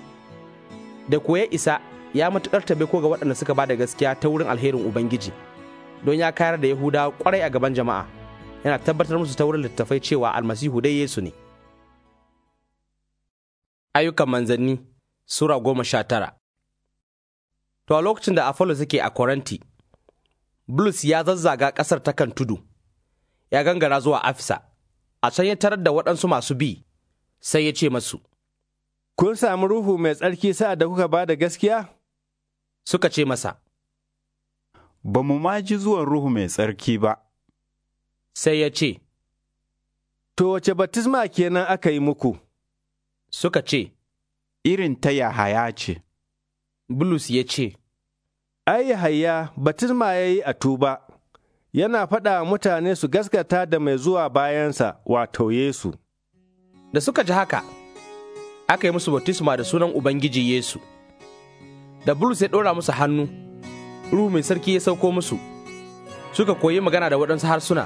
da koya isa ya matuƙar tabe ko ga waɗanda suka ba da gaskiya ta wurin alherin ubangiji don ya kayar da Yahuda ƙwarai a gaban jama'a yana tabbatar musu ta wurin littattafai cewa almasihu dai Yesu ne. Ayyukan manzanni Sura goma sha tara To a lokacin da Apollo suke a koranti. Bulus ya zazzaga ƙasar ta kan tudu, ya gangara zuwa Afisa, a can ya tarar da waɗansu masu bi, sai ya ce masu, Kun sami ruhu mai tsarki sa'ad da kuka ba da gaskiya? Suka ce masa, Ba mu ma ji zuwan ruhu mai tsarki ba. sai ya ce, To wace batisma kenan aka yi muku? Suka ce, Irin ta Yahaya ce. Bulus ya ce, Ai, Yahaya batisma ya yi a tuba, yana faɗa mutane su gaskata da mai zuwa bayansa wato Yesu. Da suka ji haka, aka yi musu batisma da sunan Ubangiji Yesu. Da Bulus ya ɗora musu hannu, Ruhu mai sarki ya sauko musu, suka koyi magana da waɗansu harsuna.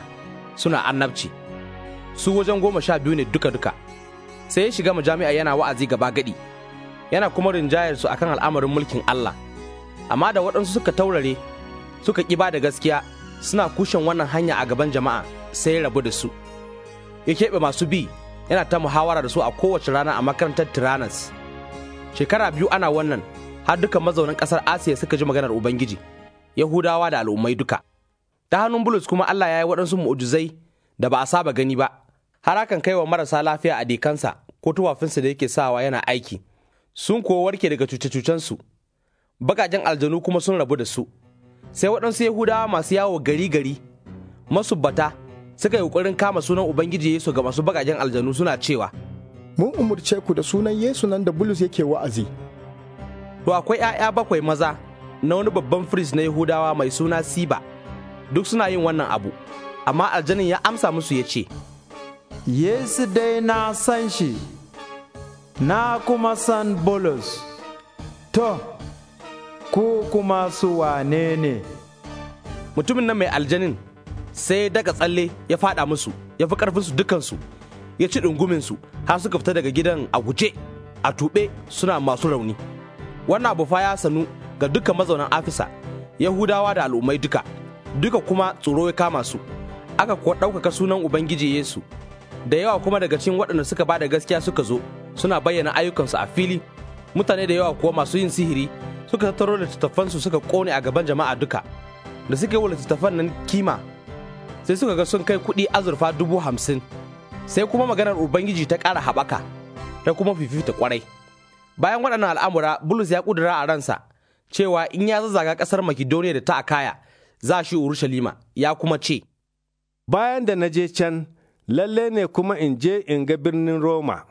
suna annabci su wajen goma sha biyu ne duka-duka sai ya shiga majami'a yana wa'azi gaba gadi yana kuma rinjayar su akan al'amarin mulkin Allah amma da waɗansu suka taurare suka ba da gaskiya suna kushen wannan hanya a gaban jama'a sai ya rabu da su ya keɓe masu bi yana ta muhawara da su a kowace rana a makarantar Tiranas shekara biyu ana wannan har duka mazaunan ƙasar Asiya suka ji maganar Ubangiji Yahudawa da al'ummai duka. ta hannun bulus kuma Allah ya yi waɗansu mu'ujizai da ba a saba gani ba har hakan kai wa marasa lafiya a dekansa ko tuwafinsa da yake sawa yana aiki sun kuwa warke daga cuce-cucensu bakajen aljanu kuma sun rabu da su sai waɗansu yahudawa masu yawo gari-gari masubbata suka yi ƙoƙarin kama sunan ubangiji yesu ga masu bakajen aljanu suna cewa mun umurce ku da sunan yesu nan da bulus yake wa'azi to akwai 'ya'ya bakwai maza na wani babban firist na yahudawa mai suna siba duk suna yin wannan abu amma aljanin ya amsa musu ya ce yesu dai na san shi na kuma san bolus, to ku kuma su wane ne mutumin nan mai aljanin sai daga tsalle ya fada musu ya fi karfinsu dukansu ya ci ɗunguminsu har suka fita daga gidan a guje a tuɓe suna masu rauni wannan abu fa ya sanu ga dukkan mazaunan afisa yahudawa da al'ummai duka duka kuma tsoro ya kama su aka kuwa ɗaukaka sunan ubangiji yesu da yawa kuma daga cikin waɗanda suka ba da gaskiya suka zo suna bayyana ayyukansu a fili mutane da yawa kuwa masu yin sihiri suka tattaro da littattafansu suka kone a gaban jama'a duka da suka yi wa littattafan nan kima sai suka ga sun kai kuɗi azurfa dubu hamsin sai kuma maganar ubangiji ta ƙara haɓaka ta kuma fifita ƙwarai. bayan waɗannan al'amura bulus ya ƙudura a ransa cewa in ya zazzaga ƙasar makidoniya da ta akaya za shi Urushalima ya kuma ce, Bayan da na je can, lalle ne kuma in je in ga birnin Roma.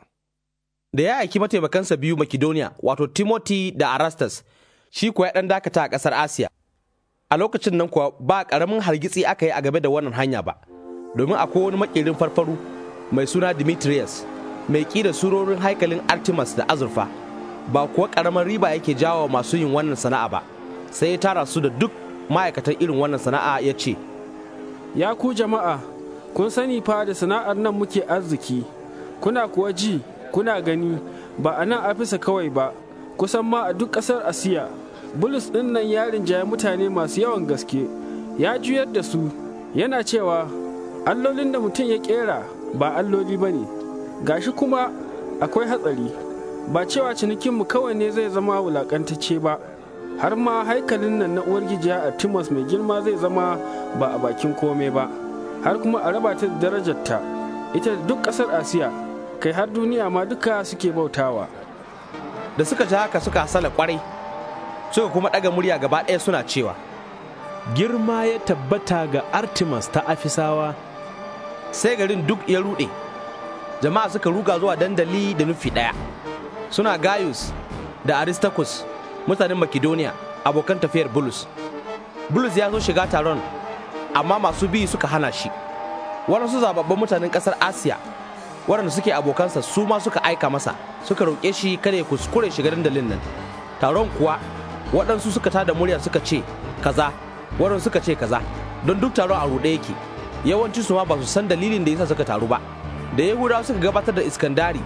Da ya aiki mataimakansa biyu Makedoniya, wato Timoti da Arastas, shi kuwa ya ɗan dakata a ƙasar Asiya. A lokacin nan kuwa ba ƙaramin hargitsi aka yi a game da wannan hanya ba, domin akwai wani makirin farfaru mai suna Demetrius, mai ƙi da surorin haikalin Artemis da azurfa, ba kuwa ƙaramin riba yake jawo masu yin wannan sana'a ba, sai ya tara su da duk ma'aikatan irin wannan sana'a ya ce ya ku jama'a kun sani fa da sana'ar nan muke arziki kuna kuwa ji kuna gani ba a nan afisa kawai ba kusan ma a duk ƙasar asiya bulus ɗin nan ya rinjaye mutane masu yawan gaske ya juyar da su yana cewa allolin da mutum ya ƙera ba alloli ba ne gashi kuma akwai hatsari ba cewa cinikinmu kawai ne zai zama wulaƙantacce ba har ma haikalin nan na uwargijiya gijiya a timas mai girma zai zama ba a bakin kome ba har kuma a raba ta darajarta ita duk ƙasar asiya kai har duniya ma duka suke bautawa da suka ji haka suka hasala kwarai suka kuma ɗaga murya gaba ɗaya suna cewa girma ya tabbata ga artemis ta afisawa sai garin duk ya ruɗe jama'a suka ruga zuwa dandali da nufi ɗaya suna gaius da aristarchus mutanen makedoniya abokan tafiyar bulus bulus ya zo shiga taron amma masu bi suka hana shi waɗansu zababban mutanen ƙasar asiya waɗanda suke abokansa su ma suka aika masa suka roƙe shi kada ya kuskure shiga dandalin nan taron kuwa waɗansu suka tada murya suka ce kaza waɗansu suka ce kaza don duk taron a ruɗe yake yawanci su ma ba su san dalilin da yasa suka taru ba da yahudawa suka gabatar da iskandari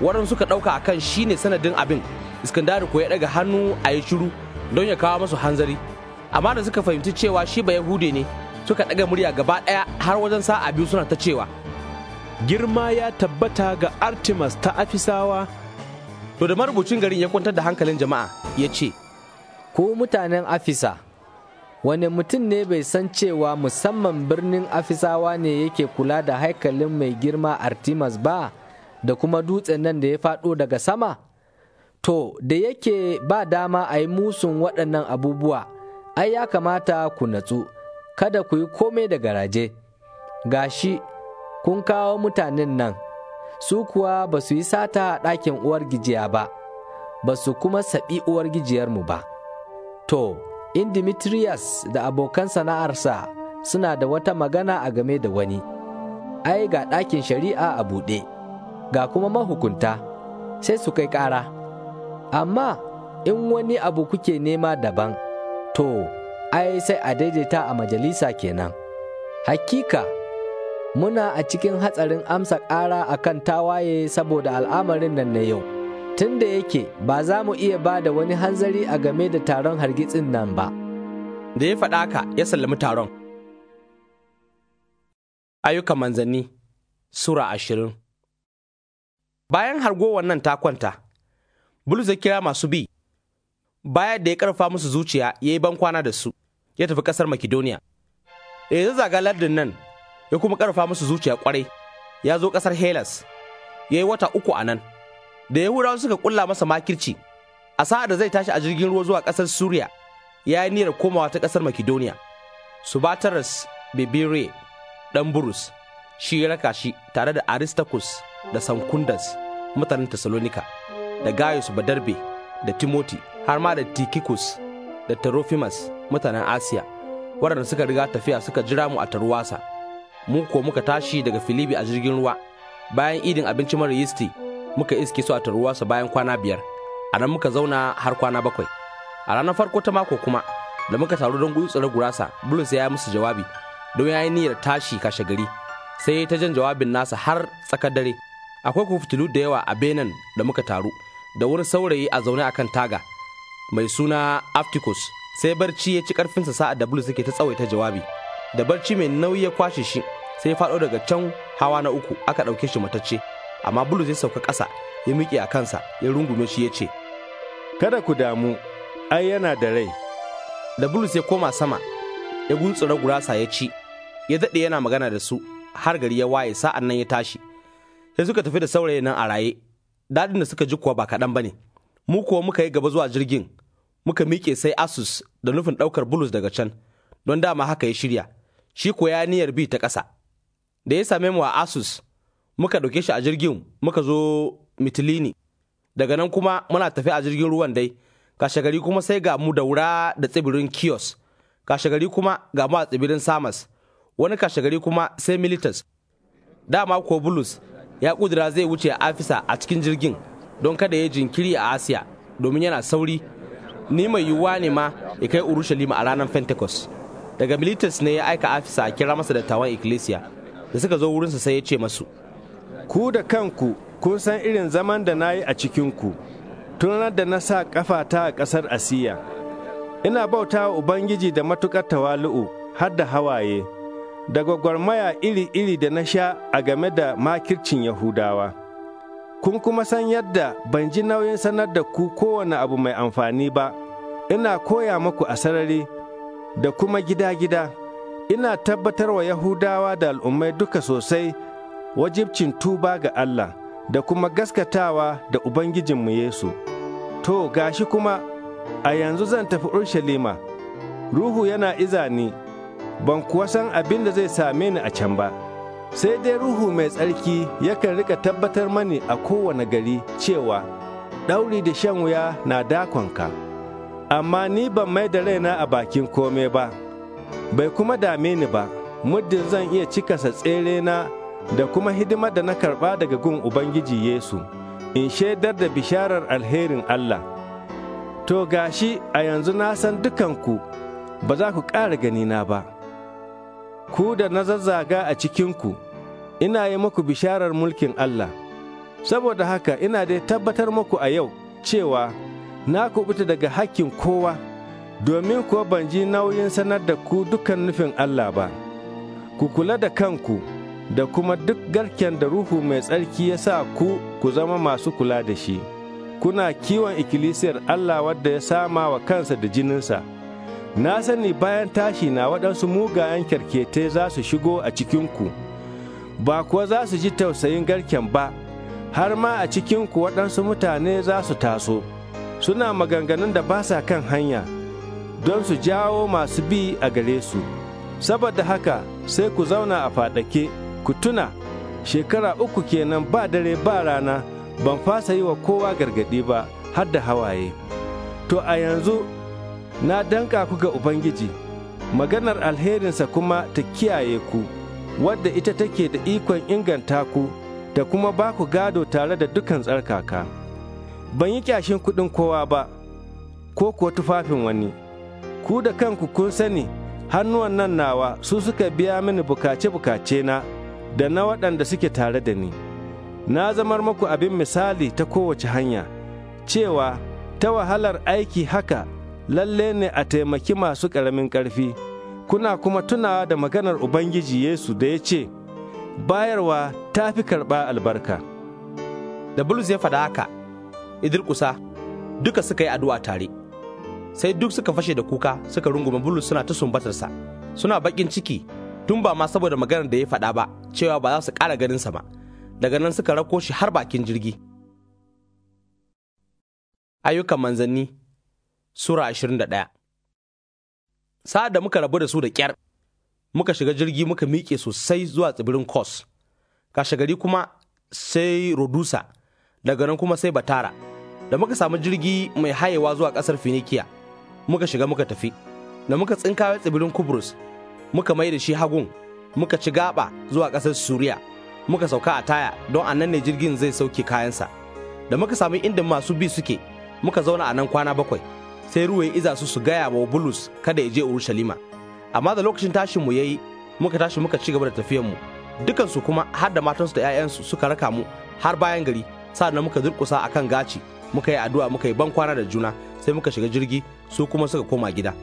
waɗansu suka ɗauka akan shine sanadin abin iskandaru ko ya daga hannu a yi shiru don ya kawo masu hanzari amma da suka fahimci cewa shi ba yahude ne suka daga murya gaba daya har wajen sa'a biyu suna ta cewa girma ya tabbata ga artemis ta afisawa to da marubucin garin ya kwantar da hankalin jama'a ya ce ko mutanen afisa wani mutum ne bai san cewa musamman birnin afisawa ne yake kula da haikalin mai girma artemis ba da kuma dutsen nan da ya faɗo daga sama To, da yake ba dama a yi musun waɗannan abubuwa, ai ya kamata ku natsu, kada ku yi kome da garaje. Gashi, kun kawo mutanen nan, su kuwa ba su yi sata a ɗakin uwargijiya ba, ba su kuma saɓi uwargijiyarmu ba. To, in Dimitrius da abokan sana'arsa suna da wata magana a game da wani, ai ga ɗakin shari'a a buɗe, ga kuma mahukunta, sai su kai ƙara. amma in wani abu kuke nema daban, to, ai sai a daidaita a majalisa kenan. Hakika, muna a cikin hatsarin amsa ƙara a kan tawaye saboda al'amarin nan na yau, tun da yake ba za mu iya ba da wani hanzari a game da taron hargitsin nan ba. Da ya faɗa ka ya sallami taron. Ayyukan manzanni Sura ashirin Bayan hargowar nan ta kwanta, Bulus ya kira masu bi, bayan da ya karfa musu zuciya ya yi bankwana da su, ya tafi ƙasar Makedoniya. Da ya zaga lardin nan, ya kuma karfa musu zuciya kwarai, ya zo ƙasar Helas, ya yi wata uku a nan. Da ya Yahudawa suka ƙulla masa makirci, a sa'a da zai tashi a jirgin ruwa zuwa ƙasar Suriya, ya yi niyyar komawa ta ƙasar Makedoniya. subatarus Bibire ɗan Burus shi ya raka shi tare da Aristarchus da Sankundas mutanen Tessalonika. da Gaius Badarbe da Timoti har ma da Tikikus da Tarofimas mutanen Asiya waɗanda suka riga tafiya suka jira mu a Tarwasa mu ko muka tashi daga Filibi a jirgin ruwa bayan idin abinci mara yisti muka iske su a Tarwasa bayan kwana biyar a nan muka zauna har kwana bakwai a ranar farko ta mako kuma da muka taru don gutsura gurasa bulus ya yi musu jawabi don ya yi niyyar tashi kashe gari sai ta jan jawabin nasa har tsakar dare akwai ku fitilu da yawa a benin da muka taru da wurin saurayi a zaune akan taga mai suna Aftikus sai barci ya ci karfinsa sa'a da Bulus yake ta tsawaita jawabi da barci mai nauyi ya kwashe shi sai ya faɗo daga can hawa na uku aka ɗauke shi matacce amma Bulus ya sauka ƙasa ya miƙe a kansa ya rungume shi ya ce kada ku damu ai yana da rai da Bulus ya koma sama ya guntsura gurasa ya ci ya daɗe yana magana da su har gari ya waye sa'an nan ya tashi sai suka tafi da saurayin nan a raye daɗin da suka ji kuwa ba kaɗan ba ne mu kuwa muka yi gaba zuwa jirgin muka miƙe sai asus da nufin ɗaukar bulus daga can don dama haka ya shirya shi kuwa ya niyyar bi ta ƙasa da ya same mu a asus muka ɗauke shi a jirgin muka zo mitilini daga nan kuma muna tafi a jirgin ruwan dai kashegari kuma sai ga mu da wura da tsibirin kios kashegari kuma ga mu a tsibirin samas wani kashegari kuma sai militas dama ko bulus ya kudura zai wuce a afisa a cikin jirgin don kada ya jinkiri a asiya domin yana sauri ni mai yiwuwa ne ma ya kai urushalima a ranar pentecost daga militas ne ya aika afisa a kira masa dattawan ikkilisiya da suka zo wurinsa sai ya ce masu ku da kanku kun san irin zaman da na yi a cikinku tunanar da na sa ta a ƙasar asiya ina bauta wa ubangiji da matuƙar tawali'u har da hawaye da gwagwarmaya iri-iri da na sha a game da makircin Yahudawa. Kun kuma san yadda ban ji nauyin sanar da ku kowane abu mai amfani ba, ina koya maku a sarari da kuma gida-gida, ina tabbatar wa Yahudawa da al'ummai duka sosai wajibcin tuba ga Allah da kuma gaskatawa da Ubangijinmu Yesu. To, gashi kuma, a yanzu zan tafi Urshalima, Ruhu yana iza ban kuwa san abin da zai same ni a can ba. Sai dai Ruhu mai tsarki yakan rika tabbatar mani a kowane gari cewa ɗauri da shan wuya na dakonka. Amma ni ban mai da raina a bakin kome ba, bai kuma dame ni ba, muddin zan iya cikasa na, da kuma hidimar da na karɓa daga gun Ubangiji Yesu, in shaidar da bisharar alherin Allah. To gashi a yanzu na san dukanku ba za ku ƙara ganina ba. ku da na zazzaga a cikinku, ina yi muku bisharar mulkin Allah. Saboda haka ina dai tabbatar muku a yau cewa na kubuta daga hakkin kowa, domin kuwa ban ji nauyin sanar da ku dukan nufin Allah ba. Ku kula da kanku da kuma duk garken da Ruhu mai tsarki ya sa ku ku zama masu kula da shi. Kuna kiwon ikkilisiyar Allah wadda ya sama wa kansa da jininsa. na sani bayan tashi na waɗansu mugayen kyarkete za su shigo a cikinku ba kuwa za su ji tausayin garken ba har ma a cikinku waɗansu mutane za su taso suna maganganun da ba sa kan hanya don su jawo masu bi a gare su saboda haka sai ku zauna a faɗake ku tuna shekara uku kenan ba dare ba rana ban fasa yi wa kowa gargaɗi ba har da hawaye to a yanzu na danka ku ga Ubangiji, maganar alherinsa kuma ta kiyaye ku, wadda ita take da ikon inganta ku da kuma ba ku gado tare da dukan tsarkaka. Ban yi kyashin kuɗin kowa ba, ko kuwa tufafin wani, ku da kanku kun sani hannuwan nan nawa su suka biya mini bukace-bukace na da na waɗanda suke tare da ni. Na zamar muku abin misali ta kowace hanya, cewa ta wahalar aiki haka lalle ne a taimaki masu ƙaramin ƙarfi, kuna kuma tunawa da maganar Ubangiji Yesu da ya ce, bayarwa ta fi karɓa albarka. Da Bulus ya faɗa haka, kusa, duka suka yi addu'a tare, sai duk suka fashe da kuka suka rungume Bulus suna ta sumbatarsa, suna baƙin ciki tun ba ma saboda maganar da ya faɗa ba cewa ba za su ƙara ganinsa ba, daga nan suka rako shi har bakin jirgi. Ayyukan manzanni Sura ashirin da ɗaya Sa'ad da muka rabu da su da ƙyar, muka shiga jirgi muka miƙe sosai zuwa tsibirin Kos, gari kuma sai Rodusa, daga nan kuma sai Batara, da muka samu jirgi mai hayewa zuwa ƙasar Finikiya, muka shiga muka tafi, da muka tsinkawa tsibirin Kubrus, muka mai da shi hagun, muka ci gaba zuwa ƙasar Suriya, muka sauka a taya don a nan ne jirgin zai sauke kayansa. Da muka samu inda masu bi suke, muka zauna a nan kwana bakwai. sai ruwa ya iza su su gaya wa bulus kada ya je urushalima amma da lokacin tashin mu yayi muka tashi muka ci gaba da tafiyar mu dukansu kuma har da matansu da 'ya'yansu suka raka mu har bayan gari sa'an muka durkusa akan gaci muka yi addu'a muka yi ban kwana da juna sai muka shiga jirgi su kuma suka koma gida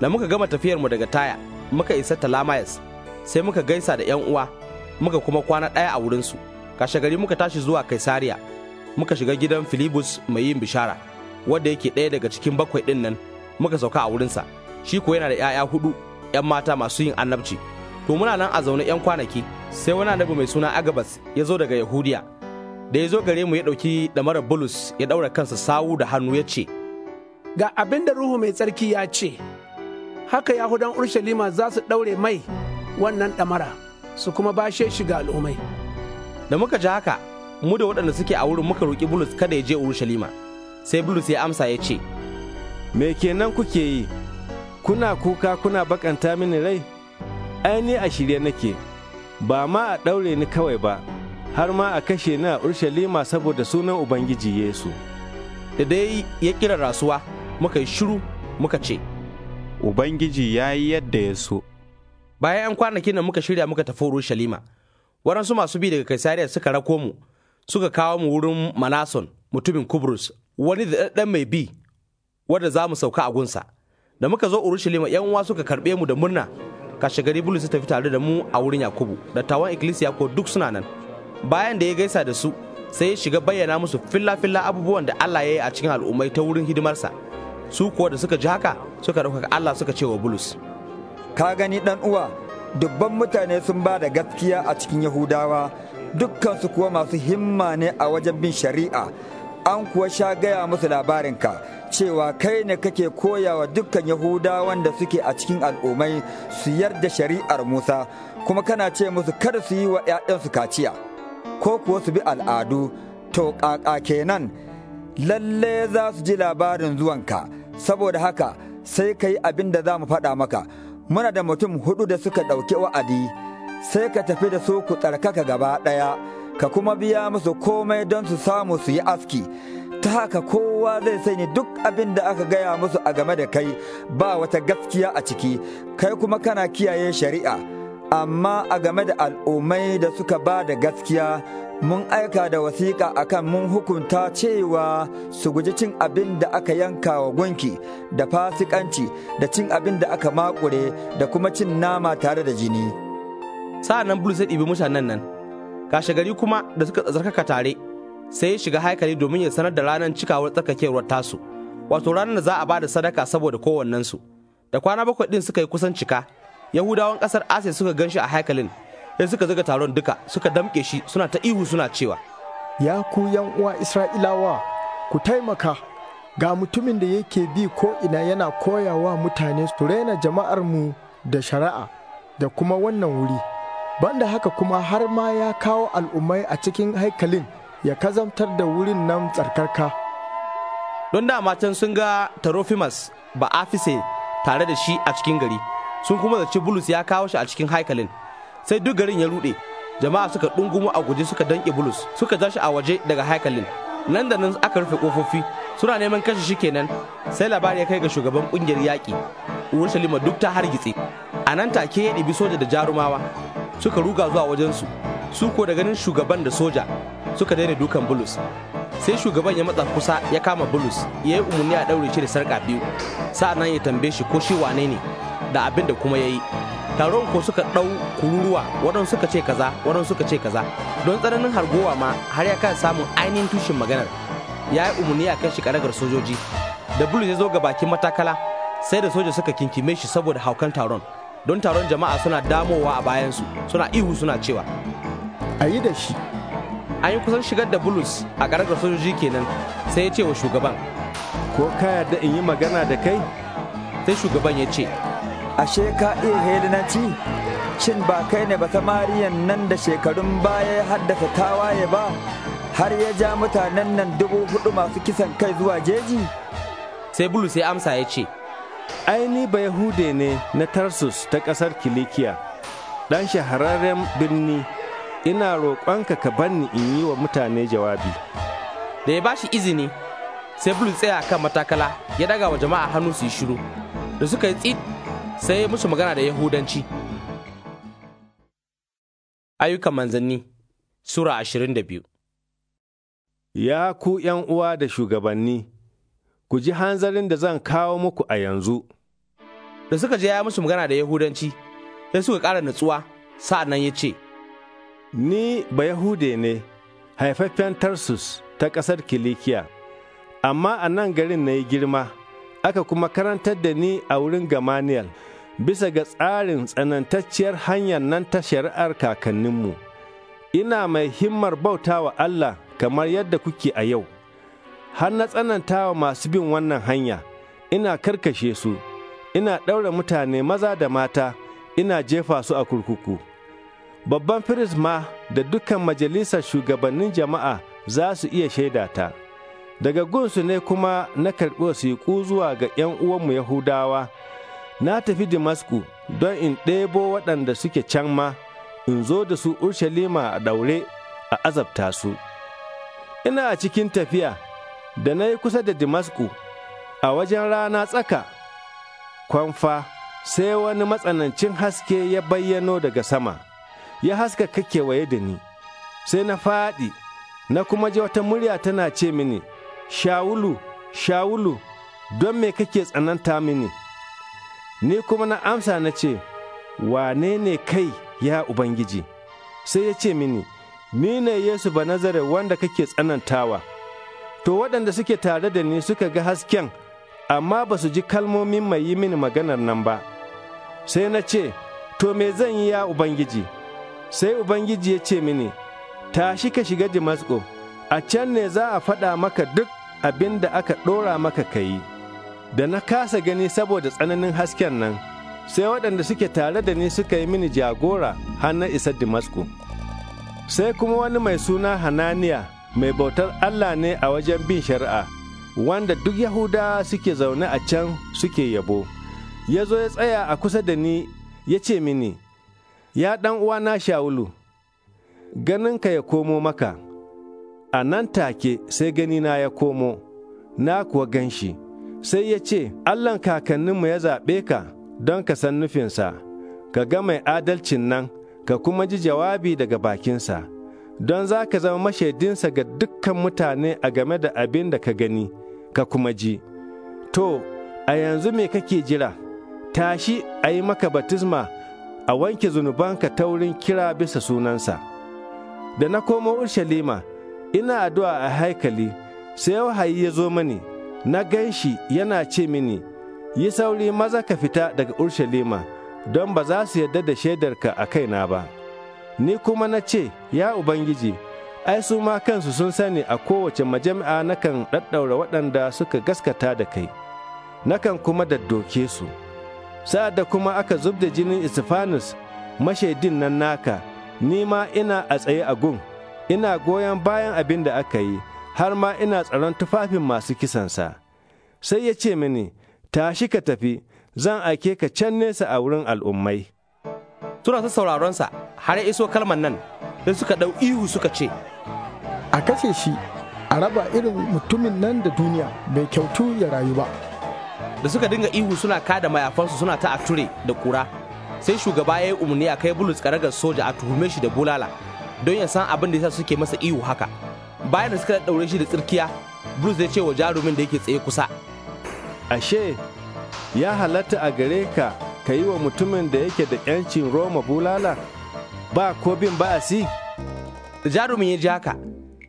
da muka gama tafiyar mu daga taya muka isa talamayas sai muka gaisa da 'yan uwa muka kuma kwana ɗaya a wurinsu kashe gari muka tashi zuwa kaisariya muka shiga gidan filibus mai yin bishara wanda yake ɗaya daga cikin bakwai ɗin nan muka sauka a wurinsa shi ko yana da 'ya'ya hudu 'yan mata masu yin annabci to muna nan a zaune 'yan kwanaki sai wani annabi mai suna agabas ya zo daga yahudiya da ya zo gare mu ya ɗauki ɗamarar bulus ya ɗaura kansa sawu da hannu ya ce ga abin da ruhu mai tsarki ya ce haka yahudan urshalima za su ɗaure mai wannan ɗamara su kuma bashe shi ga al'ummai da muka ji haka mu da waɗanda suke a wurin muka roƙi bulus kada ya je urushalima sai bulus ya amsa ya ce me kenan kuke yi kuna kuka kuna bakanta mini rai ai a shirye nake ba ma a ɗaure ni kawai ba har ma a kashe ni a urshalima saboda sunan ubangiji yesu da dai ya kira rasuwa muka yi shiru muka ce ubangiji ya yi yadda ya so bayan 'yan kwanakin da muka shirya muka tafi Urshalima. waɗansu masu bi daga kaisariya suka rako mu suka kawo mu wurin manason mutumin kubrus wani da mai bi wanda za mu sauka a gunsa da muka zo urushalima yan uwa suka karɓe mu da murna kashe gari bulus tafi tare da mu a wurin yakubu dattawan ikkilisiya ko duk suna nan bayan da ya gaisa da su sai ya shiga bayyana musu filla-filla abubuwan da Allah ya yi a cikin al'ummai ta wurin hidimarsa su kuwa da suka ji haka suka ɗaukaka Allah suka ce wa Bulus. Ka gani ɗan uwa, dubban mutane sun ba da gaskiya a cikin Yahudawa dukkansu kuwa masu himma ne a wajen bin shari'a an kuwa sha gaya musu labarinka cewa kai ne kake koyawa dukkan yahudawan da suke a cikin al'ummai su yarda shari'ar musa kuma kana ce musu kada su yi wa 'ya'yansu kaciya ko kuwa su bi al'adu to ƙaƙa kenan lalle za su ji labarin zuwanka saboda haka sai ka yi abin da za mu faɗa maka muna da mutum hudu da suka ɗauki wa'adi sai ka tafi da su ku tsarkaka gaba ɗaya, ka kuma biya musu komai don su samu su yi aski. Ta haka kowa zai sani duk abin da aka gaya musu a game da kai ba wata gaskiya a ciki, kai kuma kana kiyaye shari'a. Amma a game da al'ummai da suka ba da gaskiya mun aika da wasiƙa akan mun hukunta cewa su guji cin abin da aka yanka wa gunki da fasikanci da cin abin da aka makure da kuma cin nama tare da jini. sa'an nan bulus ya ɗibi mutanen nan kashe gari kuma da suka tsarkaka tare sai ya shiga haikali domin ya sanar da ranar cikawar tsarkakewar tasu wato ranar da za a bada sadaka saboda kowannensu da kwana bakwai ɗin suka yi kusan cika yahudawan ƙasar asiya suka gan shi a haikalin sai suka zaga taron duka suka damƙe shi suna ta ihu suna cewa ya ku yan uwa isra'ilawa ku taimaka ga mutumin da yake bi ko ina yana koyawa mutane su raina jama'ar mu da shari'a da kuma wannan wuri banda haka kuma har ma ya kawo al'ummai a cikin haikalin ya kazamtar da wurin nan tsarkarka. Don da can sun ga Tarofimas ba afise tare da shi a cikin gari, sun kuma zaci Bulus ya kawo shi a cikin haikalin. Sai duk garin ya rude, jama'a suka ɗungumo a guje suka danƙe Bulus, suka ja a waje daga haikalin. Nan da nan aka rufe kofofi suna neman kashe shi kenan, sai labari ya kai ga shugaban ƙungiyar yaƙi. Urushalima duk ta hargitse, a nan take ya ɗibi soja da jarumawa, suka ruga zuwa wajensu su ko da ganin shugaban da soja suka daina dukan bulus sai shugaban ya matsa kusa ya kama bulus ya yi umarni a daure shi da sarka biyu nan ya tambaye shi ko shi wane ne da abin da kuma ya yi taron ko suka ɗau kururuwa waɗansu suka ce kaza waɗansu suka ce kaza don tsananin hargowa ma har ya kan samun ainihin tushen maganar ya yi umarni a kan shi karagar sojoji da bulus ya zo ga bakin matakala sai da soja suka kinkime shi saboda haukan taron don taron jama'a suna damowa a bayansu suna ihu suna cewa a yi da shi an yi kusan shigar da bulus a ƙarƙar sojoji kenan sai ya ce wa shugaban ko ka yarda in yi magana da kai sai shugaban ya ce ashe ka iya helenanci shin ba kai ne ba samariyan nan da shekarun baya ya haddasa tawaye ba har ya ja mutanen nan dubu hudu masu kisan kai zuwa jeji sai bulus ya amsa ya ce aini ba yahude ne na tarsus ta ƙasar kilikiya ɗan shahararren birni ina roƙonka ka banni in yi wa mutane jawabi da ya bashi izini sai bulus tsaya kan matakala ya daga wa jama'a hannu su yi shiru da suka yi tsit sai ya musu magana da yahudanci ayyukan manzanni sura ashirin da biyu ya ku uwa da shugabanni ku ji hanzarin da zan kawo muku a yanzu. Da suka je ya musu magana da Yahudanci, sai suka ƙara nutsuwa, sa'an nan ya ce, Ni ba Yahude ne, haifaffen Tarsus ta ƙasar Kilikiya, amma a nan garin na yi girma, aka kuma karantar da ni a wurin Gamaniyal, bisa ga tsarin tsanantacciyar hanyar nan ta shari'ar kakanninmu. Ina mai himmar bautawa Allah kamar yadda kuke a yau. har na tsananta wa masu bin wannan hanya, ina karkashe su, ina ɗaura mutane maza da mata, ina jefa su a kurkuku. Babban firisma da dukkan majalisar shugabannin jama'a za su iya shaida ta. Daga su ne kuma na karɓi yi zuwa ga ‘yan uwanmu Yahudawa, na tafi Damasku don in ɗebo waɗanda suke can ma, in zo da su Urshalima a ɗaure a azabta su. Ina a cikin tafiya. da na yi kusa da Damasku a wajen rana tsaka, kwamfa sai wani matsanancin haske ya bayyano daga sama, ya haska kewaye da ni, sai na faɗi, na kuma ji wata murya tana ce mini, Shawulu, Shawulu, don me kake tsananta mini? Ni kuma na amsa na ce, Wane ne kai, ya Ubangiji? Sai ya ce mini, Ni ne Yesu ba nazare wanda kake tsanantawa. to waɗanda suke tare da ni suka ga hasken amma ba su ji kalmomin mai yi mini maganar nan ba sai na ce to me zan yi ya ubangiji sai ubangiji ya ce mini tashi ka shiga Dimasku. a can ne za a faɗa maka duk abin da aka ɗora maka ka yi da na kasa gani saboda tsananin hasken nan sai waɗanda suke tare da ni suka yi mini jagora har na isa Dimasku. sai kuma wani mai suna hananiya mai bautar Allah ne a wajen bin shari'a, wanda duk Yahuda suke zaune a can suke yabo. Ya zo ya tsaya a kusa da ni ya ce mini, Ya ɗan uwana Shawulu, ka ya komo maka, a nan take sai ganina ya komo, na kuwa gan shi, sai ya ce, Allahn kakanninmu ya zaɓe ka don ka san nufinsa, ka ga mai adalcin nan, ka kuma ji jawabi daga bakinsa. don za ka zama mashaidinsa ga dukkan mutane a game da abin da ka gani, ka kuma ji. To, a yanzu me kake jira, tashi a yi maka batisma a wanke zunubanka ta wurin kira bisa sunansa. Da na komo Urshalima, ina addu'a a haikali, sai wahayi ya zo mani, na gan shi yana ce mini, yi sauri maza ka fita daga Urshalima, don ba za su yarda da shaidarka a kaina ba. Ni kuma na ce, Ya Ubangiji, ai su ma kansu sun sani a kowace majami'a nakan ɗaɗɗaura waɗanda suka gaskata da kai, nakan kuma daddoke su. Sa'ad da kuma aka zub da jinin Isifanus mashaidin nan naka, ni ma ina a tsaye a gun, ina goyon bayan abin da aka yi, har ma ina tsaron tufafin masu kisansa. Sai ya ce mini, tashi ka tafi, zan aike ka can nesa a wurin al'ummai. suna ta sauraronsa har ya iso kalmar nan da suka ɗau ihu suka ce a kashe shi a raba irin mutumin nan da duniya bai kyautu ya rayu ba da suka dinga ihu suna ka da mayafansu suna ta ature da kura sai shugaba ya yi umarni a kai bulus karagar soja a tuhume shi da bulala don ya san abin da yasa suke masa ihu haka bayan da suka daure shi da tsirkiya bulus ya ce wa jarumin da yake tsaye kusa ashe ya halatta a gare ka ka yi wa mutumin da yake da ‘yancin Roma bulala ba ko bin ba'asi? Jarumin ya ji haka,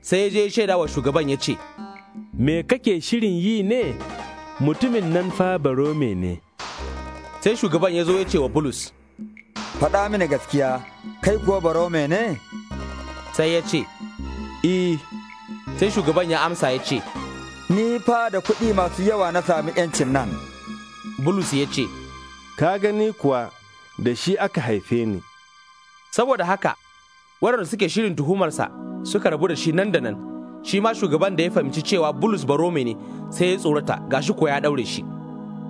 sai ya je shaida wa shugaban ya ce, Me kake shirin yi ne? Mutumin nan fa barome ne. Sai shugaban ya zo ya ce wa Bulus, Faɗa mini gaskiya, kai kuwa barome ne? Sai ya ce, I, e. sai shugaban ya amsa ya ce, Ni fa da kuɗi masu yawa na sami ‘yancin nan. Bulus ya ce, ka gani kuwa da shi aka haife ni. Saboda haka, waɗanda suke shirin tuhumarsa suka rabu da shi nan da nan, shi ma shugaban da ya fahimci cewa Bulus Barome ne sai ya tsorata gashi kuwa ya ɗaure shi.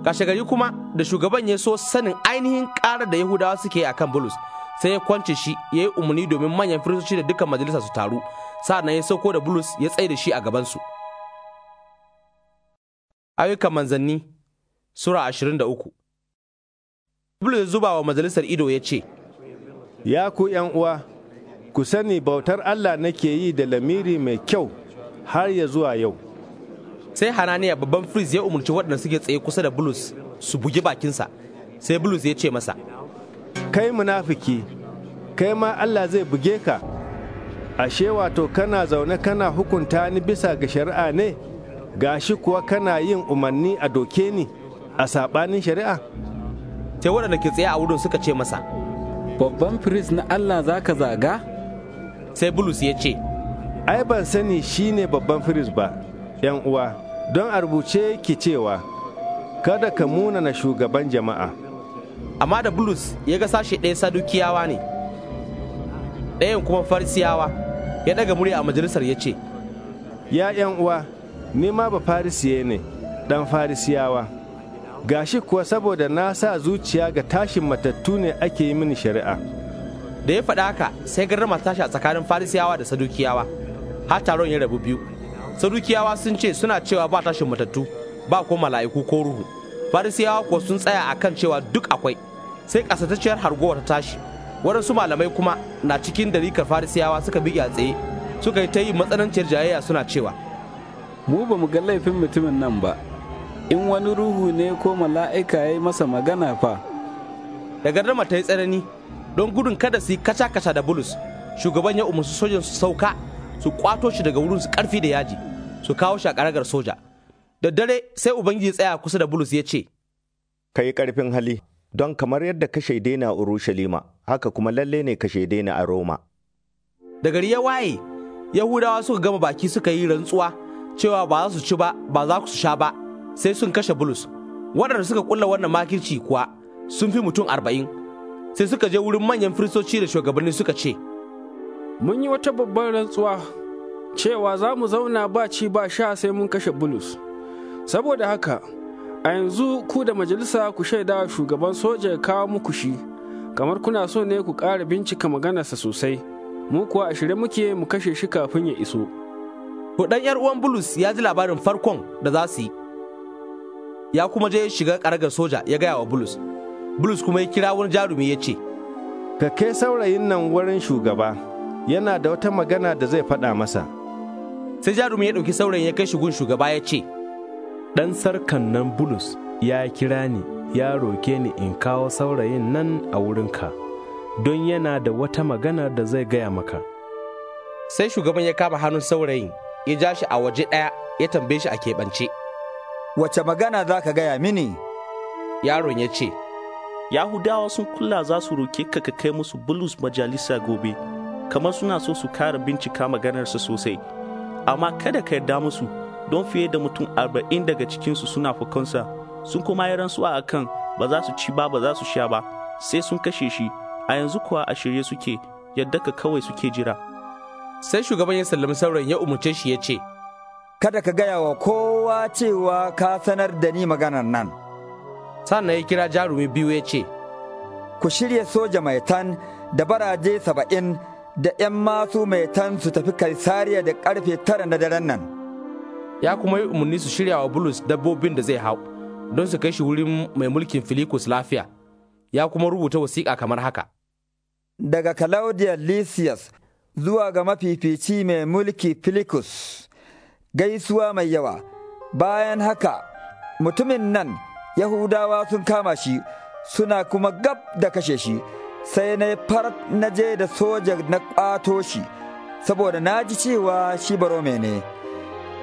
Kashegari kuma da shugaban ya so sanin ainihin ƙarar da Yahudawa suke a kan Bulus, sai ya kwance shi ya yi umarni domin manyan firistoci da dukkan majalisa su taru, na ya sauko da Bulus ya tsaye da shi a gabansu. Ayyukan manzanni Sura uku. Bulus zuba wa majalisar ido ya ce, Ya ku uwa, ku sani bautar Allah nake yi da lamiri mai kyau har ya zuwa yau. Sai Hananiya babban Fris ya umarci waɗanda suke tsaye kusa da Bulus su bugi bakinsa, sai Bulus ya ce masa, Kai munafiki, kai ma Allah zai buge ka, ashe wato kana zaune kana hukunta ni bisa ga shari'a ne, gashi kuwa kana yin umarni a doke ni a saɓanin shari'a? sai waɗanda ke tsaye a wurin suka ce masa babban firist na allah za ka zaga sai bulus ya ce ai ban sani shine babban firist ba yan uwa don a rubuce ki cewa kada ka muna na shugaban jama'a amma da bulus ya ga sashe ɗaya sadukiyawa ne ɗayan kuma farisiyawa ya ɗaga murya a majalisar ya ce ya yan uwa ni ma ba farisiye ne ɗan farisiyawa gashi kuwa saboda na sa zuciya ga tashin matattu ne ake yi mini shari'a da ya faɗa haka sai garrama tashi a tsakanin farisiyawa da sadukiyawa har taron ya rabu biyu sadukiyawa sun ce suna cewa ba tashin matattu ba ko mala'iku ko ruhu farisiyawa kuwa sun tsaya akan cewa duk akwai sai kasatacciyar hargowa ta tashi waɗansu malamai kuma na cikin dalikar farisiyawa suka bi a tsaye suka yi ta yi matsananciyar jayayya suna cewa mu ba mu ga laifin mutumin nan ba in wani ruhu ne ko mala'ika ya yi masa magana fa. Da gardama ta yi tsanani don gudun kada su yi kaca-kaca da bulus, shugaban ya umarci sojan su sauka su kwato shi daga wurin su karfi da yaji, su kawo shi a karagar soja. Da dare sai Ubangiji tsaya kusa da bulus ya ce, Ka yi karfin hali, don kamar yadda ka shaide na Urushalima, haka kuma lalle ne ka shaide na a Roma. Da gari ya waye, Yahudawa suka gama baki suka yi rantsuwa cewa ba za su ci ba, ba za su sha ba, sai sun kashe bulus waɗanda suka kulla wannan makirci kuwa sun fi mutum arba'in sai suka je wurin manyan firistoci da shugabanni suka ce mun yi wata babbar rantsuwa cewa za mu zauna ba ci ba sha sai mun kashe bulus saboda haka a yanzu ku da majalisa ku shaida shugaban soja ya kawo muku shi kamar kuna so ne ku ƙara bincika maganarsa sosai mu kuwa a shirye muke mu kashe shi kafin ya iso. Kuɗan 'yar uwan Bulus ya ji labarin farkon da za su yi, ya kuma je shiga karagar soja ya gaya wa bulus bulus kuma ya kira wani jarumi ya ce ka kai saurayin nan wurin shugaba yana da wata magana da zai faɗa masa sai jarumi ya ɗauki saurayin ya kai shigun shugaba ya ce ɗan sarkan nan bulus ya kira ni ya roke ni in kawo saurayin nan a wurinka don yana da wata magana da zai gaya maka sai shugaban ya kama hannun saurayin ya ja shi a waje ɗaya ya tambaye shi a keɓance wace magana za ka gaya mini? Yaron ya ce, Yahudawa sun kula za su roke ka ka kai musu bulus majalisa gobe, kamar suna so su kara bincika maganarsa sosai, amma kada ka yarda musu don fiye da mutum arba'in daga cikinsu suna fukansa, sun kuma yi rantsuwa a kan ba za su ci ba ba za su sha ba, sai sun kashe shi, a yanzu kuwa a shirye suke, yadda ka kawai suke jira. Sai shugaban ya sallami sauran ya umarce shi ya ce, Kada ka gaya wa ko kowa cewa ka sanar da ni maganar nan. Sannan ya kira jarumi biyu ya ce, Ku shirya soja mai tan da baraje saba'in da ‘yan masu mai tan su tafi Kaisariya da karfe tara na daren nan. Ya kuma yi umarni su shirya wa Bulus dabbobin da zai hau, don su kai shi wurin mai mulkin Filikus lafiya. Ya kuma rubuta wasiƙa kamar haka. Daga Claudia Lysias zuwa ga mafifici mai mulki Filikus. gaisuwa mai yawa bayan haka mutumin nan Yahudawa sun kama shi suna kuma gab da kashe shi, sai na far na je da soja na ƙwato shi, saboda na ji cewa shi barome ne,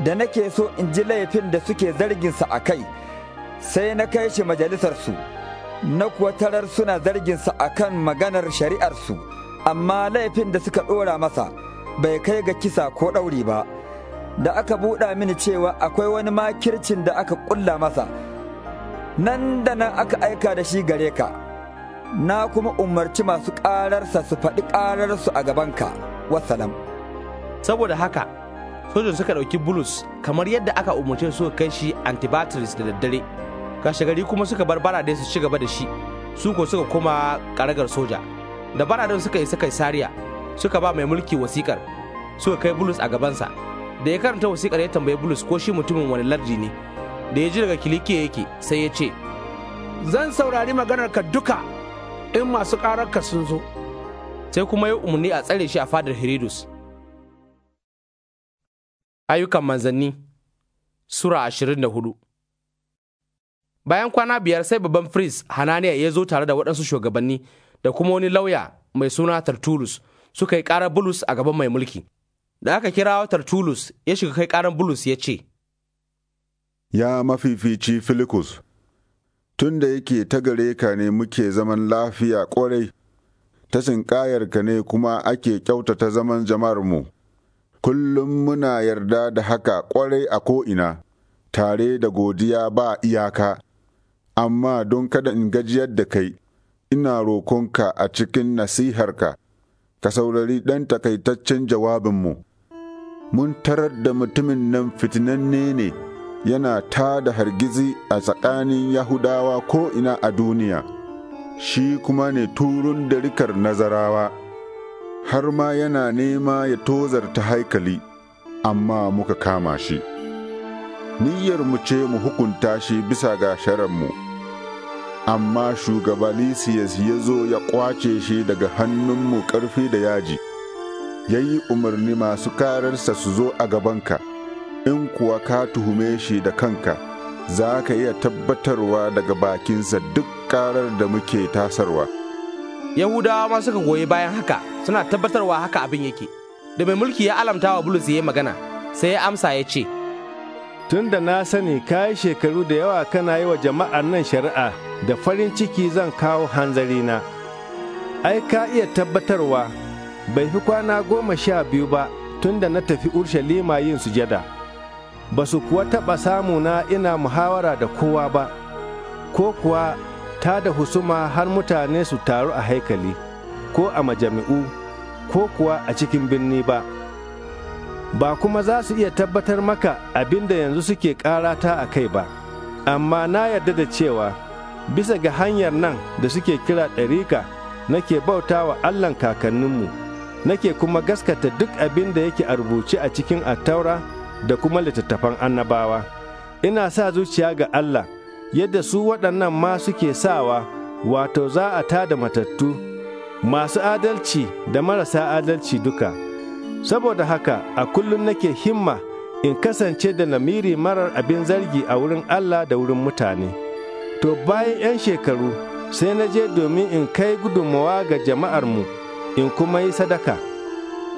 da nake so in ji laifin da suke zarginsa a kai, sai na kai shi majalisarsu, na kuwa tarar suna zarginsa a kan maganar shari'arsu, amma laifin da suka ɗora masa bai kai ga kisa ko ɗauri ba. da aka buɗa mini cewa akwai wani makircin da aka ƙulla masa, nan da nan aka aika da shi gare ka, na kuma umarci masu ƙararsa su faɗi ƙararsu a gabanka, wasalam. Saboda haka, sojin suka ɗauki Bulus kamar yadda aka umarci su kai shi Antibatiris da daddare, kashe gari kuma suka bar Barade su ci gaba da shi, su ko suka koma ƙaragar soja. Da Baraden suka isa Sariya, suka ba mai mulki wasikar, suka kai Bulus a gabansa. da ya karanta wasikar ya tambayi bulus ko shi mutumin wani larji ne da ya ji daga kilike yake sai ya ce zan saurari maganar ka duka in masu ka sun zo sai kuma ya umarni a tsare shi a fadar herodus ayyukan manzanni sura ashirin da hudu bayan kwana biyar sai babban fris hananiya ya zo tare da waɗansu shugabanni da kuma wani lauya mai suna tartulus suka yi ƙarar bulus a gaban mai mulki da aka kira Tulus ya shiga kai ƙaran Bulus ya ce, Ya mafifici Filikus, tun da yake ta gare ka ne muke zaman lafiya kwarai ta ka ne kuma ake kyautata zaman mu kullum muna yarda da haka ƙwarai a ko'ina, tare da godiya ba iyaka, amma don kada in gajiyar da kai, ina rokonka a cikin nasiharka, ka saurari ɗan takaitaccen jawabinmu. mun tarar da mutumin nan fitinanne ne yana ta da hargizi a tsakanin Yahudawa ko ina a duniya, shi kuma ne turun da rikar nazarawa, har ma yana nema ya tozarta haikali, amma muka kama shi. Niyyar mu ce mu hukunta shi bisa ga sharanmu, amma shugaba Lisiyas ya zo ya ƙwace shi daga hannunmu ƙarfi da yaji. ya yi umarni masu kararsa su zo a gabanka, in kuwa ka tuhume shi da kanka, za ka iya tabbatarwa daga bakinsa duk karar da muke tasarwa. Yahudawa ma suka goyi bayan haka suna tabbatarwa haka abin yake, da mai mulki ya alamta wa Bulus ya magana, sai ya amsa ya ce, Tun da na sani ka yi shekaru da yawa kana yi wa jama'ar nan shari'a da farin ciki zan kawo hanzarina. Ai, ka iya tabbatarwa bai fi kwana goma sha biyu ba tun da na tafi Urshalima yin sujada, ba su kuwa taɓa samu na ina muhawara da kowa ba, ko kuwa ta da husuma har mutane su taru a haikali, ko a majami'u, ko kuwa a cikin birni ba. Ba kuma za su iya tabbatar maka abin da yanzu suke karata a kai ba, amma na yarda da cewa bisa ga hanyar nan da suke kira ɗarika nake bauta wa Allahn kakanninmu. nake kuma gaskata duk abin da yake a rubuce a cikin attaura da kuma littattafan annabawa ina sa zuciya ga Allah yadda su waɗannan ma suke sawa wato za a da matattu masu adalci da marasa adalci duka saboda haka a kullum nake himma in kasance da namiri marar abin zargi a wurin Allah da wurin mutane to bayan 'yan shekaru sai na je domin in kai gudunmawa ga jama'armu mu in kuma yi sadaka.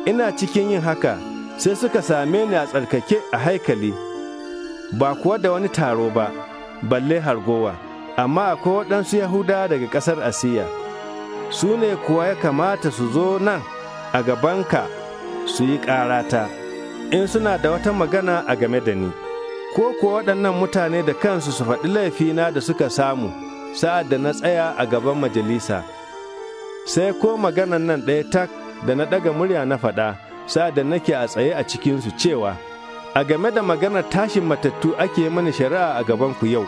Ina cikin yin haka sai suka same ni a tsarkake a haikali, ba kuwa da wani taro ba, balle hargowa, amma akwai waɗansu Yahuda daga ƙasar Asiya. Su ne kuwa ya kamata su zo nan a gabanka su yi ƙarata, in suna da wata magana a game da ni. Ko kuwa waɗannan mutane da kansu su faɗi laifina da suka samu sa'ad da na tsaya a gaban majalisa. sai ko maganan nan ɗaya tak da na ɗaga murya na faɗa sa da nake a tsaye a cikinsu cewa a game da maganar tashin matattu ake mana shari'a a gabanku yau.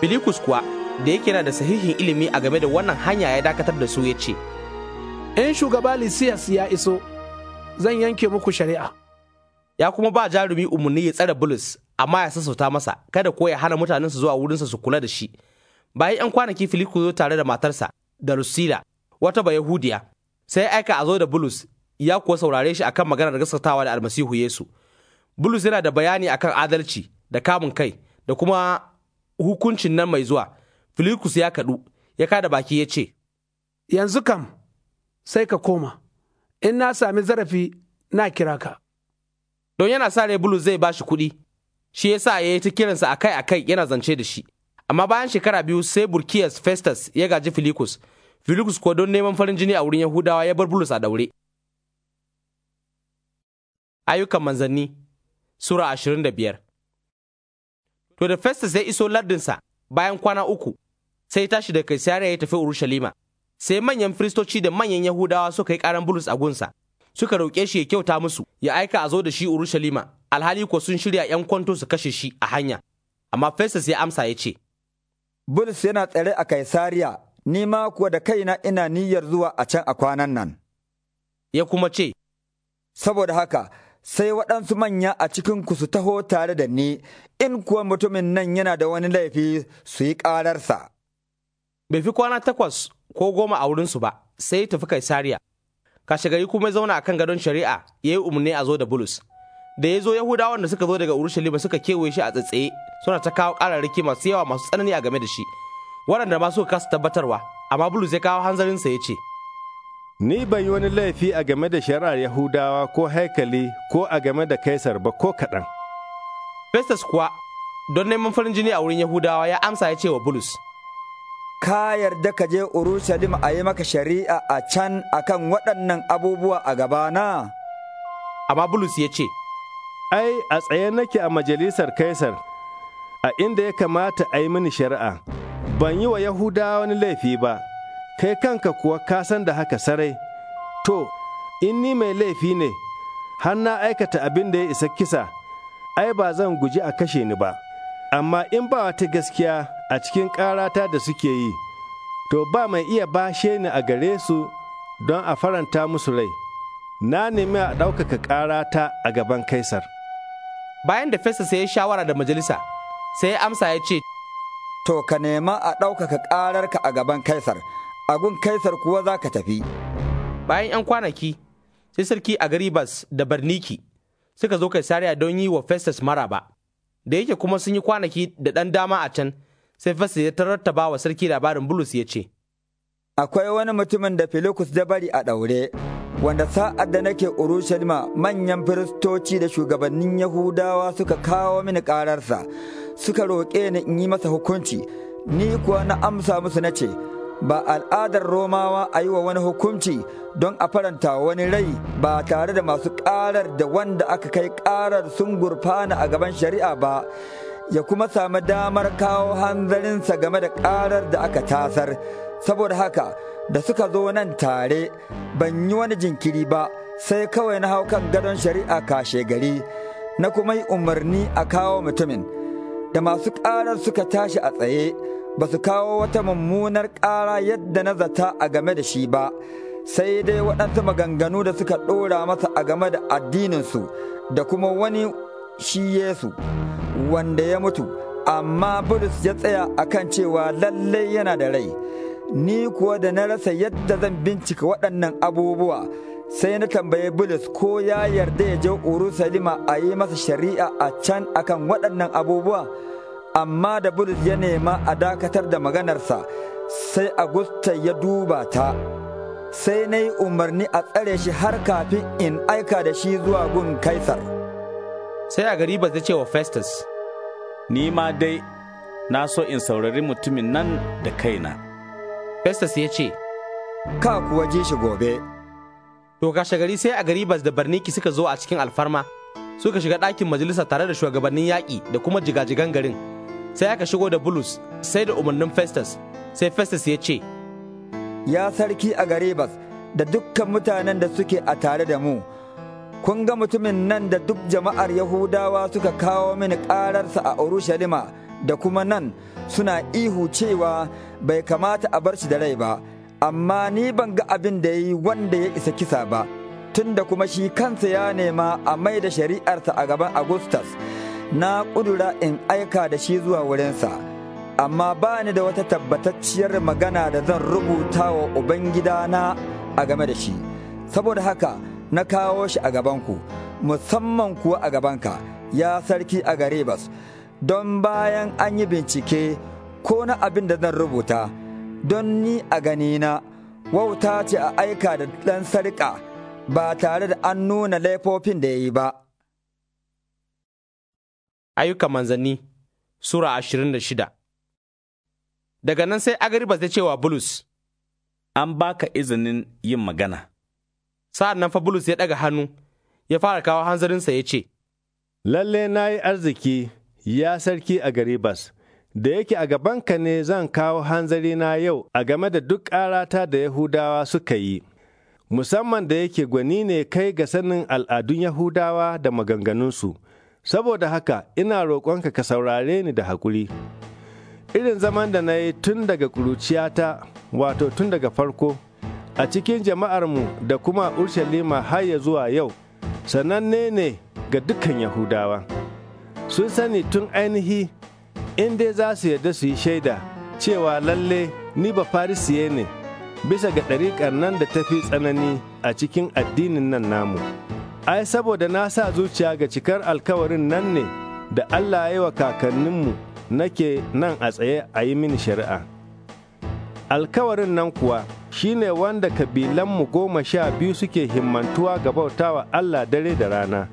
Filikus kuwa da yake na da sahihin ilimi a game da wannan hanya ya dakatar da su ya ce, In shugaba Lisiyas ya iso, zan yanke muku shari'a. Ya kuma ba jarumi umarni ya tsare Bulus, amma ya sassauta masa, kada ko ya hana mutanensa zuwa wurinsa su kula da shi. Bayan 'yan kwanaki Filikus zo tare da matarsa da Rusila. wata ba Yahudiya, sai aika a zo da Bulus ya kuwa saurare shi akan maganar gaskatawa da almasihu Yesu. Bulus yana da bayani akan adalci da kamun kai da kuma hukuncin nan mai zuwa. Filikus ya kaɗu, ya kada baki ya ce, Yanzu kam sai ka koma, in na sami zarafi na kira ka. Don yana sa rai Bulus zai bashi kuɗi, shi ya sa ya yi ta kiransa akai-akai yana zance da shi. Amma bayan shekara biyu sai Burkiyas Festus ya gaji Filikus, Filikus kuwa don neman farin jini a wurin Yahudawa ya bar Bulus a daure. Ayyukan manzanni Sura ashirin da biyar To da Festus ya iso lardinsa bayan kwana uku, sai tashi da Kaisariya ya tafi Urushalima, sai manyan firistoci da manyan Yahudawa suka yi karan Bulus a gunsa, suka roƙe shi ya kyauta musu, ya aika a zo da shi Urushalima, alhali kuwa sun shirya ‘yan kwanto su kashe shi a hanya. Amma Festus ya amsa ya ce, Bulus yana tsare a Kaisariya ni ma kuwa da kaina ina niyyar zuwa a can a kwanan nan. Ya kuma ce, Saboda haka, sai waɗansu manya a cikinku su taho tare da ni, in kuwa mutumin nan yana da wani laifi su yi ƙararsa. Bai fi kwana takwas ko goma a wurinsu ba, sai tafi kai Kaisariya. yi kuma zauna a kan gadon shari'a, ya yi umarni a zo da Bulus. Da ya zo Yahudawan da suka zo daga Urushalima suka kewaye shi a tsatsaye, suna ta kawo ƙararraki masu yawa masu tsanani a game da shi. waɗanda ma suka kasa tabbatarwa amma bulus ya kawo hanzarinsa ya ce ni ban yi wani laifi a game da shari'ar yahudawa ko haikali ko a game da kaisar ba ko kaɗan festus kuwa don neman farin jini a wurin yahudawa ya amsa ya ce wa bulus ka yarda ka je urushalima a yi maka shari'a a can akan waɗannan abubuwa a gabana amma bulus ya ce ai a tsaye nake a majalisar kaisar a inda ya kamata a yi mini shari'a ban yi wa Yahudawa wani laifi ba, kai kanka kuwa ka san da haka sarai, to, in ni mai laifi ne, har na aikata abin da ya isa kisa, ai ba zan guji a kashe ni ba, amma in ba wata gaskiya a cikin ƙarata da suke yi, to ba mai iya bashe ni a gare su don a faranta musu rai, na nemi a ɗaukaka ƙarata a gaban Kaisar. Bayan da Festus ya yi shawara da majalisa, sai ya amsa ya ce, to ka nema a ɗaukaka ƙararka a gaban Kaisar, a gun Kaisar kuwa za ka tafi. Bayan ‘yan kwanaki, sai sarki Agribas da Barniki suka zo Kaisariya don yi wa Festus maraba, da yake kuma sun yi kwanaki da ɗan dama a can, sai Festus ya tarrattaba wa sarki labarin Bulus ya ce. Akwai wani mutumin da Filikus da bari a ɗaure, wanda sa'ad da nake Urushalima manyan firistoci da shugabannin Yahudawa suka kawo mini ƙararsa. suka roƙe ni in yi masa hukunci, ni kuwa na amsa musu na ce, ba al'adar Romawa a yi wa wani hukunci don a faranta wani rai ba tare da masu ƙarar da wanda aka kai ƙarar sun gurfana a gaban shari'a ba, ya kuma sami damar kawo hanzarinsa game da ƙarar da aka tasar. Saboda haka, da suka zo nan tare, ban yi wani jinkiri ba, sai kawai na hau kan gadon shari'a kashe gari, na kuma yi umarni a kawo mutumin. da masu ƙarar suka tashi a tsaye ba su kawo wata mummunar ƙara yadda na zata a game da shi ba sai dai waɗansu maganganu da suka ɗora masa a game da addininsu da kuma wani shi Yesu wanda ya mutu amma Bulus ya tsaya a kan cewa lallai yana da rai ni kuwa da na rasa yadda zan bincika waɗannan abubuwa sai na tambaye Bulus ko ya yarda ya je Urusalima a yi masa shari'a a can akan waɗannan abubuwa, amma da Bulus ya nema a dakatar da maganarsa sai Agusta ya duba ta. Sai na yi umarni a tsare shi har kafin in aika da shi zuwa gun Kaisar. Sai a gari ba ce wa Festus, Ni ma dai na so in saurari mutumin nan da kaina. Festus ya ce, Ka kuwa ji shi gobe. To kashe gari sai a Garibas da Barniki suka zo a cikin alfarma suka shiga ɗakin majalisa tare da shugabannin yaƙi da kuma jigajigan garin. Sai aka shigo da Bulus sai da umarnin Festus sai Festus ya ce, Ya sarki a Garibas da dukkan mutanen da suke a tare da mu, kun ga mutumin nan da duk jama'ar Yahudawa suka kawo mini ƙararsa a Urushalima da kuma nan suna ihu cewa bai kamata a bar shi da rai ba. amma ni ban ga abin da ya yi wanda ya isa kisa ba, tunda kuma shi kansa ya nema a mai da shari'arsa a gaban Augustus, na ƙudura in aika da shi zuwa wurinsa, amma ba ni da wata tabbatacciyar magana da zan rubuta wa Ubangidana a game da shi, saboda haka na kawo shi a gabanku, musamman kuwa a gabanka, ya sarki a garebas don bayan an yi bincike ko na abin da zan rubuta. don ni a ganina wauta ce a aika da ɗan sarƙa ba tare da an nuna laifofin da ya yi ba. Ayyuka manzanni Sura ashirin da shida Daga nan sai Agriba ta ce wa Bulus, An baka izinin yin magana. Sa'an nan fa Bulus ya ɗaga hannu, ya fara kawo hanzarinsa ya ce, Lalle na yi arziki, ya sarki Garibas. da yake a gabanka ne zan kawo hanzarina yau a game da duk ƙarata da Yahudawa suka yi, musamman da yake gwani ne kai ga sanin al'adun Yahudawa da maganganunsu, saboda haka ina roƙonka ka saurare ni da haƙuri. Irin zaman da na yi tun daga ƙuruciyata, wato tun daga farko, a cikin jama'armu da kuma Urshalima har ya zuwa yau, sananne ne ga dukkan Yahudawa. Sun sani tun ainihi in dai za su yarda su yi shaida cewa lalle ni ba farisiye ne bisa ga ɗariƙar nan da ta fi tsanani a cikin addinin nan namu ai saboda na sa zuciya ga cikar alkawarin nan ne da Allah ya yi wa kakanninmu nake nan a tsaye a yi mini shari'a alkawarin nan kuwa shine wanda kabilanmu goma sha biyu suke himmantuwa ga bautawa Allah dare da rana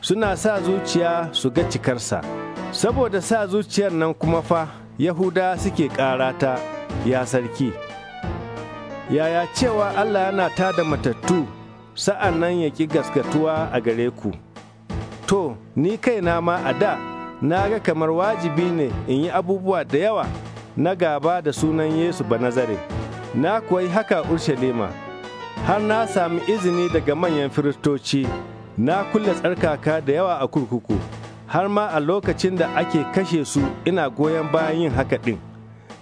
suna sa zuciya su ga cikarsa. saboda sa zuciyar nan kuma fa yahuda suke karata ya sarki yaya cewa allah yana ta da matattu sa'an nan ya ƙi gaskatuwa a gare ku to ni kaina ma a da na ga kamar wajibi ne in yi abubuwa da yawa na gaba da sunan yesu ba nazare na kuwa yi haka urshalima har na sami izini daga manyan firistoci na kulle tsarkaka da yawa a kurkuku har ma a lokacin da ake kashe su ina goyon bayan yin haka ɗin.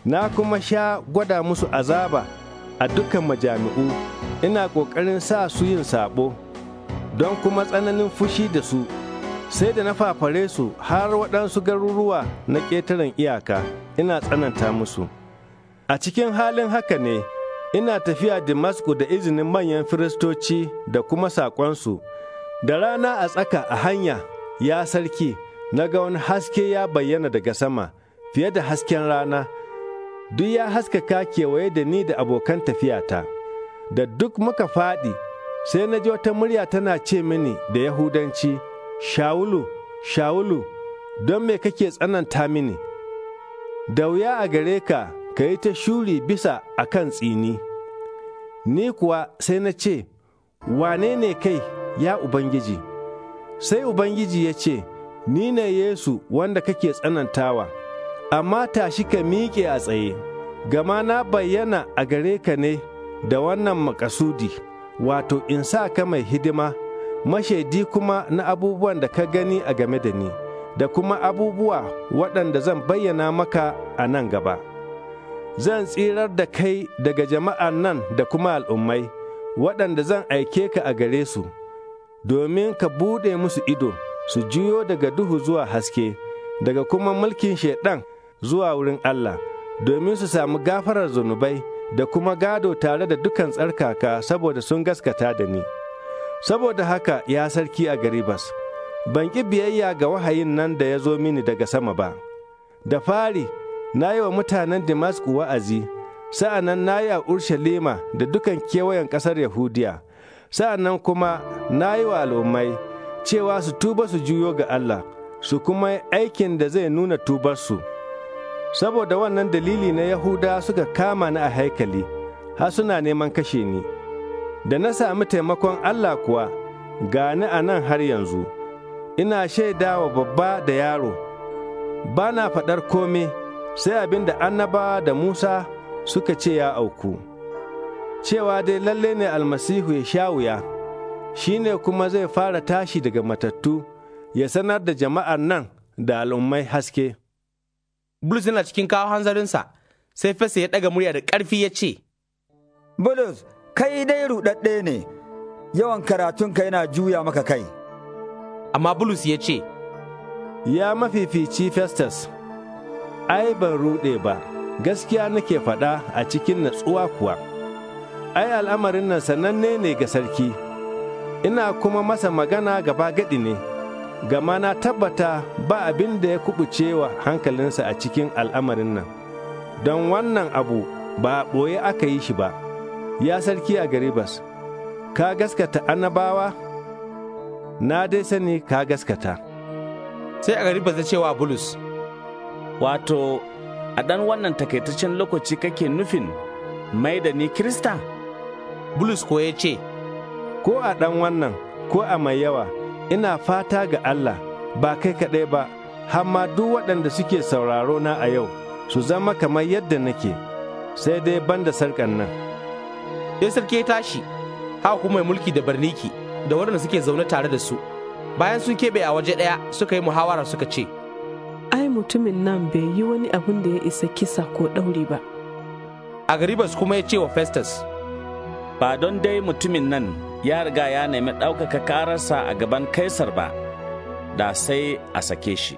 Na kuma sha gwada musu azaba a dukkan majami'u, ina ƙoƙarin sa su yin saɓo, don kuma tsananin fushi da su, sai da na fafare su har waɗansu garuruwa na ƙetaren iyaka, ina tsananta musu. A cikin halin haka ne, ina tafiya Damascus da izinin manyan firistoci da kuma saƙonsu, da rana a tsaka a hanya. Ya sarki, na ga wani haske ya bayyana daga sama, fiye da hasken rana, duk ya haskaka kewaye da ni da abokan tafiyata. Da duk muka faɗi, sai na ji wata murya tana ce mini da Yahudanci, Shawulu, Shawulu, don me kake tsananta mini? Da wuya a gare ka, ka yi ta shuri bisa a kan tsini. Ni kuwa sai na ce, Wane ne kai, ya Ubangiji?' Sai Ubangiji ya ce, Ni ne Yesu wanda kake tsanantawa, amma tashi ka miƙe a tsaye, gama na bayyana a gare ka ne da wannan makasudi, wato in sa ka mai hidima, mashaidi kuma na abubuwan da ka gani a game da ni, da kuma abubuwa waɗanda zan bayyana maka a nan gaba. Zan tsirar da kai daga jama'an nan da kuma al'ummai, waɗanda zan aike ka a gare su. domin ka buɗe musu ido su juyo daga duhu zuwa haske, daga kuma mulkin Shaiɗan zuwa wurin Allah, domin su samu gafarar zunubai da kuma gado tare da dukan tsarkaka saboda sun gaskata da ni. Saboda haka ya sarki a Garibas, ban ƙi biyayya ga wahayin nan da ya zo mini daga sama ba. Da fari, na yi wa mutanen Damascus wa'azi, sa'anan nan na yi a Urshalima da dukan kewayen ƙasar Yahudiya. sa'an nan kuma na yi wa al'ummai cewa su tuba su juyo ga Allah su kuma aikin da zai nuna tubarsu saboda wannan dalili na Yahuda suka kama ni a haikali har suna neman kashe ni da na sami taimakon Allah kuwa gani a nan har yanzu ina shaida wa babba da yaro ba na faɗar komai sai abin da Annaba da Musa suka ce ya auku. cewa dai lalle ne almasihu ya sha wuya, shi ne kuma zai fara tashi daga matattu ya sanar da jama'ar nan da al'ummai haske. Bulus yana cikin kawo hanzarinsa, sai fesa ya ɗaga murya da ƙarfi ya ce, Bulus, kai dai ruɗaɗɗe ne, yawan karatun ka yana juya maka kai. Amma Bulus ya ce, Ya mafifici Festus, ai ban ruɗe ba, gaskiya nake faɗa a cikin natsuwa kuwa. ai al'amarin nan sananne ne ga sarki, ina kuma masa magana gaba gaɗi ne, gama na tabbata ba abin da ya kubuce wa hankalinsa a cikin al'amarin nan, don wannan abu ba ɓoye aka yi shi ba, ya sarki a garibas, ka gaskata annabawa? Na dai sani ka gaskata. Sai a garibas ya ce wa Bulus, wato, a ɗan wannan takaitaccen lokaci kake nufin mai da ni Kirista? Bulus ko ya ce, Ko a ɗan wannan, ko a mai yawa, ina fata ga Allah, ba kai kaɗai ba, hamma duk waɗanda suke sauraro na a yau, su zama kamar yadda nake, sai dai banda sarƙan nan. Sai sarki ya tashi, ha kuma mai mulki da barniki, da waɗanda suke zaune tare da su. Bayan sun keɓe a waje ɗaya suka yi muhawara suka ce, Ai mutumin nan bai yi wani abin da ya isa kisa ko ɗauri ba. Agribas kuma ya ce wa Festus, ba don dai mutumin nan ya riga ya nemi ɗaukaka kararsa a gaban kaisar ba, da sai a sake shi.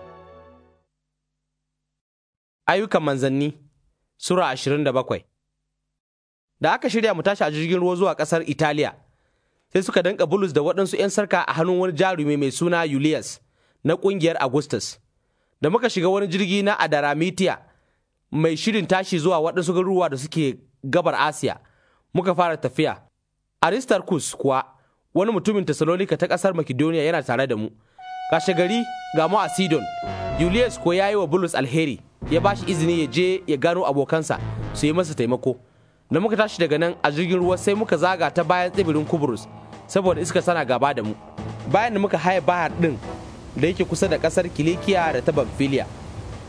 Ayyukan manzanni Sura ashirin da aka shirya mu tashi a jirgin ruwa zuwa ƙasar Italiya, sai suka danka Bulus da waɗansu ‘yan sarka a hannun wani jarumi mai suna Julius na ƙungiyar Augustus. Da muka shiga wani jirgi na Adaramitia mai shirin tashi zuwa waɗansu garuruwa da suke gabar Asiya. muka fara tafiya. Aristarchus kuwa wani mutumin Tessalonika ta ƙasar Makedoniya yana tare da mu. Kashe gari ga mu a Sidon, Julius ko ya yi wa Bulus alheri, ya ba shi izini ya je ya gano abokansa su yi masa taimako. Da muka tashi daga nan a jirgin ruwa sai muka zaga ta bayan tsibirin Kubrus, saboda iska sana gaba da mu. Bayan da muka haye bahar ɗin da yake kusa da ƙasar Kilikiya da ta Bamfiliya,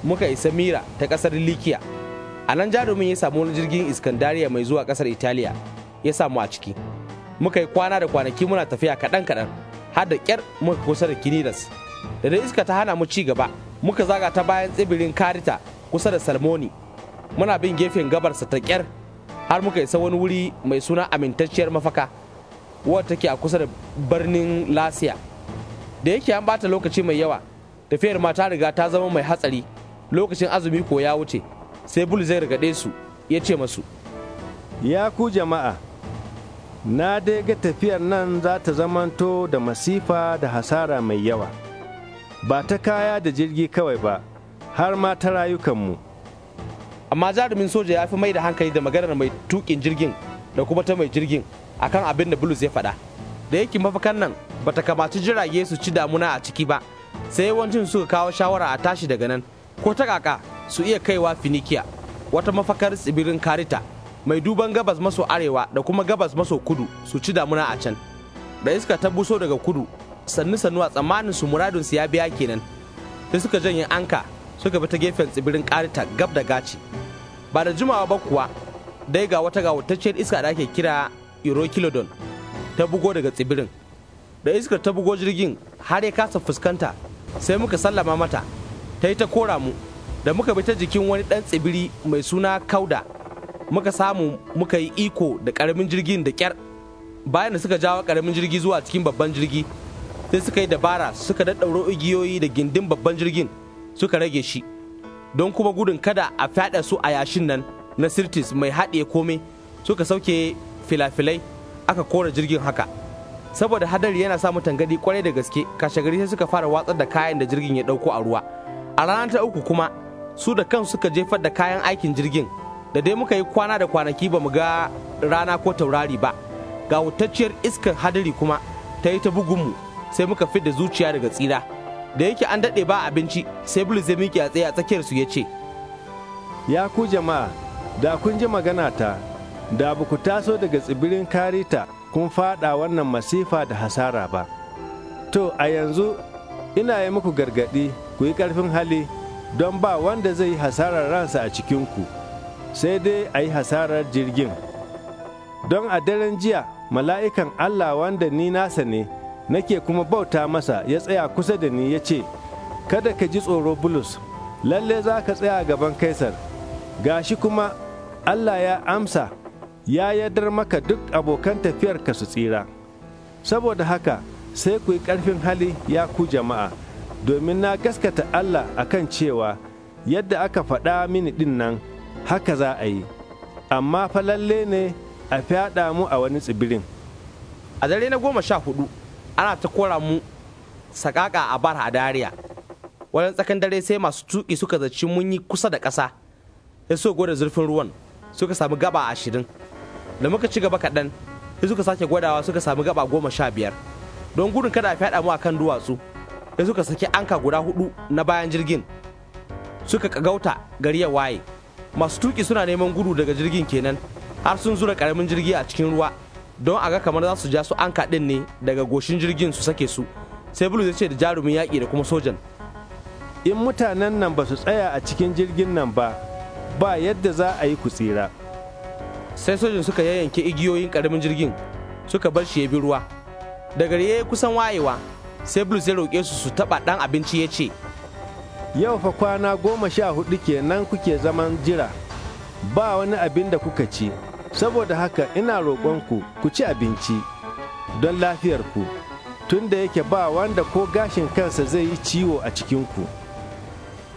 muka isa Mira ta ƙasar Likiya. a nan jarumin ya samu wani jirgin iskandariya mai zuwa kasar italiya ya samu a ciki muka yi kwana da kwanaki muna tafiya kaɗan kaɗan har da kyar muka kusa da kinidas da da iska ta hana mu ci gaba muka zaga ta bayan tsibirin karita kusa da salmoni muna bin gefen gabarsa ta kyar. har muka isa wani wuri mai suna amintacciyar mafaka wadda take a kusa da birnin lasiya da yake an bata lokaci mai yawa tafiyar ma ta riga ta zama mai hatsari lokacin azumi ko ya wuce sai bul zai rigade su ya ce masu ya ku jama'a na dai ga tafiyar nan za ta zamanto da masifa da hasara mai yawa ba ta kaya da jirgi kawai ba har ma ta rayukanmu amma jarumin soja ya fi mai da hankali da maganar mai tukin jirgin da kuma ta mai jirgin akan abin da bulus ya faɗa da yake mafakan nan ba ta kamaci jirage su ci damuna a ciki ba sai yawancin suka kawo shawara a tashi daga nan ko ta kaka su iya kaiwa finikiya wata mafakar tsibirin karita mai duban gabas maso arewa da kuma gabas maso kudu su ci damuna a can da iska ta buso daga kudu sannu sannu a tsammanin su muradin su ya biya kenan Da suka janye anka suka bi ta gefen tsibirin karita gab da gaci ba da jimawa ba kuwa dai ga wata gawataccen iska da ake kira Eurokilodon ta bugo daga tsibirin da iskar ta bugo jirgin har ya kasa fuskanta sai muka sallama mata ta yi ta kora mu da muka bi ta jikin wani ɗan tsibiri mai suna kauda muka samu muka yi iko da ƙaramin jirgin da kyar. bayan da suka jawo ƙaramin jirgi zuwa cikin babban jirgi sai suka yi dabara suka daddauro igiyoyi da gindin babban jirgin suka rage shi don kuma gudun kada a fyaɗa su a yashin nan na sirtis mai haɗiye komai suka sauke filafilai aka kora jirgin haka saboda hadari yana sa tangadi kwarai da gaske kashegari sai suka fara watsar da kayan da jirgin ya ɗauko a ruwa a ranar ta uku kuma su da kansu suka jefar da kayan aikin jirgin da dai muka yi kwana da kwanaki ba mu ga rana ko taurari ba ga wutacciyar iskar hadari kuma ta yi ta bugunmu sai muka fi da zuciya daga tsira da yake an daɗe ba abinci sai bulus ya miƙe a tsaye a tsakiyar su ya ce ya ku jama'a da kun ji magana ta da ba ku taso daga tsibirin karita kun faɗa wannan masifa da hasara ba to a yanzu ina yi muku gargaɗi ku yi ƙarfin hali don ba wanda zai yi hasarar ransa a cikinku sai dai a yi hasarar jirgin don a daren jiya mala'ikan Allah wanda ni nasa ne nake kuma bauta masa ya tsaya kusa da ni ya ce kada ka ji tsoro bulus lalle za ka tsaya gaban kaisar gashi kuma Allah ya amsa ya yadar maka duk abokan tafiyarka su tsira saboda haka sai ku yi ƙarfin hali ya ku jama'a domin na gaskata Allah a kan cewa yadda aka faɗa mini ɗin nan haka za a yi, amma fa lalle ne a fyaɗa mu a wani tsibirin. A dare na goma sha hudu ana ta kora mu sakaka a bar hadariya. Wajen tsakan dare sai masu tuƙi suka zaci mun yi kusa da ƙasa, sai suka gwada zurfin ruwan suka sami gaba ashirin. Da muka ci gaba kaɗan, sai suka sake gwadawa suka sami gaba goma sha biyar. Don gudun kada a fyaɗa mu a kan duwatsu. da suka saki anka guda hudu na bayan jirgin suka kagauta gari ya waye masu tuki suna neman gudu daga jirgin kenan har sun zura karamin jirgi a cikin ruwa don a ga kamar za su ja su anka din ne daga goshin jirgin su sake su sai bulu ya ce da jarumin yaƙi da kuma sojan in mutanen nan ba su tsaya a cikin jirgin nan ba ba yadda za a yi ku tsira sai sojan suka yayyanke igiyoyin karamin jirgin suka bar shi ya bi ruwa da gari ya yi kusan wayewa sai bulus ya roƙe su su taɓa ɗan abinci ya ce yau fa kwana goma sha hudu kenan kuke zaman jira ba wani abin da kuka ci saboda haka ina roƙonku ku ci abinci don lafiyarku tun da yake ba wanda ko gashin kansa zai yi ciwo a cikinku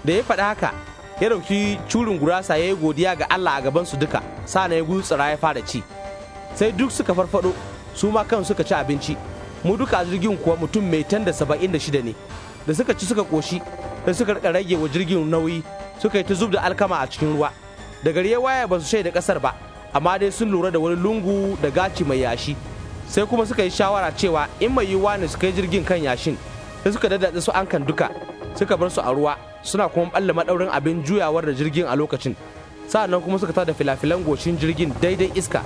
da ya faɗa haka ya ɗauki curin gurasa ya yi godiya ga Allah a gaban su duka na ya gutsura ya fara ci sai duk suka farfaɗo su ma kan suka ci abinci mu duka a jirgin kuwa mutum mai tan da saba'in da shida ne da suka ci suka koshi da suka rika rage wa jirgin nauyi suka yi ta zub da alkama a cikin ruwa da gari ya waya ba su shaida ƙasar ba amma dai sun lura da wani lungu da gaci mai yashi sai kuma suka yi shawara cewa in mai yiwuwa ne su kai jirgin kan yashin sai suka daddatsa su an kan duka suka bar su a ruwa suna kuma balla madaurin abin juyawar da jirgin a lokacin sa'annan kuma suka tada filafilan goshin jirgin daidai iska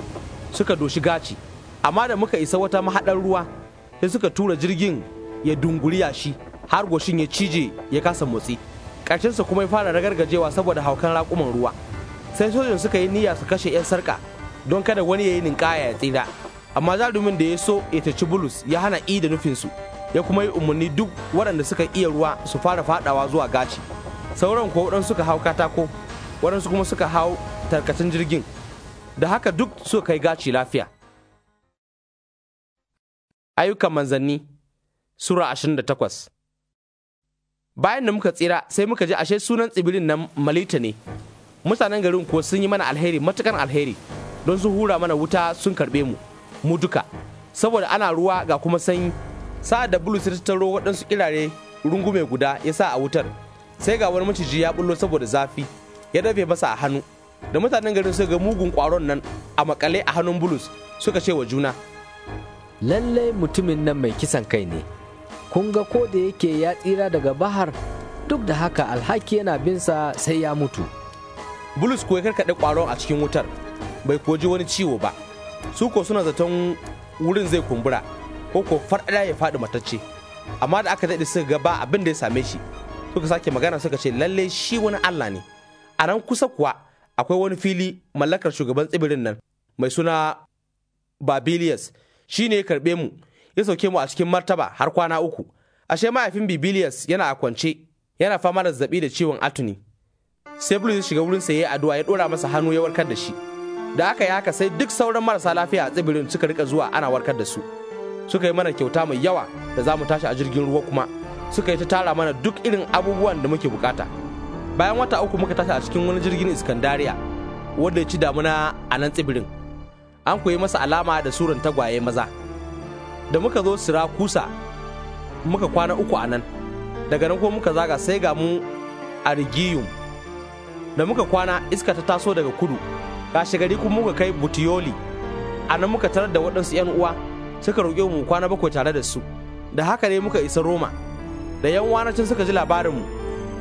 suka doshi gaci amma da muka isa wata mahaɗar ruwa sai suka tura jirgin ya dunguri shi har goshin ya cije ya kasa motsi ƙarshensa kuma ya fara ragargajewa saboda haukan raƙuman ruwa sai sojin suka yi niyya su kashe 'yan sarka don kada wani ya yi ninkaya ya tsira amma zalumin da ya so ya taci bulus ya hana i da nufinsu ya kuma yi umarni duk waɗanda suka iya ruwa su fara faɗawa zuwa gaci sauran ko waɗansu suka hau katako waɗansu kuma suka hau tarkacin jirgin da haka duk suka kai gaci lafiya Ayyukan manzanni Sura takwas. Bayan da muka tsira sai muka ji ashe sunan tsibirin nan Malita ne, mutanen garin kuwa sun yi mana alheri matukan alheri don su hura mana wuta sun karɓe mu, mu duka, saboda ana ruwa ga kuma sanyi. Sa'ad da Bulus ta tattaro waɗansu kirare rungume guda ya sa a wutar, sai ga wani maciji ya bullo saboda zafi, ya dafe masa a hannu. Da mutanen garin suka ga mugun ƙwaron nan a makale a hannun Bulus suka ce wa juna, lallai mutumin nan mai kisan kai ne kun ga ko da yake ya tsira daga bahar duk da haka alhaki yana bin sa sai ya mutu bulus kuwa karkaɗe ƙwaron a cikin wutar bai koji wani ciwo ba su ko suna zaton wurin zai kumbura ko ko farɗa ya faɗi matacce amma da aka daɗe suka ga ba abin da ya same shi suka sake magana suka ce lallai shi wani allah ne a nan kusa kuwa akwai wani fili mallakar shugaban tsibirin nan mai suna babilius shi ne ya karɓe mu ya sauke mu a cikin martaba har kwana uku ashe mahaifin bibiliyas yana a kwance yana fama da zazzaɓi da ciwon atuni sai bulus ya shiga wurin sa ya addu'a ya ɗora masa hannu ya warkar da shi da aka yi haka sai duk sauran marasa lafiya a tsibirin suka rika zuwa ana warkar da su suka yi mana kyauta mai yawa da za mu tashi a jirgin ruwa kuma suka yi ta tara mana duk irin abubuwan da muke bukata bayan wata uku muka tashi a cikin wani jirgin iskandariya wanda ya ci damuna a nan tsibirin an koyi masa alama da suran tagwaye maza da muka zo sirakusa muka kwana uku a nan daga nan kuma muka zaga sai ga mu a rigiyum da muka kwana iska ta taso daga kudu ga shigari kuma muka kai butiyoli a nan muka tarar da waɗansu 'yan uwa suka roƙe mu kwana bakwai tare da su da haka ne muka isa roma da 'yan wanacin suka ji labarin mu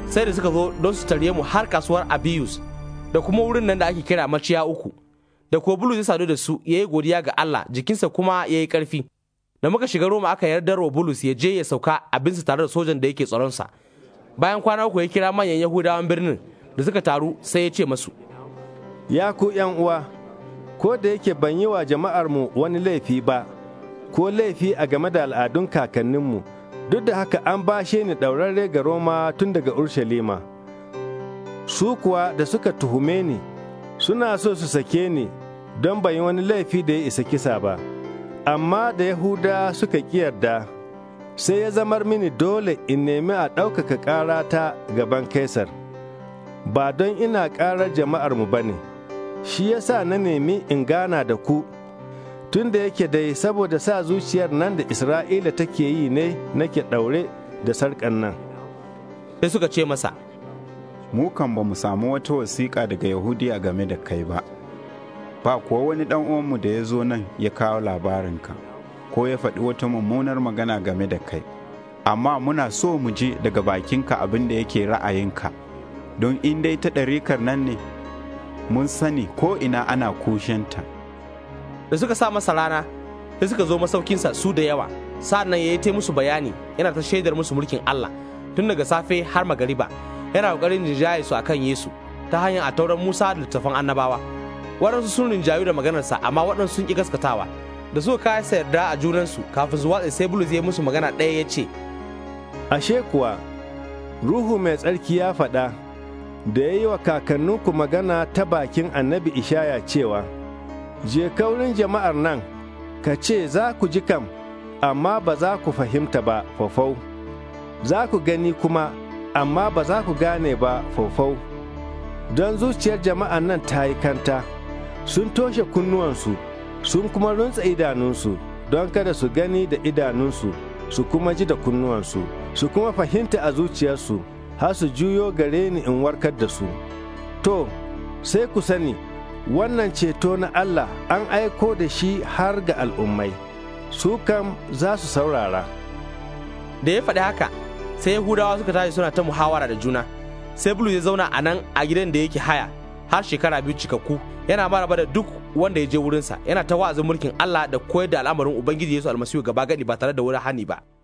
sai da suka zo don su tarye mu har kasuwar abiyus da kuma wurin nan da ake kira maciya uku da ko bulus ya sadu da su ya yi godiya ga Allah jikinsa kuma ya yi ƙarfi da muka shiga Roma aka yarda wa bulus ya je ya sauka abinsa tare da sojan da yake tsaronsa bayan kwana uku ya kira manyan yahudawan birnin da suka taru sai ya ce masu ya ku yan uwa ko da yake ban yi wa jama'armu wani laifi ba ko laifi a game da al'adun kakanninmu duk da haka an bashe ni ɗaurarre ga Roma tun daga Urshalima. Su kuwa da suka tuhume ni, suna so su sake ni don bai wani laifi da ya isa kisa ba amma da yahuda suka ƙiyarda sai ya zamar mini dole in nemi a ɗaukaka ƙarata gaban kaisar ba don ina ƙarar jama'armu ba ne shi ya sa na nemi in gana da ku tun da yake dai saboda sa zuciyar nan da isra'ila take yi ne nake ɗaure da sarƙan nan sai suka ce masa mu kan ba mu samu wata wasiƙa daga yahudiya game da kai ba ba kuwa wani mu uwanmu da ya zo nan ya kawo labarinka ko ya faɗi wata mummunar magana game da kai amma muna so mu je daga bakinka abin da yake ra'ayinka don in dai ta ɗarikar nan ne mun sani ko ina ana kushinta. da suka sa masa rana da suka zo masaukinsa su da yawa sa'an nan ya yi ta musu bayani yana ta shaidar musu mulkin Allah tun daga safe har magariba yana kokarin jinjaye su akan Yesu ta hanyar a tauran Musa da littattafan annabawa waɗansu sun rinjayu da maganarsa amma waɗansu sun ƙi gaskatawa da suka sa yarda a junansu kafin zuwa watsa sai bulus ya musu magana ɗaya ya ce ashe kuwa ruhu mai tsarki ya faɗa da ya yi wa kakanninku magana ta bakin annabi ishaya cewa je kaurin jama'ar nan ka ce za ku ji kam amma ba za ku fahimta ba fafau za ku gani kuma amma ba za ku gane ba fafau don zuciyar jama'an nan ta yi kanta. sun toshe kunnuwansu sun kuma runtse idanunsu don kada su gani da idanunsu su kuma ji da kunnuwansu su kuma fahimta a zuciyarsu har su juyo gare ni in warkar da su to sai ku sani wannan ceto na Allah an aiko da shi har ga al'ummai su kam za su saurara da ya faɗi haka sai yahudawa suka tashi suna ta muhawara da juna sai bulu ya zauna a nan a gidan da yake haya har shekara biyu cikakku yana maraba da duk wanda ya je wurinsa yana ta wa'azin mulkin Allah da koyar da al'amarin Ubangiji Yesu Almasihu gaba gadi ba tare da wani hani ba.